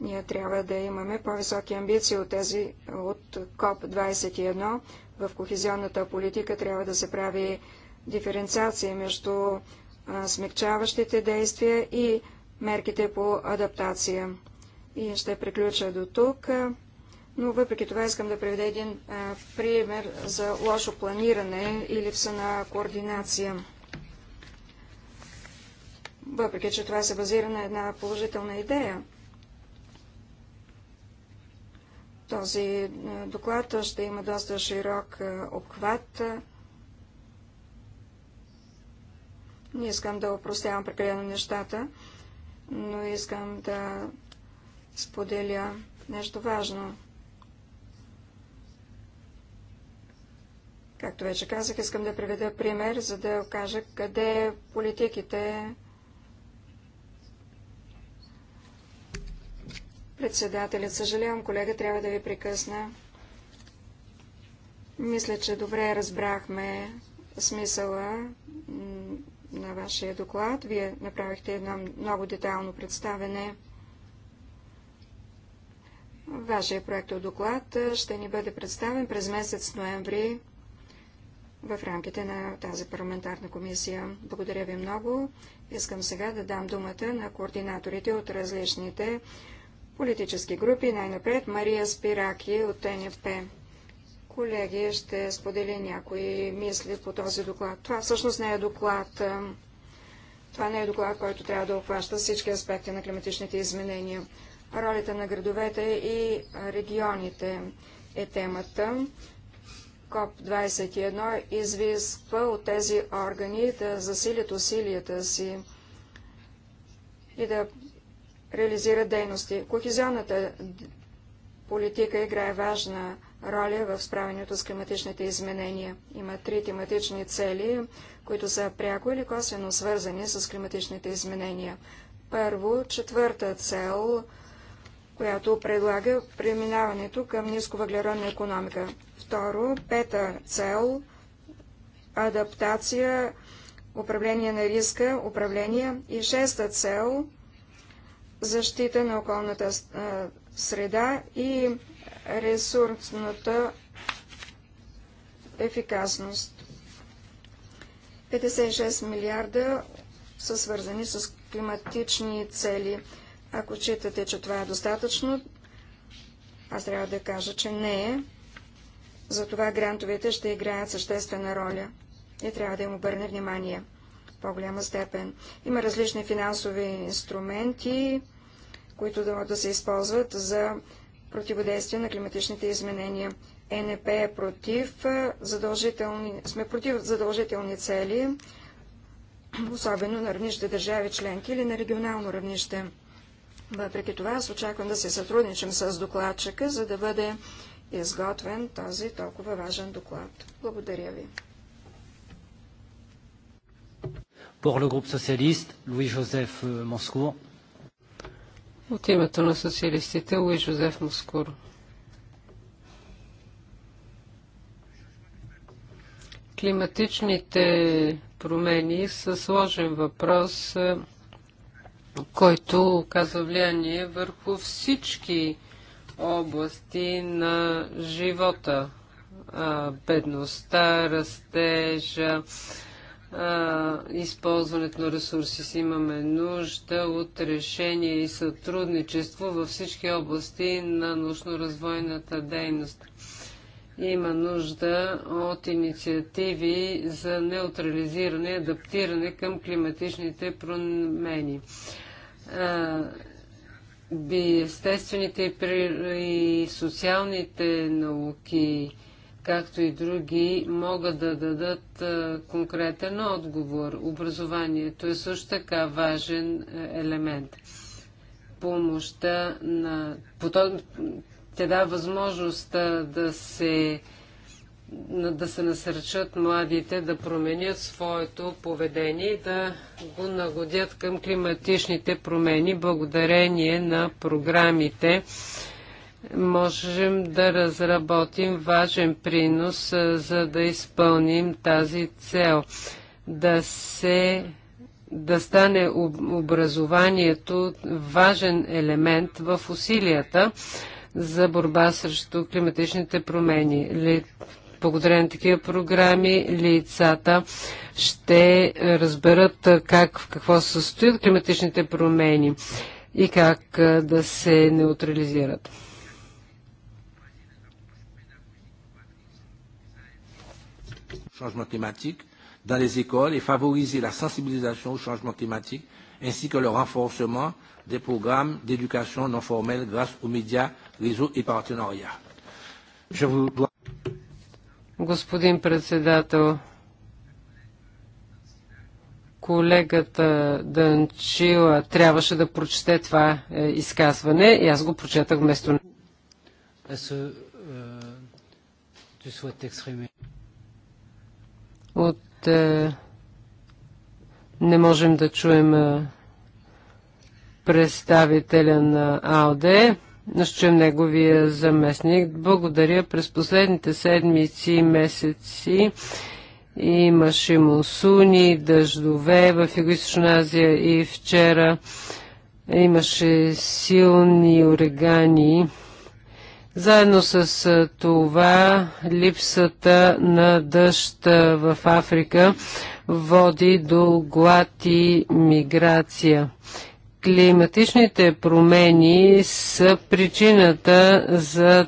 Ние трябва да имаме по-високи амбиции от тези от КОП-21. В кохезионната политика трябва да се прави диференциация между а, смягчаващите действия и мерките по адаптация. И ще приключа до тук. Но въпреки това искам да приведа един а, пример за лошо планиране и липса на координация въпреки че това се базира на една положителна идея. Този е, доклад ще има доста широк е, обхват. Не искам да опростявам прекалено нещата, но искам да споделя нещо важно. Както вече казах, искам да приведа пример, за да кажа къде политиките Председателят, съжалявам, колега, трябва да ви прекъсна. Мисля, че добре разбрахме смисъла на вашия доклад. Вие направихте едно много детайлно представене. Вашия проектов доклад ще ни бъде представен през месец ноември в рамките на тази парламентарна комисия. Благодаря ви много. Искам сега да дам думата на координаторите от различните политически групи. Най-напред Мария Спираки от НФП. Колеги, ще споделя някои мисли по този доклад. Това всъщност не е доклад. Това не е доклад, който трябва да обхваща всички аспекти на климатичните изменения. Ролята на градовете и регионите е темата. КОП-21 извисква от тези органи да засилят усилията си и да Реализира дейности. Кохизионната политика играе важна роля в справянето с климатичните изменения. Има три тематични цели, които са пряко или косвено свързани с климатичните изменения. Първо, четвърта цел, която предлага преминаването към нисковъглеродна економика. Второ, пета цел – адаптация, управление на риска, управление. И шеста цел защита на околната среда и ресурсната ефикасност. 56 милиарда са свързани с климатични цели. Ако читате, че това е достатъчно, аз трябва да кажа, че не е. Затова грантовете ще играят съществена роля и трябва да им обърне внимание по-голяма степен. Има различни финансови инструменти, които да, да се използват за противодействие на климатичните изменения. ЕНП е против задължителни, сме против задължителни цели, особено на равнище държави членки или на регионално равнище. Въпреки това, аз очаквам да се сътрудничам с докладчика, за да бъде изготвен този толкова важен доклад. Благодаря ви. Pour le groupe socialiste, Louis-Joseph Москово. Euh, От името на социалистите Луи Жозеф Москур. Климатичните промени са сложен въпрос, е, който оказва влияние върху всички области на живота. Бедността, растежа, използването на ресурси си. Имаме нужда от решение и сътрудничество във всички области на научно-развойната дейност. Има нужда от инициативи за неутрализиране и адаптиране към климатичните промени. Естествените и социалните науки – както и други, могат да дадат конкретен отговор. Образованието е също така важен елемент. Помощта на... Те дава възможността да се да се насърчат младите да променят своето поведение и да го нагодят към климатичните промени благодарение на програмите можем да разработим важен принос, за да изпълним тази цел. Да се да стане образованието важен елемент в усилията за борба срещу климатичните промени. Благодаря на такива програми лицата ще разберат как, в какво състоят климатичните промени и как да се неутрализират. changement climatique dans les écoles et favoriser la sensibilisation au changement climatique ainsi que le renforcement des programmes d'éducation non formelle grâce aux médias, réseaux et partenariats. Je vous dois... Господин председател, колегата Данчила трябваше да прочете това изказване и аз го прочетах вместо... От, е, не можем да чуем е, представителя на АОДЕ. Ще чуем неговия заместник. Благодаря. През последните седмици и месеци имаше мусуни, дъждове в Юго-Источна Азия и вчера имаше силни урегани. Заедно с това липсата на дъжд в Африка води до глад и миграция. Климатичните промени са причината за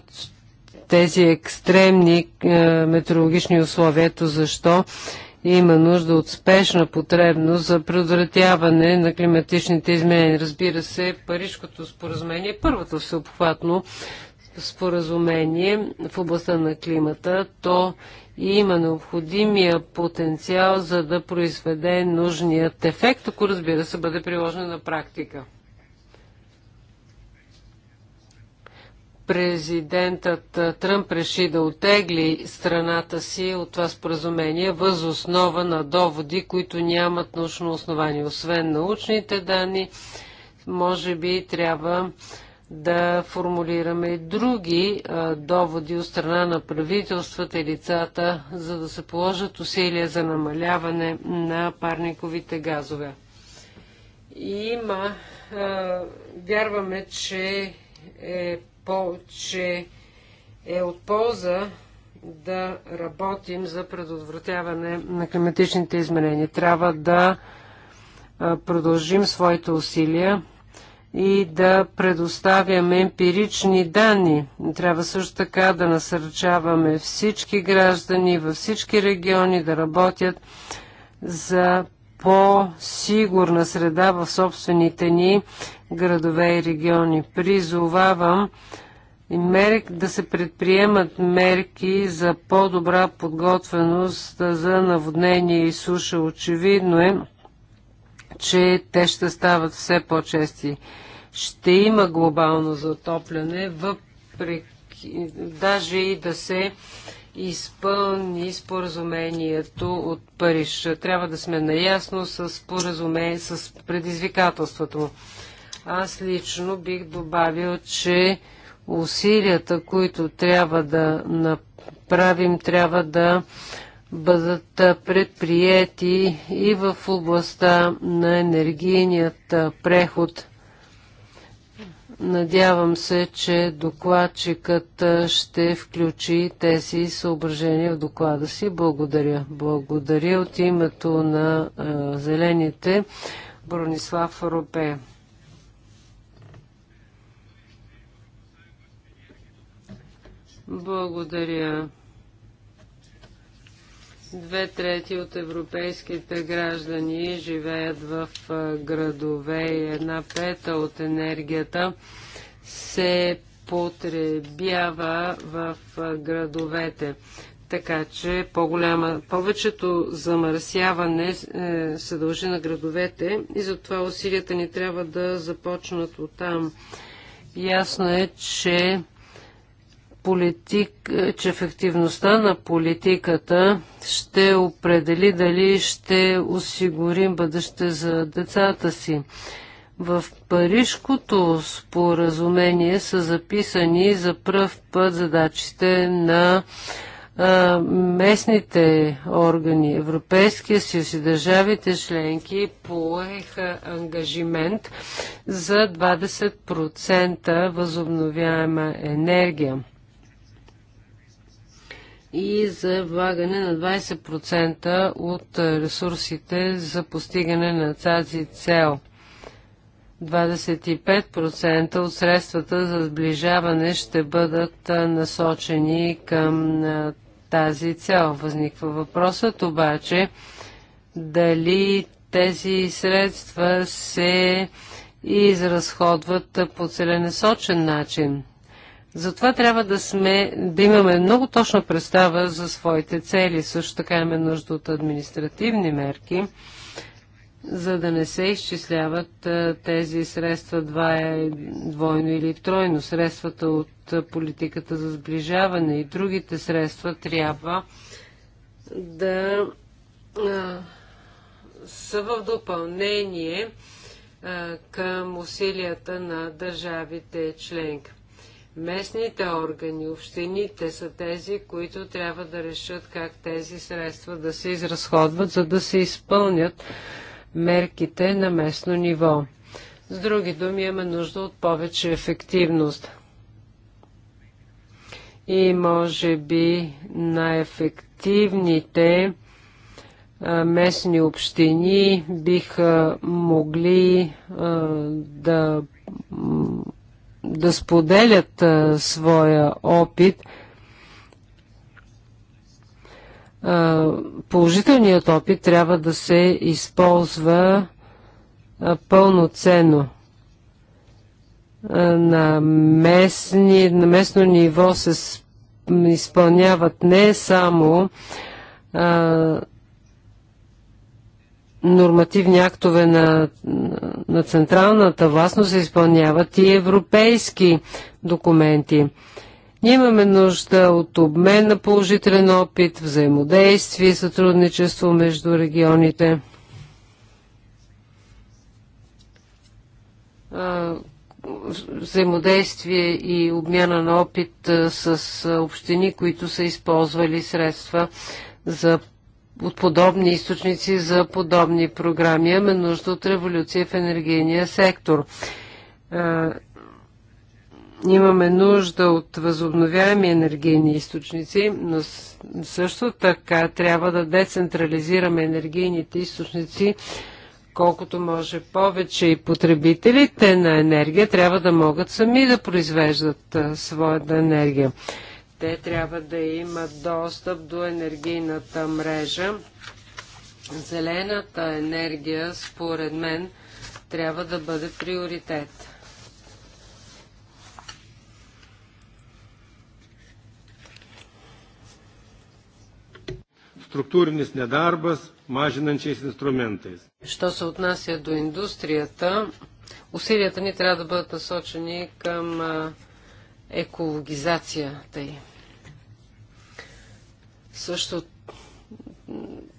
тези екстремни метеорологични условия. Ето защо има нужда от спешна потребност за предотвратяване на климатичните изменения. Разбира се, Парижското споразумение е първото всеобхватно споразумение в областта на климата, то има необходимия потенциал за да произведе нужният ефект, ако разбира се бъде приложена на практика. президентът Тръмп реши да отегли страната си от това споразумение въз основа на доводи, които нямат научно основание. Освен научните данни, може би трябва да формулираме други а, доводи от страна на правителствата и лицата, за да се положат усилия за намаляване на парниковите газове. И има, а, вярваме, че е, по, че е от полза да работим за предотвратяване на климатичните изменения. Трябва да продължим своите усилия и да предоставяме емпирични данни. Трябва също така да насърчаваме всички граждани във всички региони да работят за по-сигурна среда в собствените ни градове и региони. Призовавам мерк, да се предприемат мерки за по-добра подготвеност за наводнение и суша. Очевидно е, че те ще стават все по-чести. Ще има глобално затопляне, въпреки даже и да се изпълни споразумението от Париж. Трябва да сме наясно с, споразумение, с предизвикателството му. Аз лично бих добавил, че усилията, които трябва да направим, трябва да бъдат предприяти и в областта на енергийният преход. Надявам се, че докладчикът ще включи тези съображения в доклада си. Благодаря. Благодаря от името на е, зелените Бронислав Ропе. Благодаря. Две трети от европейските граждани живеят в градове и една пета от енергията се потребява в градовете. Така че по-голяма, повечето замърсяване е, се дължи на градовете и затова усилията ни трябва да започнат от там. Ясно е, че политик, че ефективността на политиката ще определи дали ще осигурим бъдеще за децата си. В Парижкото споразумение са записани за пръв път задачите на местните органи. Европейския съюз и държавите членки поеха ангажимент за 20% възобновяема енергия и за влагане на 20% от ресурсите за постигане на тази цел. 25% от средствата за сближаване ще бъдат насочени към тази цел. Възниква въпросът обаче дали тези средства се изразходват по целенасочен начин. Затова трябва да, сме, да имаме много точна представа за своите цели. Също така имаме нужда от административни мерки, за да не се изчисляват тези средства е, двойно или тройно. Средствата от политиката за сближаване и другите средства трябва да са в допълнение към усилията на държавите членка. Местните органи, общините са тези, които трябва да решат как тези средства да се изразходват, за да се изпълнят мерките на местно ниво. С други думи, имаме нужда от повече ефективност. И може би най-ефективните местни общини биха могли а, да да споделят а, своя опит. А, положителният опит трябва да се използва а, пълноценно. На, местни, на местно ниво се изпълняват не само а, нормативни актове на, на централната власт, но се изпълняват и европейски документи. Ние имаме нужда от обмен на положителен опит, взаимодействие, сътрудничество между регионите. взаимодействие и обмяна на опит с общини, които са използвали средства за от подобни източници за подобни програми. Имаме нужда от революция в енергийния сектор. имаме нужда от възобновяеми енергийни източници, но също така трябва да децентрализираме енергийните източници колкото може повече и потребителите на енергия трябва да могат сами да произвеждат своята енергия те трябва да имат достъп до енергийната мрежа. Зелената енергия, според мен, трябва да бъде приоритет. Структурни структурнис недarbas, мажинančiais инструменти. Що се отнася до индустрията, усилията ни трябва да бъдат насочени към екологизацията й. Също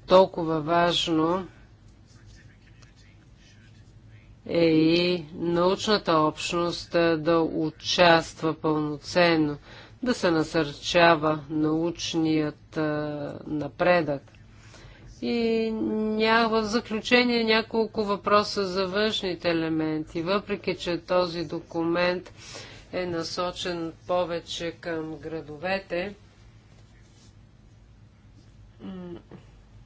толкова важно е и научната общност да участва пълноценно, да се насърчава научният напредък. И ня... в заключение няколко въпроса за външните елементи. Въпреки, че този документ е насочен повече към градовете,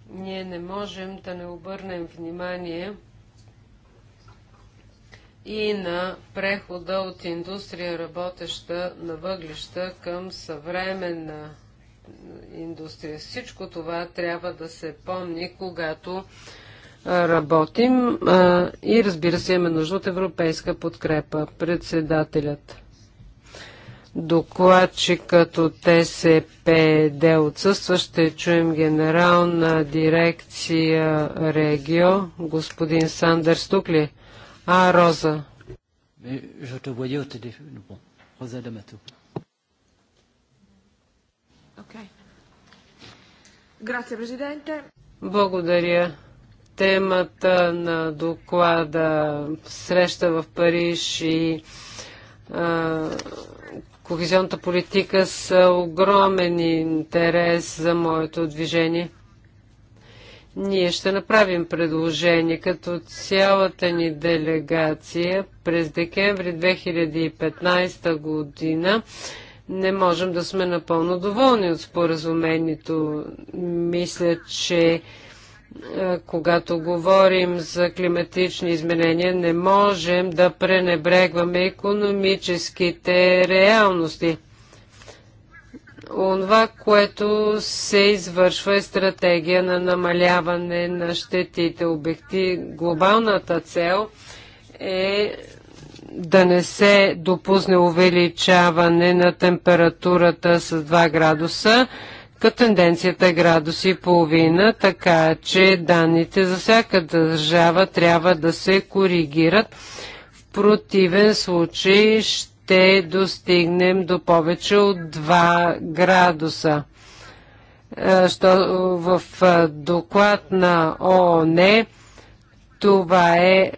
ние не можем да не обърнем внимание и на прехода от индустрия, работеща на въглища, към съвременна индустрия. Всичко това трябва да се помни, когато работим и разбира се имаме нужда от европейска подкрепа. Председателят докладчикът като ТСПД отсъства. Ще чуем генерална дирекция Регио, господин Сандър Стукли. А, Роза. Благодаря. Темата на доклада среща в Париж и кохезионната политика са огромен интерес за моето движение. Ние ще направим предложение, като цялата ни делегация през декември 2015 година не можем да сме напълно доволни от споразумението. Мисля, че е, когато говорим за климатични изменения, не можем да пренебрегваме економическите реалности. Онова, което се извършва е стратегия на намаляване на щетите. Обекти. Глобалната цел е да не се допусне увеличаване на температурата с 2 градуса като тенденцията е градус и половина, така че данните за всяка държава трябва да се коригират. В противен случай ще достигнем до повече от 2 градуса. Е, в е, доклад на ООН това е, е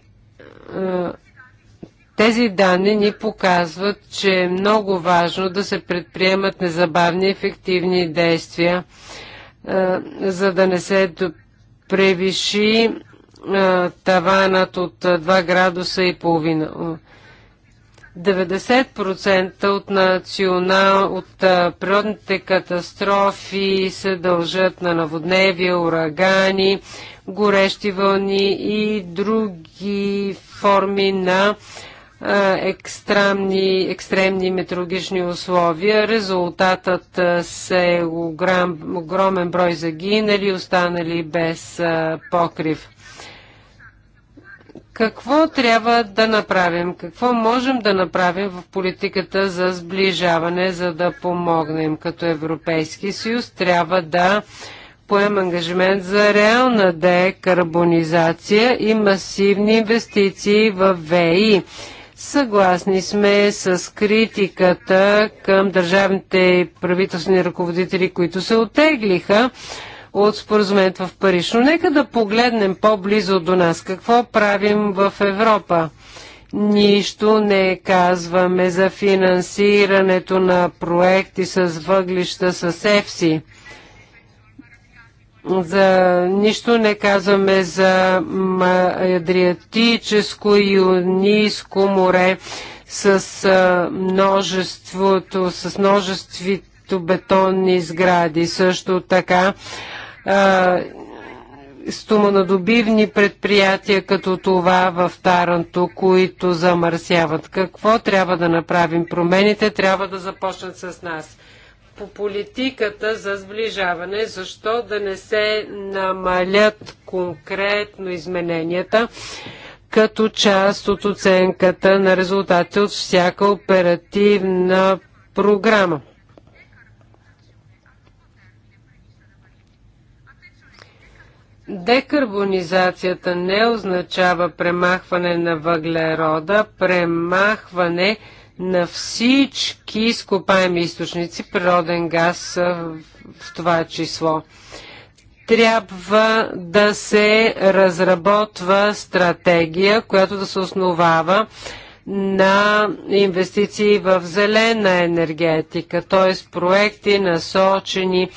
тези данни ни показват, че е много важно да се предприемат незабавни ефективни действия, е, за да не се превиши е, таванът от 2 е, градуса и половина. 90% от, национал, от природните катастрофи се дължат на наводневия, урагани, горещи вълни и други форми на екстремни, екстремни метеорологични условия. Резултатът се огром, огромен брой загинали, останали без покрив. Какво трябва да направим? Какво можем да направим в политиката за сближаване, за да помогнем като Европейски съюз? Трябва да поем ангажимент за реална декарбонизация и масивни инвестиции в ВИ Съгласни сме с критиката към държавните и правителствени ръководители, които се отеглиха от споразумението в Париж. Но нека да погледнем по-близо до нас. Какво правим в Европа? Нищо не казваме за финансирането на проекти с въглища с ЕФСИ за нищо не казваме за Адриатическо и Юнийско море с множеството, с множеството бетонни сгради. Също така стоманодобивни предприятия като това в Таранто, които замърсяват. Какво трябва да направим? Промените трябва да започнат с нас по политиката за сближаване, защо да не се намалят конкретно измененията като част от оценката на резултатите от всяка оперативна програма. Декарбонизацията не означава премахване на въглерода, премахване на всички изкопаеми източници, природен газ в това число. Трябва да се разработва стратегия, която да се основава на инвестиции в зелена енергетика, т.е. проекти насочени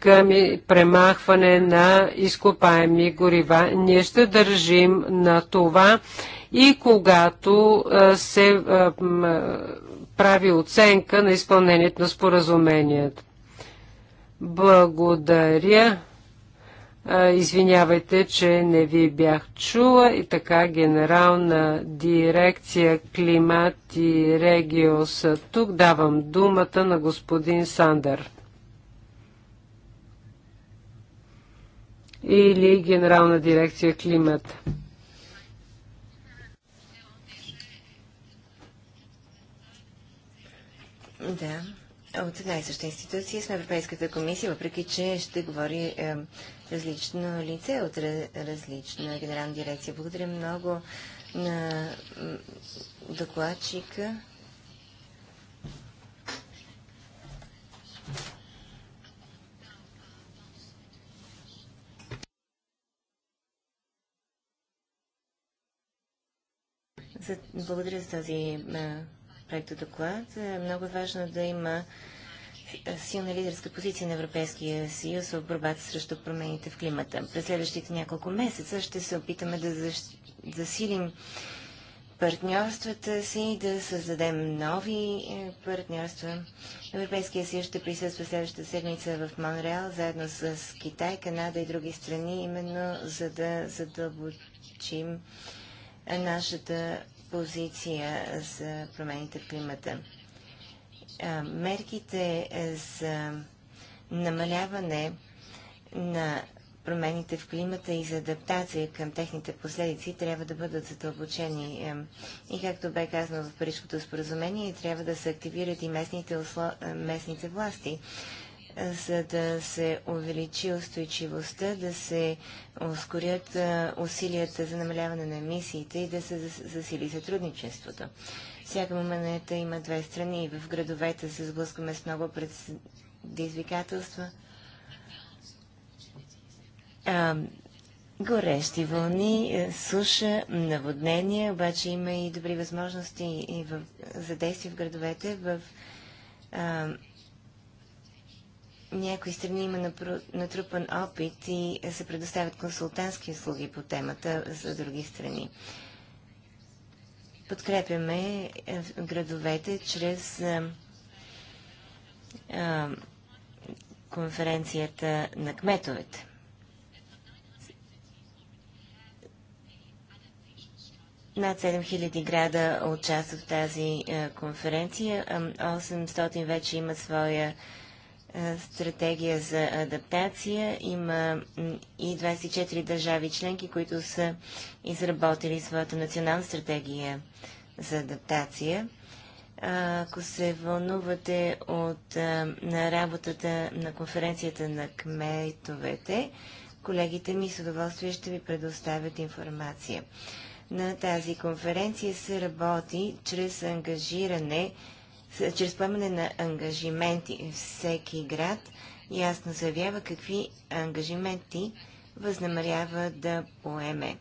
към премахване на изкопаеми горива. Ние ще държим на това и когато се прави оценка на изпълнението на споразумението. Благодаря. Извинявайте, че не ви бях чула и така генерална дирекция Климат и региос. тук. Давам думата на господин Сандър. Или генерална дирекция Климат. Да, от една и съща институция сме Европейската комисия, въпреки че ще говори е, различно лице от различна генерална дирекция. Благодаря много на докладчика. За, благодаря за тази. е, проекта доклад. Е, много е важно да има е, силна лидерска позиция на Европейския съюз в борбата срещу промените в климата. През следващите няколко месеца ще се опитаме да засилим партньорствата си и да създадем нови е, партньорства. Европейския съюз ще присъства следващата седмица в Монреал, заедно с Китай, Канада и други страни, именно за да задълбочим нашата позиция за промените в климата. Мерките е, за намаляване на промените в климата и за адаптация към техните последици трябва да бъдат задълбочени. Е, и както бе казано в Парижското споразумение, трябва да се активират и местните, е, местните власти, за да се увеличи устойчивостта, да се ускорят усилията за намаляване на емисиите и да се засили сътрудничеството. Всяка монета има две страни и в градовете се сблъскваме с много предизвикателства. А, горещи вълни, е, суша, наводнения, обаче има и добри възможности и в, за действие в градовете, в а, някои страни има натрупан опит и се предоставят консултантски услуги по темата за други страни. Подкрепяме е, градовете чрез а, е, а, е, конференцията на кметовете. Над 7000 града участват в тази а, конференция. 800 вече имат своя е, стратегия за адаптация. Има и 24 държави членки, които са изработили своята национална стратегия за адаптация. Ако се вълнувате от на работата на конференцията на кметовете, колегите ми с удоволствие ще ви предоставят информация. На тази конференция се работи чрез ангажиране чрез поемане на ангажименти. Всеки град ясно заявява какви ангажименти възнамерява да поеме.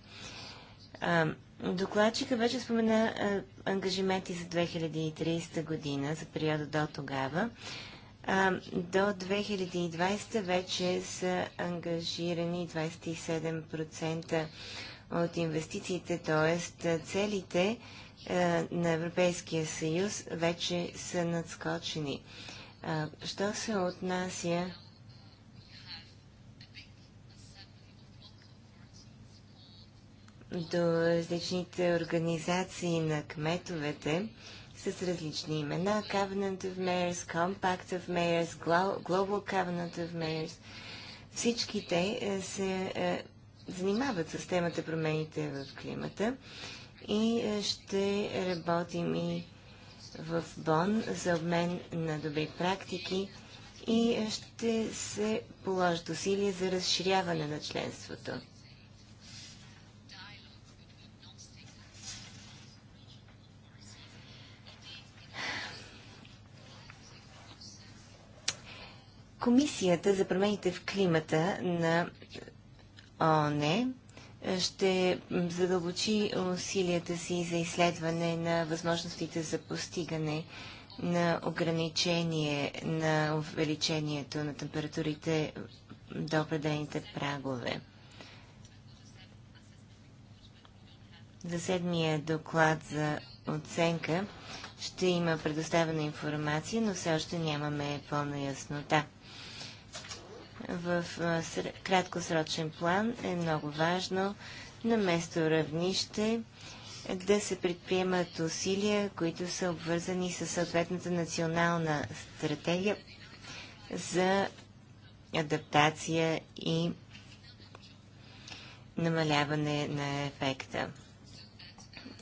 А, докладчика вече спомена а, ангажименти за 2030 година, за периода до тогава. А, до 2020 вече са ангажирани 27% от инвестициите, т.е. целите е, на Европейския съюз вече са надскочени. Що се отнася до различните организации на кметовете с различни имена, Covenant of Mayors, Compact of Mayors, Global Covenant of Mayors, всички те е, се е, занимават с темата промените в климата и е, ще работим и в Бон за обмен на добри практики и е, ще се положат усилия за разширяване на членството. Комисията за промените в климата на ООН ще задълбочи усилията си за изследване на възможностите за постигане на ограничение на увеличението на температурите до определените прагове. За седмия доклад за оценка ще има предоставена информация, но все още нямаме пълна яснота в краткосрочен план е много важно на место равнище да се предприемат усилия, които са обвързани с съответната национална стратегия за адаптация и намаляване на ефекта.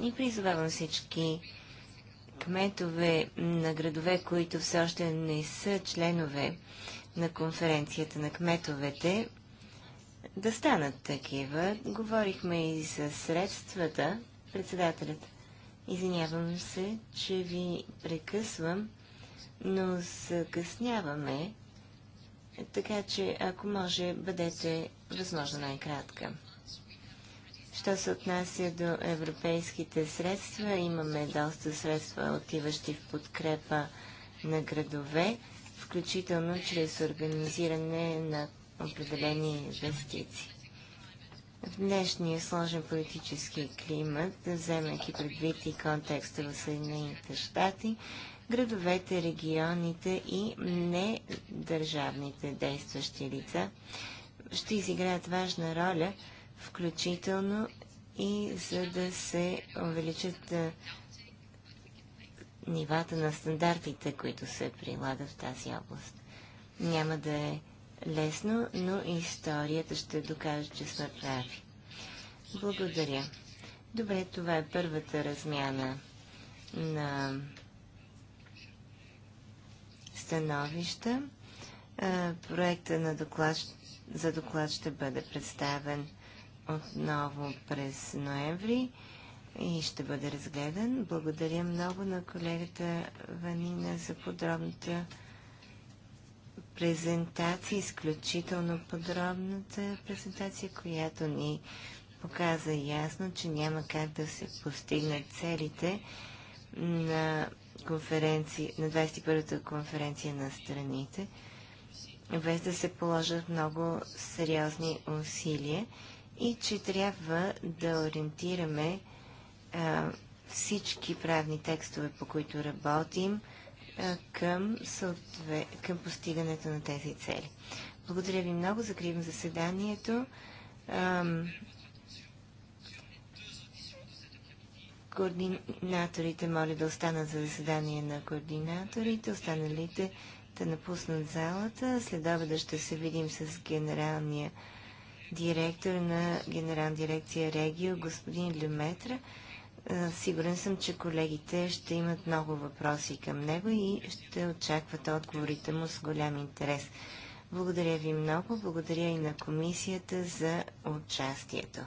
И призовавам всички кметове на градове, които все още не са членове на конференцията на кметовете да станат такива. Говорихме и за средствата. Председателят, извинявам се, че ви прекъсвам, но закъсняваме, така че ако може, бъдете възможно най-кратка. Що се отнася до европейските средства, имаме доста средства, отиващи в подкрепа на градове включително чрез организиране на определени инвестиции. В днешния сложен политически климат, вземайки предвид и контекста в Съединените щати, градовете, регионите и недържавните действащи лица ще изиграят важна роля, включително и за да се увеличат нивата на стандартите, които се прилагат в тази област. Няма да е лесно, но историята ще докаже, че сме прави. Благодаря. Добре, това е първата размяна на становища. Проекта на доклад, за доклад ще бъде представен отново през ноември и ще бъде разгледан. Благодаря много на колегата Ванина за подробната презентация, изключително подробната презентация, която ни показа ясно, че няма как да се постигнат целите на, на 21-та конференция на страните, без да се положат много сериозни усилия и че трябва да ориентираме всички правни текстове, по които работим, към, съотве... към постигането на тези цели. Благодаря ви много. Закривам заседанието. Координаторите моля да останат за заседание на координаторите. Останалите да напуснат залата. След обеда ще се видим с генералния директор на генерална дирекция Регио, господин Люметра. Сигурен съм, че колегите ще имат много въпроси към него и ще очакват отговорите му с голям интерес. Благодаря ви много, благодаря и на комисията за участието.